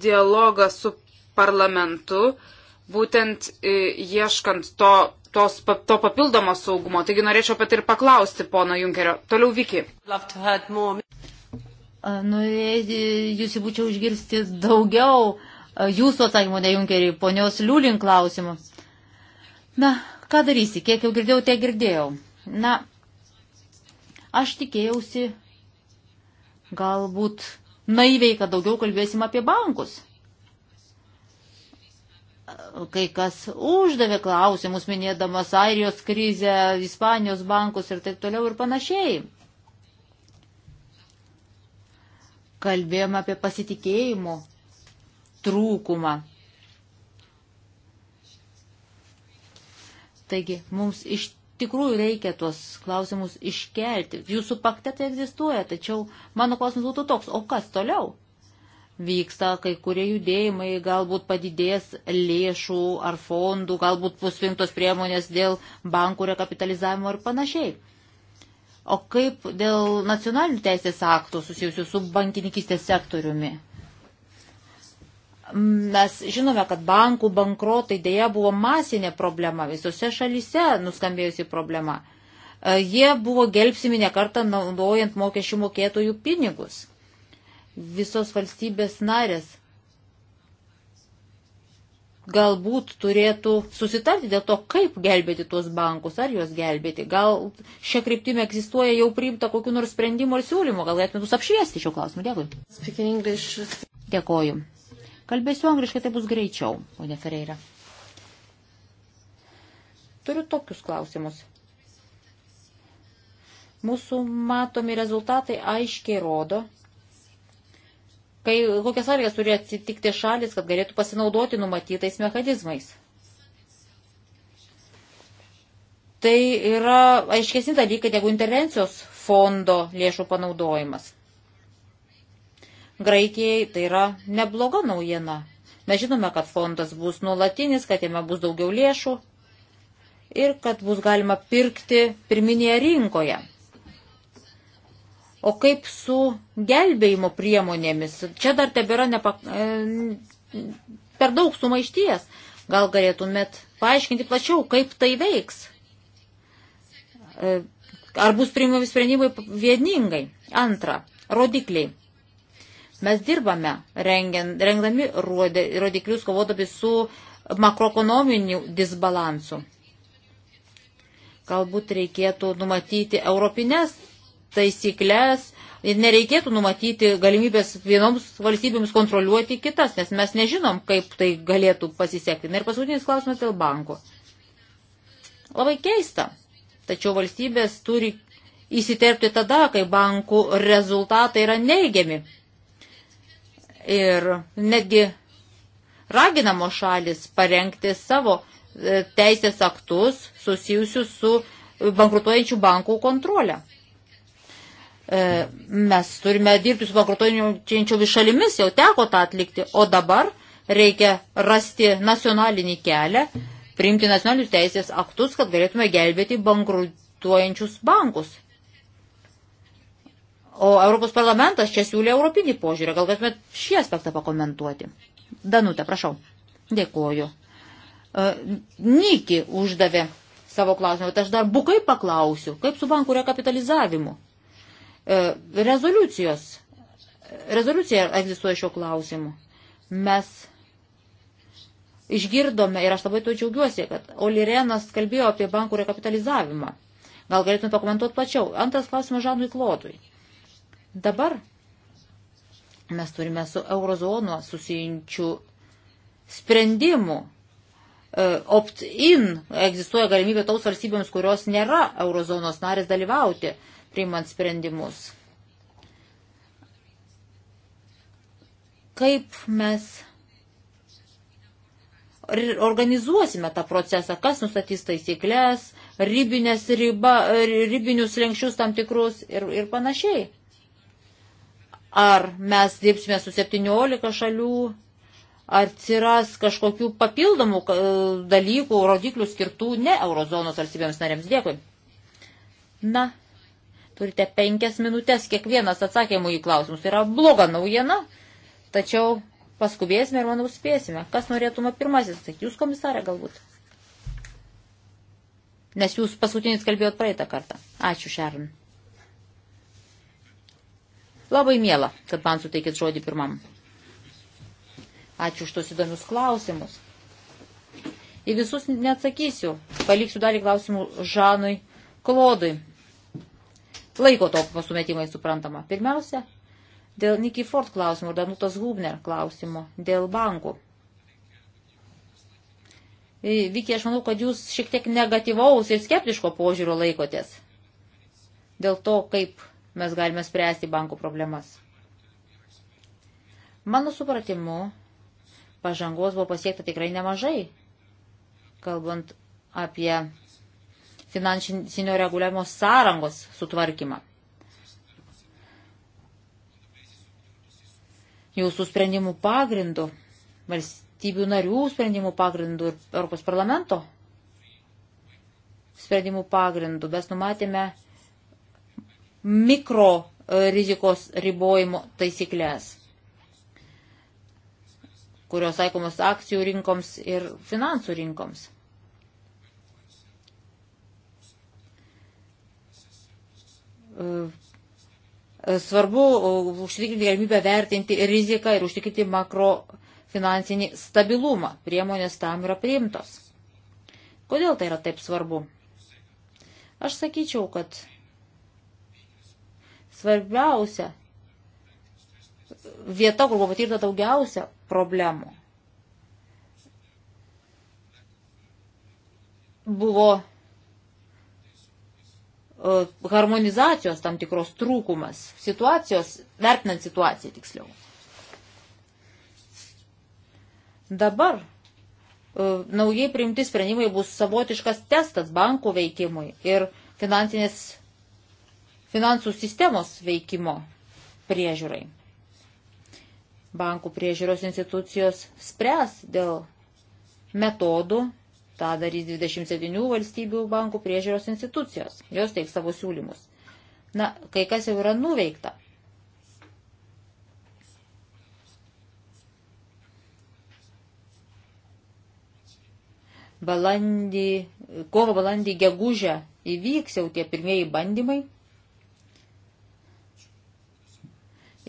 dialogą su parlamentu, būtent e, ieškant to, tos, to papildomo saugumo. Taigi norėčiau pat tai ir paklausti pono Junkerio. Toliau Viki. Norėjusi būčiau išgirsti daugiau jūsų atsakymų, ne Junkerį, ponios Liūlin klausimų. Na, ką darysi, kiek jau girdėjau, tiek girdėjau. Na, aš tikėjausi galbūt naiviai, kad daugiau kalbėsim apie bankus. Kai kas uždavė klausimus, minėdamas Airijos krizę, Ispanijos bankus ir taip toliau ir panašiai. Kalbėjom apie pasitikėjimo trūkumą. Taigi mums iš tikrųjų reikia tuos klausimus iškelti. Jūsų pakte tai egzistuoja, tačiau mano klausimas būtų toks, o kas toliau? Vyksta kai kurie judėjimai, galbūt padidės lėšų ar fondų, galbūt bus rinktos priemonės dėl bankų rekapitalizavimo ir panašiai. O kaip dėl nacionalinių teisės aktų susijusių su bankininkistės sektoriumi? Mes žinome, kad bankų bankrotai dėja buvo masinė problema visose šalyse nuskambėjusi problema. E, jie buvo gelbsimi nekartą naudojant mokesčių mokėtojų pinigus. Visos valstybės narės galbūt turėtų susitarti dėl to, kaip gelbėti tuos bankus, ar juos gelbėti. Gal šią kryptimę egzistuoja jau priimta kokiu nors sprendimu ar siūlymu, gal galėtumėt jūs apšviesti šio klausimu. Dėkui. Dėkoju. Kalbėsiu angliškai, tai bus greičiau, ponė Ferreira. Turiu tokius klausimus. Mūsų matomi rezultatai aiškiai rodo, kai kokias sąlygas turi atsitikti šalis, kad galėtų pasinaudoti numatytais mechanizmais. Tai yra aiškesni dalykai negu intervencijos fondo lėšų panaudojimas. Graikijai tai yra nebloga naujiena. Mes žinome, kad fondas bus nuolatinis, kad jame bus daugiau lėšų ir kad bus galima pirkti pirminėje rinkoje. O kaip su gelbėjimo priemonėmis? Čia dar tebėra nepa, e, per daug sumaišties. Gal galėtumėt paaiškinti plačiau, kaip tai veiks? E, ar bus priimami sprendimai vieningai? Antra, rodikliai. Mes dirbame rengiant, rengdami rodiklius kovodami su makroekonominiu disbalansu. Galbūt reikėtų numatyti europinės taisyklės ir nereikėtų numatyti galimybės vienoms valstybėms kontroliuoti kitas, nes mes nežinom, kaip tai galėtų pasisekti. Na ir paskutinis klausimas dėl banko. Labai keista, tačiau valstybės turi įsiterpti tada, kai bankų rezultatai yra neigiami ir netgi raginamo šalis parengti savo e, teisės aktus susijusius su bankrutuojančių bankų kontrolę. E, mes turime dirbti su bankrutuojančiomis šalimis, jau teko tą atlikti, o dabar reikia rasti nacionalinį kelią, priimti nacionalinius teisės aktus, kad galėtume gelbėti bankrutuojančius bankus. O Europos parlamentas čia siūlė europinį požiūrį. Gal galėtumėt šį aspektą pakomentuoti? Danutė, prašau. Dėkuoju. E, Niki uždavė savo klausimą, bet aš dar bukai paklausiu, kaip su bankų rekapitalizavimu. E, rezoliucijos. Rezoliucija egzistuoja šio klausimu. Mes išgirdome ir aš labai to džiaugiuosi, kad Olirenas kalbėjo apie bankų rekapitalizavimą. Gal galėtume pakomentuoti plačiau. Antras klausimas Žanui Klotui. Dabar mes turime su eurozono susijinčių sprendimų. E, opt-in egzistuoja galimybė taus valstybėms, kurios nėra eurozonos narės dalyvauti, priimant sprendimus. Kaip mes organizuosime tą procesą, kas nustatys taisyklės, ribinės riba, ribinius lenkščius tam tikrus ir, ir panašiai. Ar mes dirbsime su 17 šalių, atsiras kažkokių papildomų dalykų, rodiklių skirtų ne eurozonos valstybėms narėms. Dėkui. Na, turite penkias minutės kiekvienas atsakymų į klausimus. Tai yra bloga naujiena, tačiau paskubėsime ir manau spėsime. Kas norėtume pirmasis atsakyti? Jūs komisarė galbūt. Nes jūs paskutinis kalbėjot praeitą kartą. Ačiū, Šern. Labai miela, kad man suteikit žodį pirmam. Ačiū už tos įdomius klausimus. Į visus neatsakysiu. Paliksiu dalį klausimų Žanui Klodui. Laiko to pasumetimai suprantama. Pirmiausia, dėl Nicky Ford klausimų ir Danutas Hubner klausimų, dėl bankų. E, Vykė, aš manau, kad jūs šiek tiek negatyvaus ir skeptiško požiūrio laikotės. Dėl to, kaip mes galime spręsti bankų problemas. Mano supratimu, pažangos buvo pasiekta tikrai nemažai, kalbant apie finansinio reguliavimo sąrangos sutvarkymą. Jūsų sprendimų pagrindų, valstybių narių sprendimų pagrindų ir Europos parlamento sprendimų pagrindų mes numatėme mikro e, rizikos ribojimo taisyklės, kurios taikomos akcijų rinkoms ir finansų rinkoms. E, e, svarbu užtikrinti galimybę vertinti riziką ir užtikrinti makrofinansinį stabilumą. Priemonės tam yra priimtos. Kodėl tai yra taip svarbu? Aš sakyčiau, kad svarbiausia vieta, kur buvo patirta daugiausia problemų, buvo e, harmonizacijos tam tikros trūkumas, situacijos, vertinant situaciją tiksliau. Dabar e, naujai priimti sprendimai bus savotiškas testas bankų veikimui ir finansinės finansų sistemos veikimo priežiūrai. Bankų priežiūros institucijos spręs dėl metodų, tą darys 27 valstybių bankų priežiūros institucijos, jos teiks savo siūlymus. Na, kai kas jau yra nuveikta. Balandį, kovo balandį gegužę įvyks jau tie pirmieji bandymai.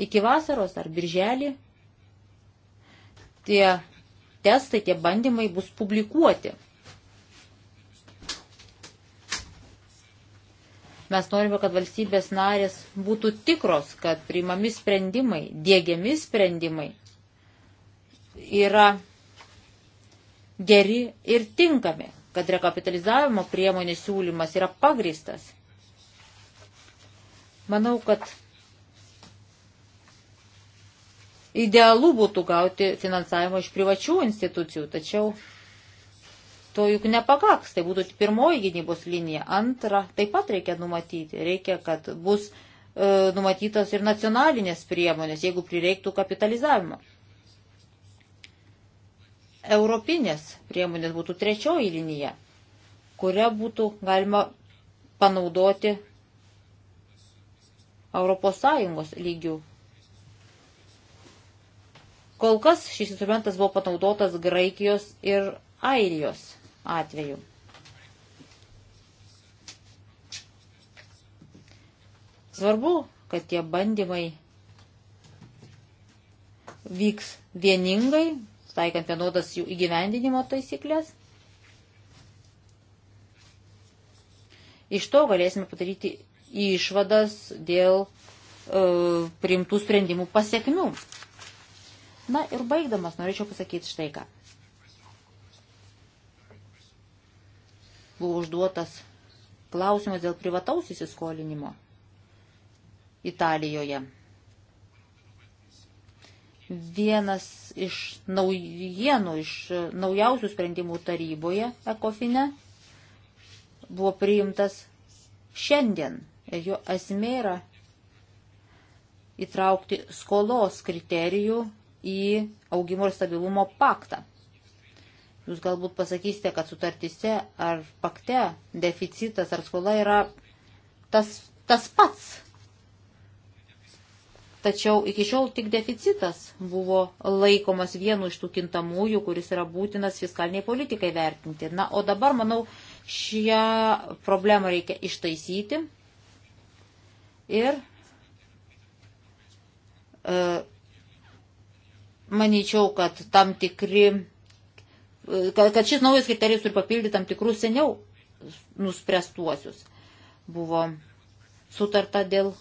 iki vasaros ar birželį tie testai, tie bandymai bus publikuoti. Mes norime, kad valstybės narės būtų tikros, kad priimami sprendimai, dėgiami sprendimai yra geri ir tinkami, kad rekapitalizavimo priemonės siūlymas yra pagristas. Manau, kad Idealu būtų gauti finansavimą iš privačių institucijų, tačiau to juk nepakaks. Tai būtų pirmoji gynybos linija. Antra, taip pat reikia numatyti. Reikia, kad bus e, numatytos ir nacionalinės priemonės, jeigu prireiktų kapitalizavimo. Europinės priemonės būtų trečioji linija, kurią būtų galima panaudoti Europos Sąjungos lygių Kol kas šis instrumentas buvo panaudotas Graikijos ir Airijos atveju. Svarbu, kad tie bandymai vyks vieningai, taikant vienodas jų įgyvendinimo taisyklės. Iš to galėsime padaryti išvadas dėl e, priimtų sprendimų pasiekmių. Na ir baigdamas norėčiau pasakyti štai ką. Buvo užduotas klausimas dėl privataus įsiskolinimo Italijoje. Vienas iš naujienų, iš naujausių sprendimų taryboje ekofine buvo priimtas šiandien. Jo esmė yra įtraukti skolos kriterijų į augimo ir stabilumo paktą. Jūs galbūt pasakysite, kad sutartise ar pakte deficitas ar skola yra tas, tas pats. Tačiau iki šiol tik deficitas buvo laikomas vienu iš tų kintamųjų, kuris yra būtinas fiskaliniai politikai vertinti. Na, o dabar, manau, šią problemą reikia ištaisyti ir e, Maničiau, kad tam tikri, kad, kad šis naujas kriterijus turi papildyti tam tikrus seniau nuspręstuosius. Buvo sutarta dėl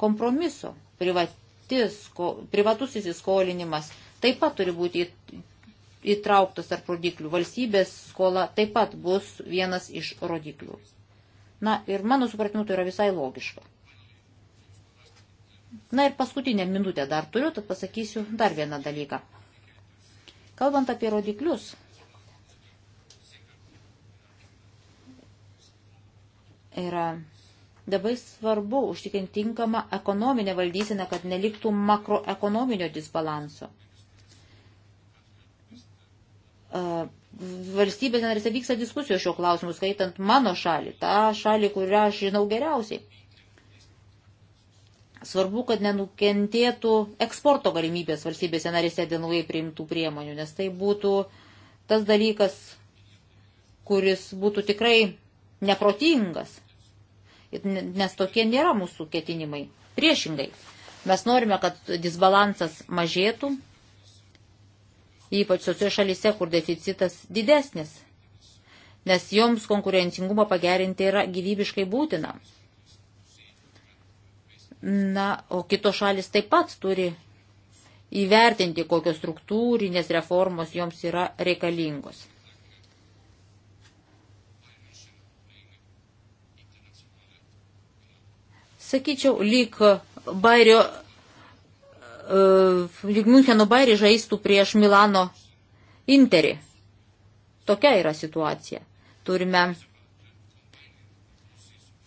kompromiso. Privatis, ko, privatus įsiskolinimas taip pat turi būti įtrauktas tarp rodiklių. Valstybės skola taip pat bus vienas iš rodiklių. Na ir mano supratimu tai yra visai logiška. Na ir paskutinę minutę dar turiu, tad pasakysiu dar vieną dalyką. Kalbant apie rodiklius, yra labai svarbu užtikrinti tinkamą ekonominę valdyseną, kad neliktų makroekonominio disbalanso. Valstybės narėse vyksta diskusijos šio klausimu, skaitant mano šalį, tą šalį, kurią aš žinau geriausiai. Svarbu, kad nenukentėtų eksporto galimybės valstybėse narėse dėl naujai priimtų priemonių, nes tai būtų tas dalykas, kuris būtų tikrai neprotingas, nes tokie nėra mūsų ketinimai. Priešingai, mes norime, kad disbalansas mažėtų, ypač tose šalise, kur deficitas didesnis, nes joms konkurencingumą pagerinti yra gyvybiškai būtina. Na, o kitos šalis taip pat turi įvertinti, kokios struktūrinės reformos joms yra reikalingos. Sakyčiau, lyg Bairio, e, lyg Müncheno Bairį žaistų prieš Milano Interį. Tokia yra situacija. Turime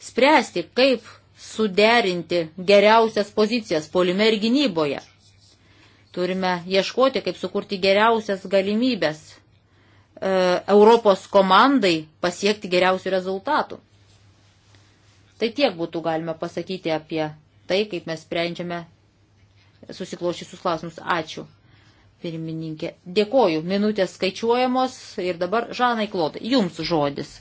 spręsti, kaip suderinti geriausias pozicijas polime ir gynyboje. Turime ieškoti, kaip sukurti geriausias galimybės e, Europos komandai pasiekti geriausių rezultatų. Tai tiek būtų galima pasakyti apie tai, kaip mes sprendžiame susiklošysius klausimus. Ačiū, pirmininkė. Dėkoju. Minutės skaičiuojamos ir dabar, Žanai Klodai, jums žodis.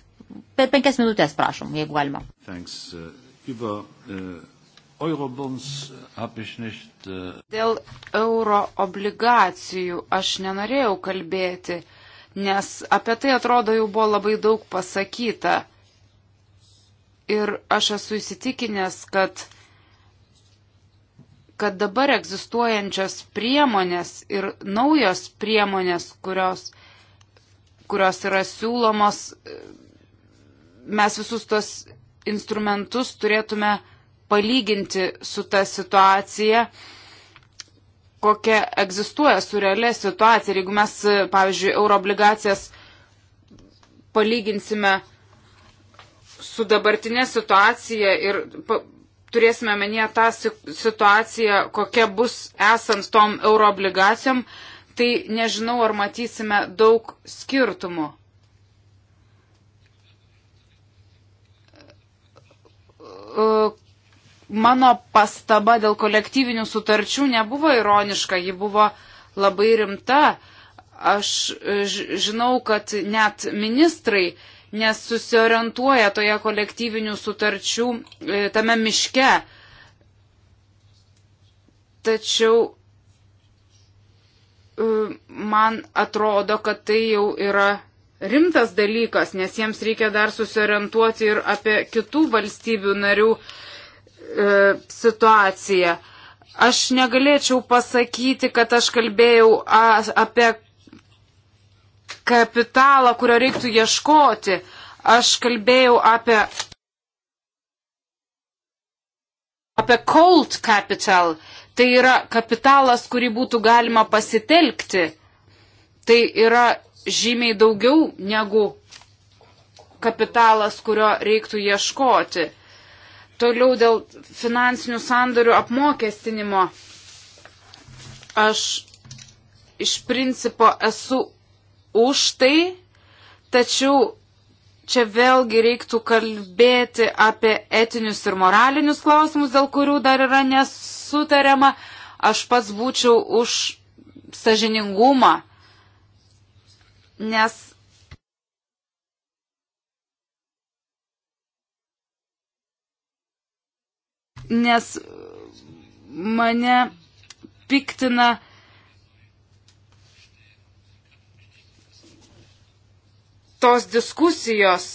Per penkias minutės prašom, jeigu galima. Thanks, uh über äh, Eurobonds habe ich nicht. Äh, Dėl euro obligacijų aš nenorėjau kalbėti, nes apie tai atrodo jau buvo labai daug pasakyta. Ir aš esu įsitikinęs, kad, kad dabar egzistuojančios priemonės ir naujos priemonės, kurios, kurios yra siūlomos, mes visus tos instrumentus turėtume palyginti su ta situacija, kokia egzistuoja su realia situacija. Ir jeigu mes, pavyzdžiui, euroobligacijas palyginsime su dabartinė situacija ir turėsime menyje tą situaciją, kokia bus esant tom euroobligacijom, tai nežinau, ar matysime daug skirtumų. E, mano pastaba dėl kolektyvinių sutarčių nebuvo ironiška, ji buvo labai rimta. Aš e, žinau, kad net ministrai nesusiorientuoja toje kolektyvinių sutarčių e, tame miške. Tačiau man atrodo, kad tai jau yra rimtas dalykas, nes jiems reikia dar susiorientuoti ir apie kitų valstybių narių e, situaciją. Aš negalėčiau pasakyti, kad aš kalbėjau a, apie kapitalą, kurio reiktų ieškoti. Aš kalbėjau apie, apie cold capital. Tai yra kapitalas, kurį būtų galima pasitelkti. Tai yra žymiai daugiau negu kapitalas, kurio reiktų ieškoti. Toliau dėl finansinių sandorių apmokestinimo. Aš iš principo esu už tai, tačiau čia vėlgi reiktų kalbėti apie etinius ir moralinius klausimus, dėl kurių dar yra nesutariama. Aš pats būčiau už sažiningumą nes nes mane piktina tos diskusijos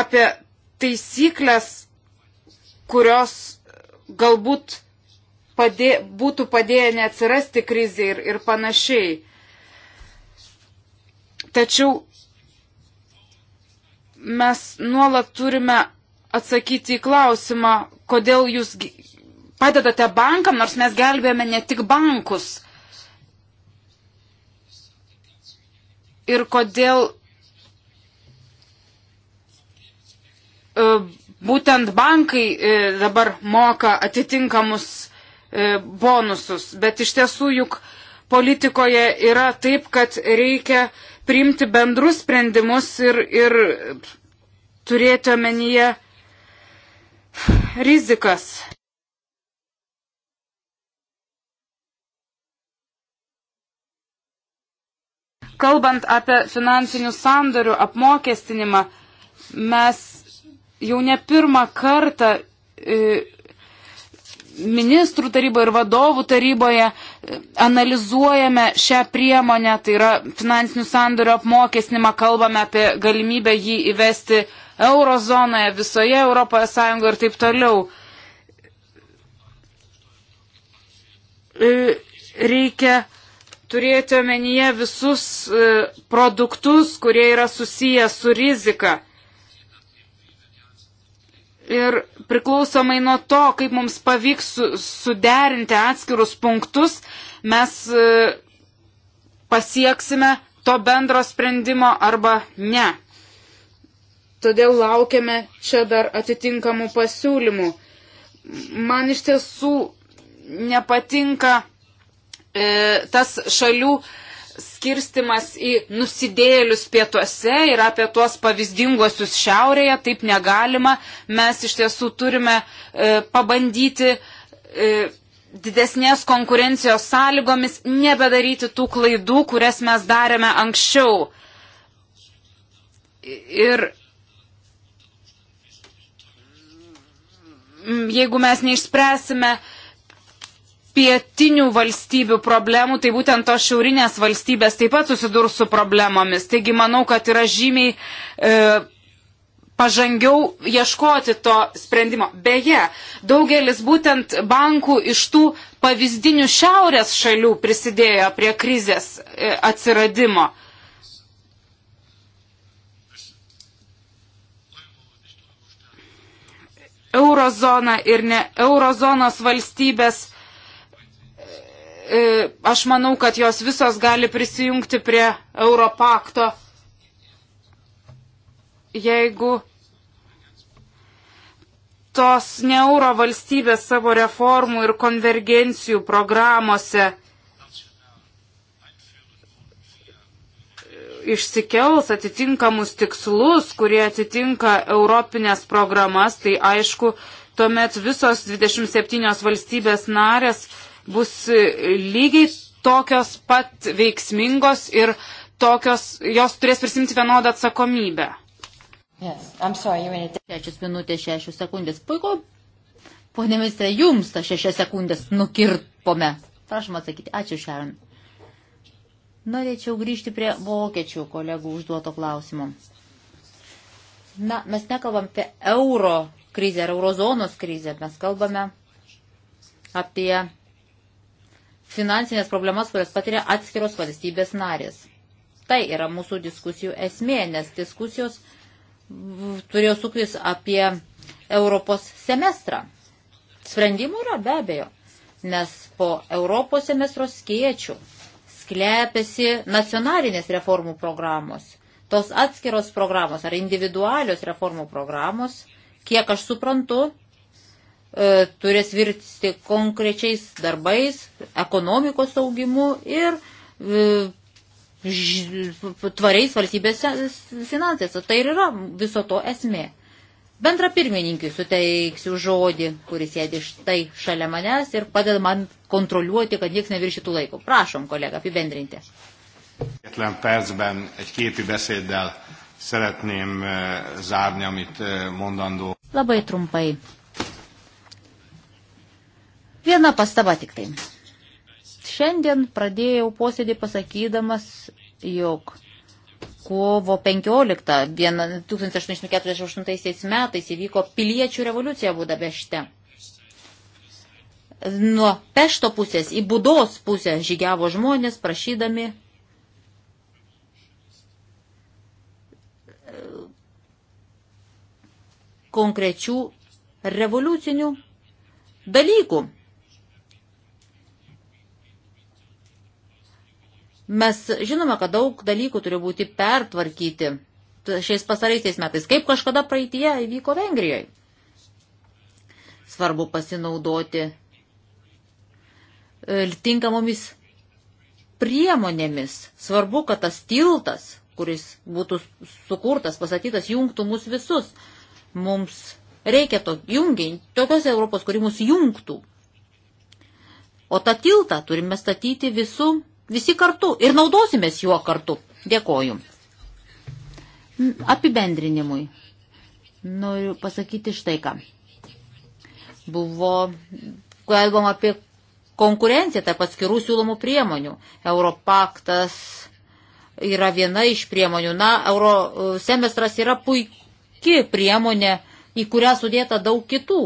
apie taisyklės, kurios galbūt padė, būtų padėję neatsirasti krizė ir, ir panašiai. Tačiau mes nuolat turime atsakyti į klausimą, kodėl jūs padedate bankam, nors mes gelbėjame ne tik bankus. Ir kodėl e, būtent bankai e, dabar moka atitinkamus e, bonusus, bet iš tiesų juk politikoje yra taip, kad reikia priimti bendrus sprendimus ir, ir turėti omenyje rizikas. Kalbant apie finansinių sandorių apmokestinimą, mes jau ne pirmą kartą e, ministrų taryboje ir vadovų taryboje analizuojame šią priemonę, tai yra finansinių sandorio apmokesnimą, kalbame apie galimybę jį įvesti eurozonoje, visoje Europoje sąjungoje ir taip toliau. E, reikia turėti omenyje visus e, produktus, kurie yra susiję su rizika. Ir priklausomai nuo to, kaip mums pavyks su, suderinti atskirus punktus, mes e, pasieksime to bendro sprendimo arba ne. Todėl laukiame čia dar atitinkamų pasiūlymų. Man iš tiesų nepatinka e, tas šalių skirstimas į nusidėlius pietuose ir apie tuos pavyzdinguosius šiaurėje, taip negalima. Mes iš tiesų turime e, pabandyti e, didesnės konkurencijos sąlygomis nebedaryti tų klaidų, kurias mes darėme anksčiau. Ir jeigu mes neišspręsime e, pietinių valstybių problemų, tai būtent tos šiaurinės valstybės taip pat susidurs su problemomis. Taigi manau, kad yra žymiai e, pažangiau ieškoti to sprendimo. Beje, daugelis būtent bankų iš tų pavyzdinių šiaurės šalių prisidėjo prie krizės e, atsiradimo. Eurozona ir ne eurozonos valstybės E, aš manau, kad jos visos gali prisijungti prie Europakto, jeigu tos ne euro valstybės savo reformų ir konvergencijų programuose išsikels atitinkamus tikslus, kurie atitinka europinės programas, tai aišku, tuomet visos 27 valstybės narės uh, bus lygiai tokios pat veiksmingos ir tokios, jos turės prisimti vienodą atsakomybę. Yes, sorry, Šešios minutės, šešios sekundės. Puiku, ponė ministrė, jums tą šešias sekundės nukirpome. Prašom atsakyti. Ačiū, Šaron. Norėčiau grįžti prie vokiečių kolegų užduoto klausimo. Na, mes nekalbam apie euro krizę ar eurozonos krizę, mes kalbame apie finansinės problemas, kurias patiria atskiros valstybės narės. Tai yra mūsų diskusijų esmė, nes diskusijos turėjo sukvis apie Europos semestrą. Sprendimų yra be abejo, nes po Europos semestro skiečių sklepiasi nacionalinės reformų programos. Tos atskiros programos ar individualios reformų programos, kiek aš suprantu, E, turės virsti konkrečiais darbais, ekonomikos augimu ir e, tvariais valstybės finansais. O tai ir yra viso to esmė. Bendra pirmininkiui suteiksiu žodį, kuris sėdi štai šalia manęs ir padeda man kontroliuoti, kad niekas neviršytų laiko. Prašom, kolega, apibendrinti. Egyetlen percben egy képi beszéddel szeretném e, zárni, amit mondandó. Labai trumpai Viena pastaba tik tai. Šiandien pradėjau posėdį pasakydamas, jog kovo 15, 1848 metais įvyko piliečių revoliucija Budapešte. Nuo pešto pusės į budos pusę žygiavo žmonės prašydami e, konkrečių revoliucinių dalykų. Mes žinome, kad daug dalykų turi būti pertvarkyti šiais pasaraisiais metais, kaip kažkada praeitie įvyko Vengrijoje. Svarbu pasinaudoti e, tinkamomis priemonėmis. Svarbu, kad tas tiltas, kuris būtų sukurtas, pasakytas, jungtų mus visus. Mums reikia to jungiai, tokios Europos, kuri mus jungtų. O tą tiltą turime statyti visų visi kartu ir naudosimės juo kartu. Dėkoju. Apibendrinimui noriu pasakyti štai ką. Buvo kalbama apie konkurenciją tarp atskirų siūlomų priemonių. Europaktas yra viena iš priemonių. Na, euro e, semestras yra puikia priemonė, į kurią sudėta daug kitų.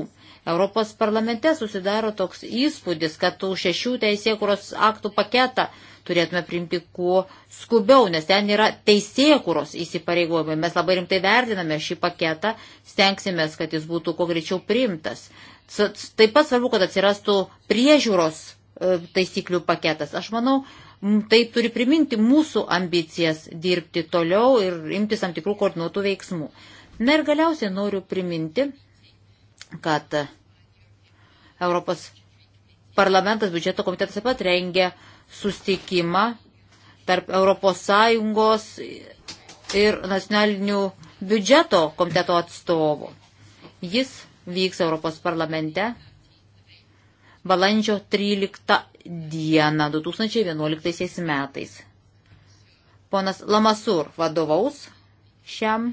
Europos parlamente susidaro toks įspūdis, kad tų šešių teisėkuros aktų paketą turėtume priimti kuo skubiau, nes ten yra teisėkuros įsipareigojimai. Mes labai rimtai vertiname šį paketą, stengsime, kad jis būtų kuo greičiau priimtas. Taip pat svarbu, kad atsirastų priežiūros e, taisyklių paketas. Aš manau, tai turi priminti mūsų ambicijas dirbti toliau ir imtis tam tikrų koordinuotų veiksmų. Na ir galiausiai noriu priminti, kad Europos parlamentas biudžeto komitetas taip pat rengia sustikimą tarp Europos Sąjungos ir nacionalinių biudžeto komiteto atstovų. Jis vyks Europos parlamente balandžio 13 dieną 2011 metais. Ponas Lamasur vadovaus šiam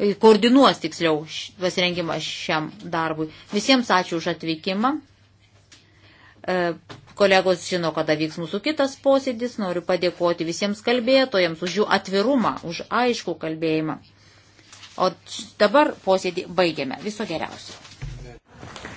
E, koordinuos tiksliau pasirengimą šiam darbui. Visiems ačiū už atvykimą. E, kolegos žino, kada vyks mūsų kitas posėdis. Noriu padėkoti visiems kalbėtojams už jų atvirumą, už aiškų kalbėjimą. O dabar posėdį baigiame. Viso geriausio.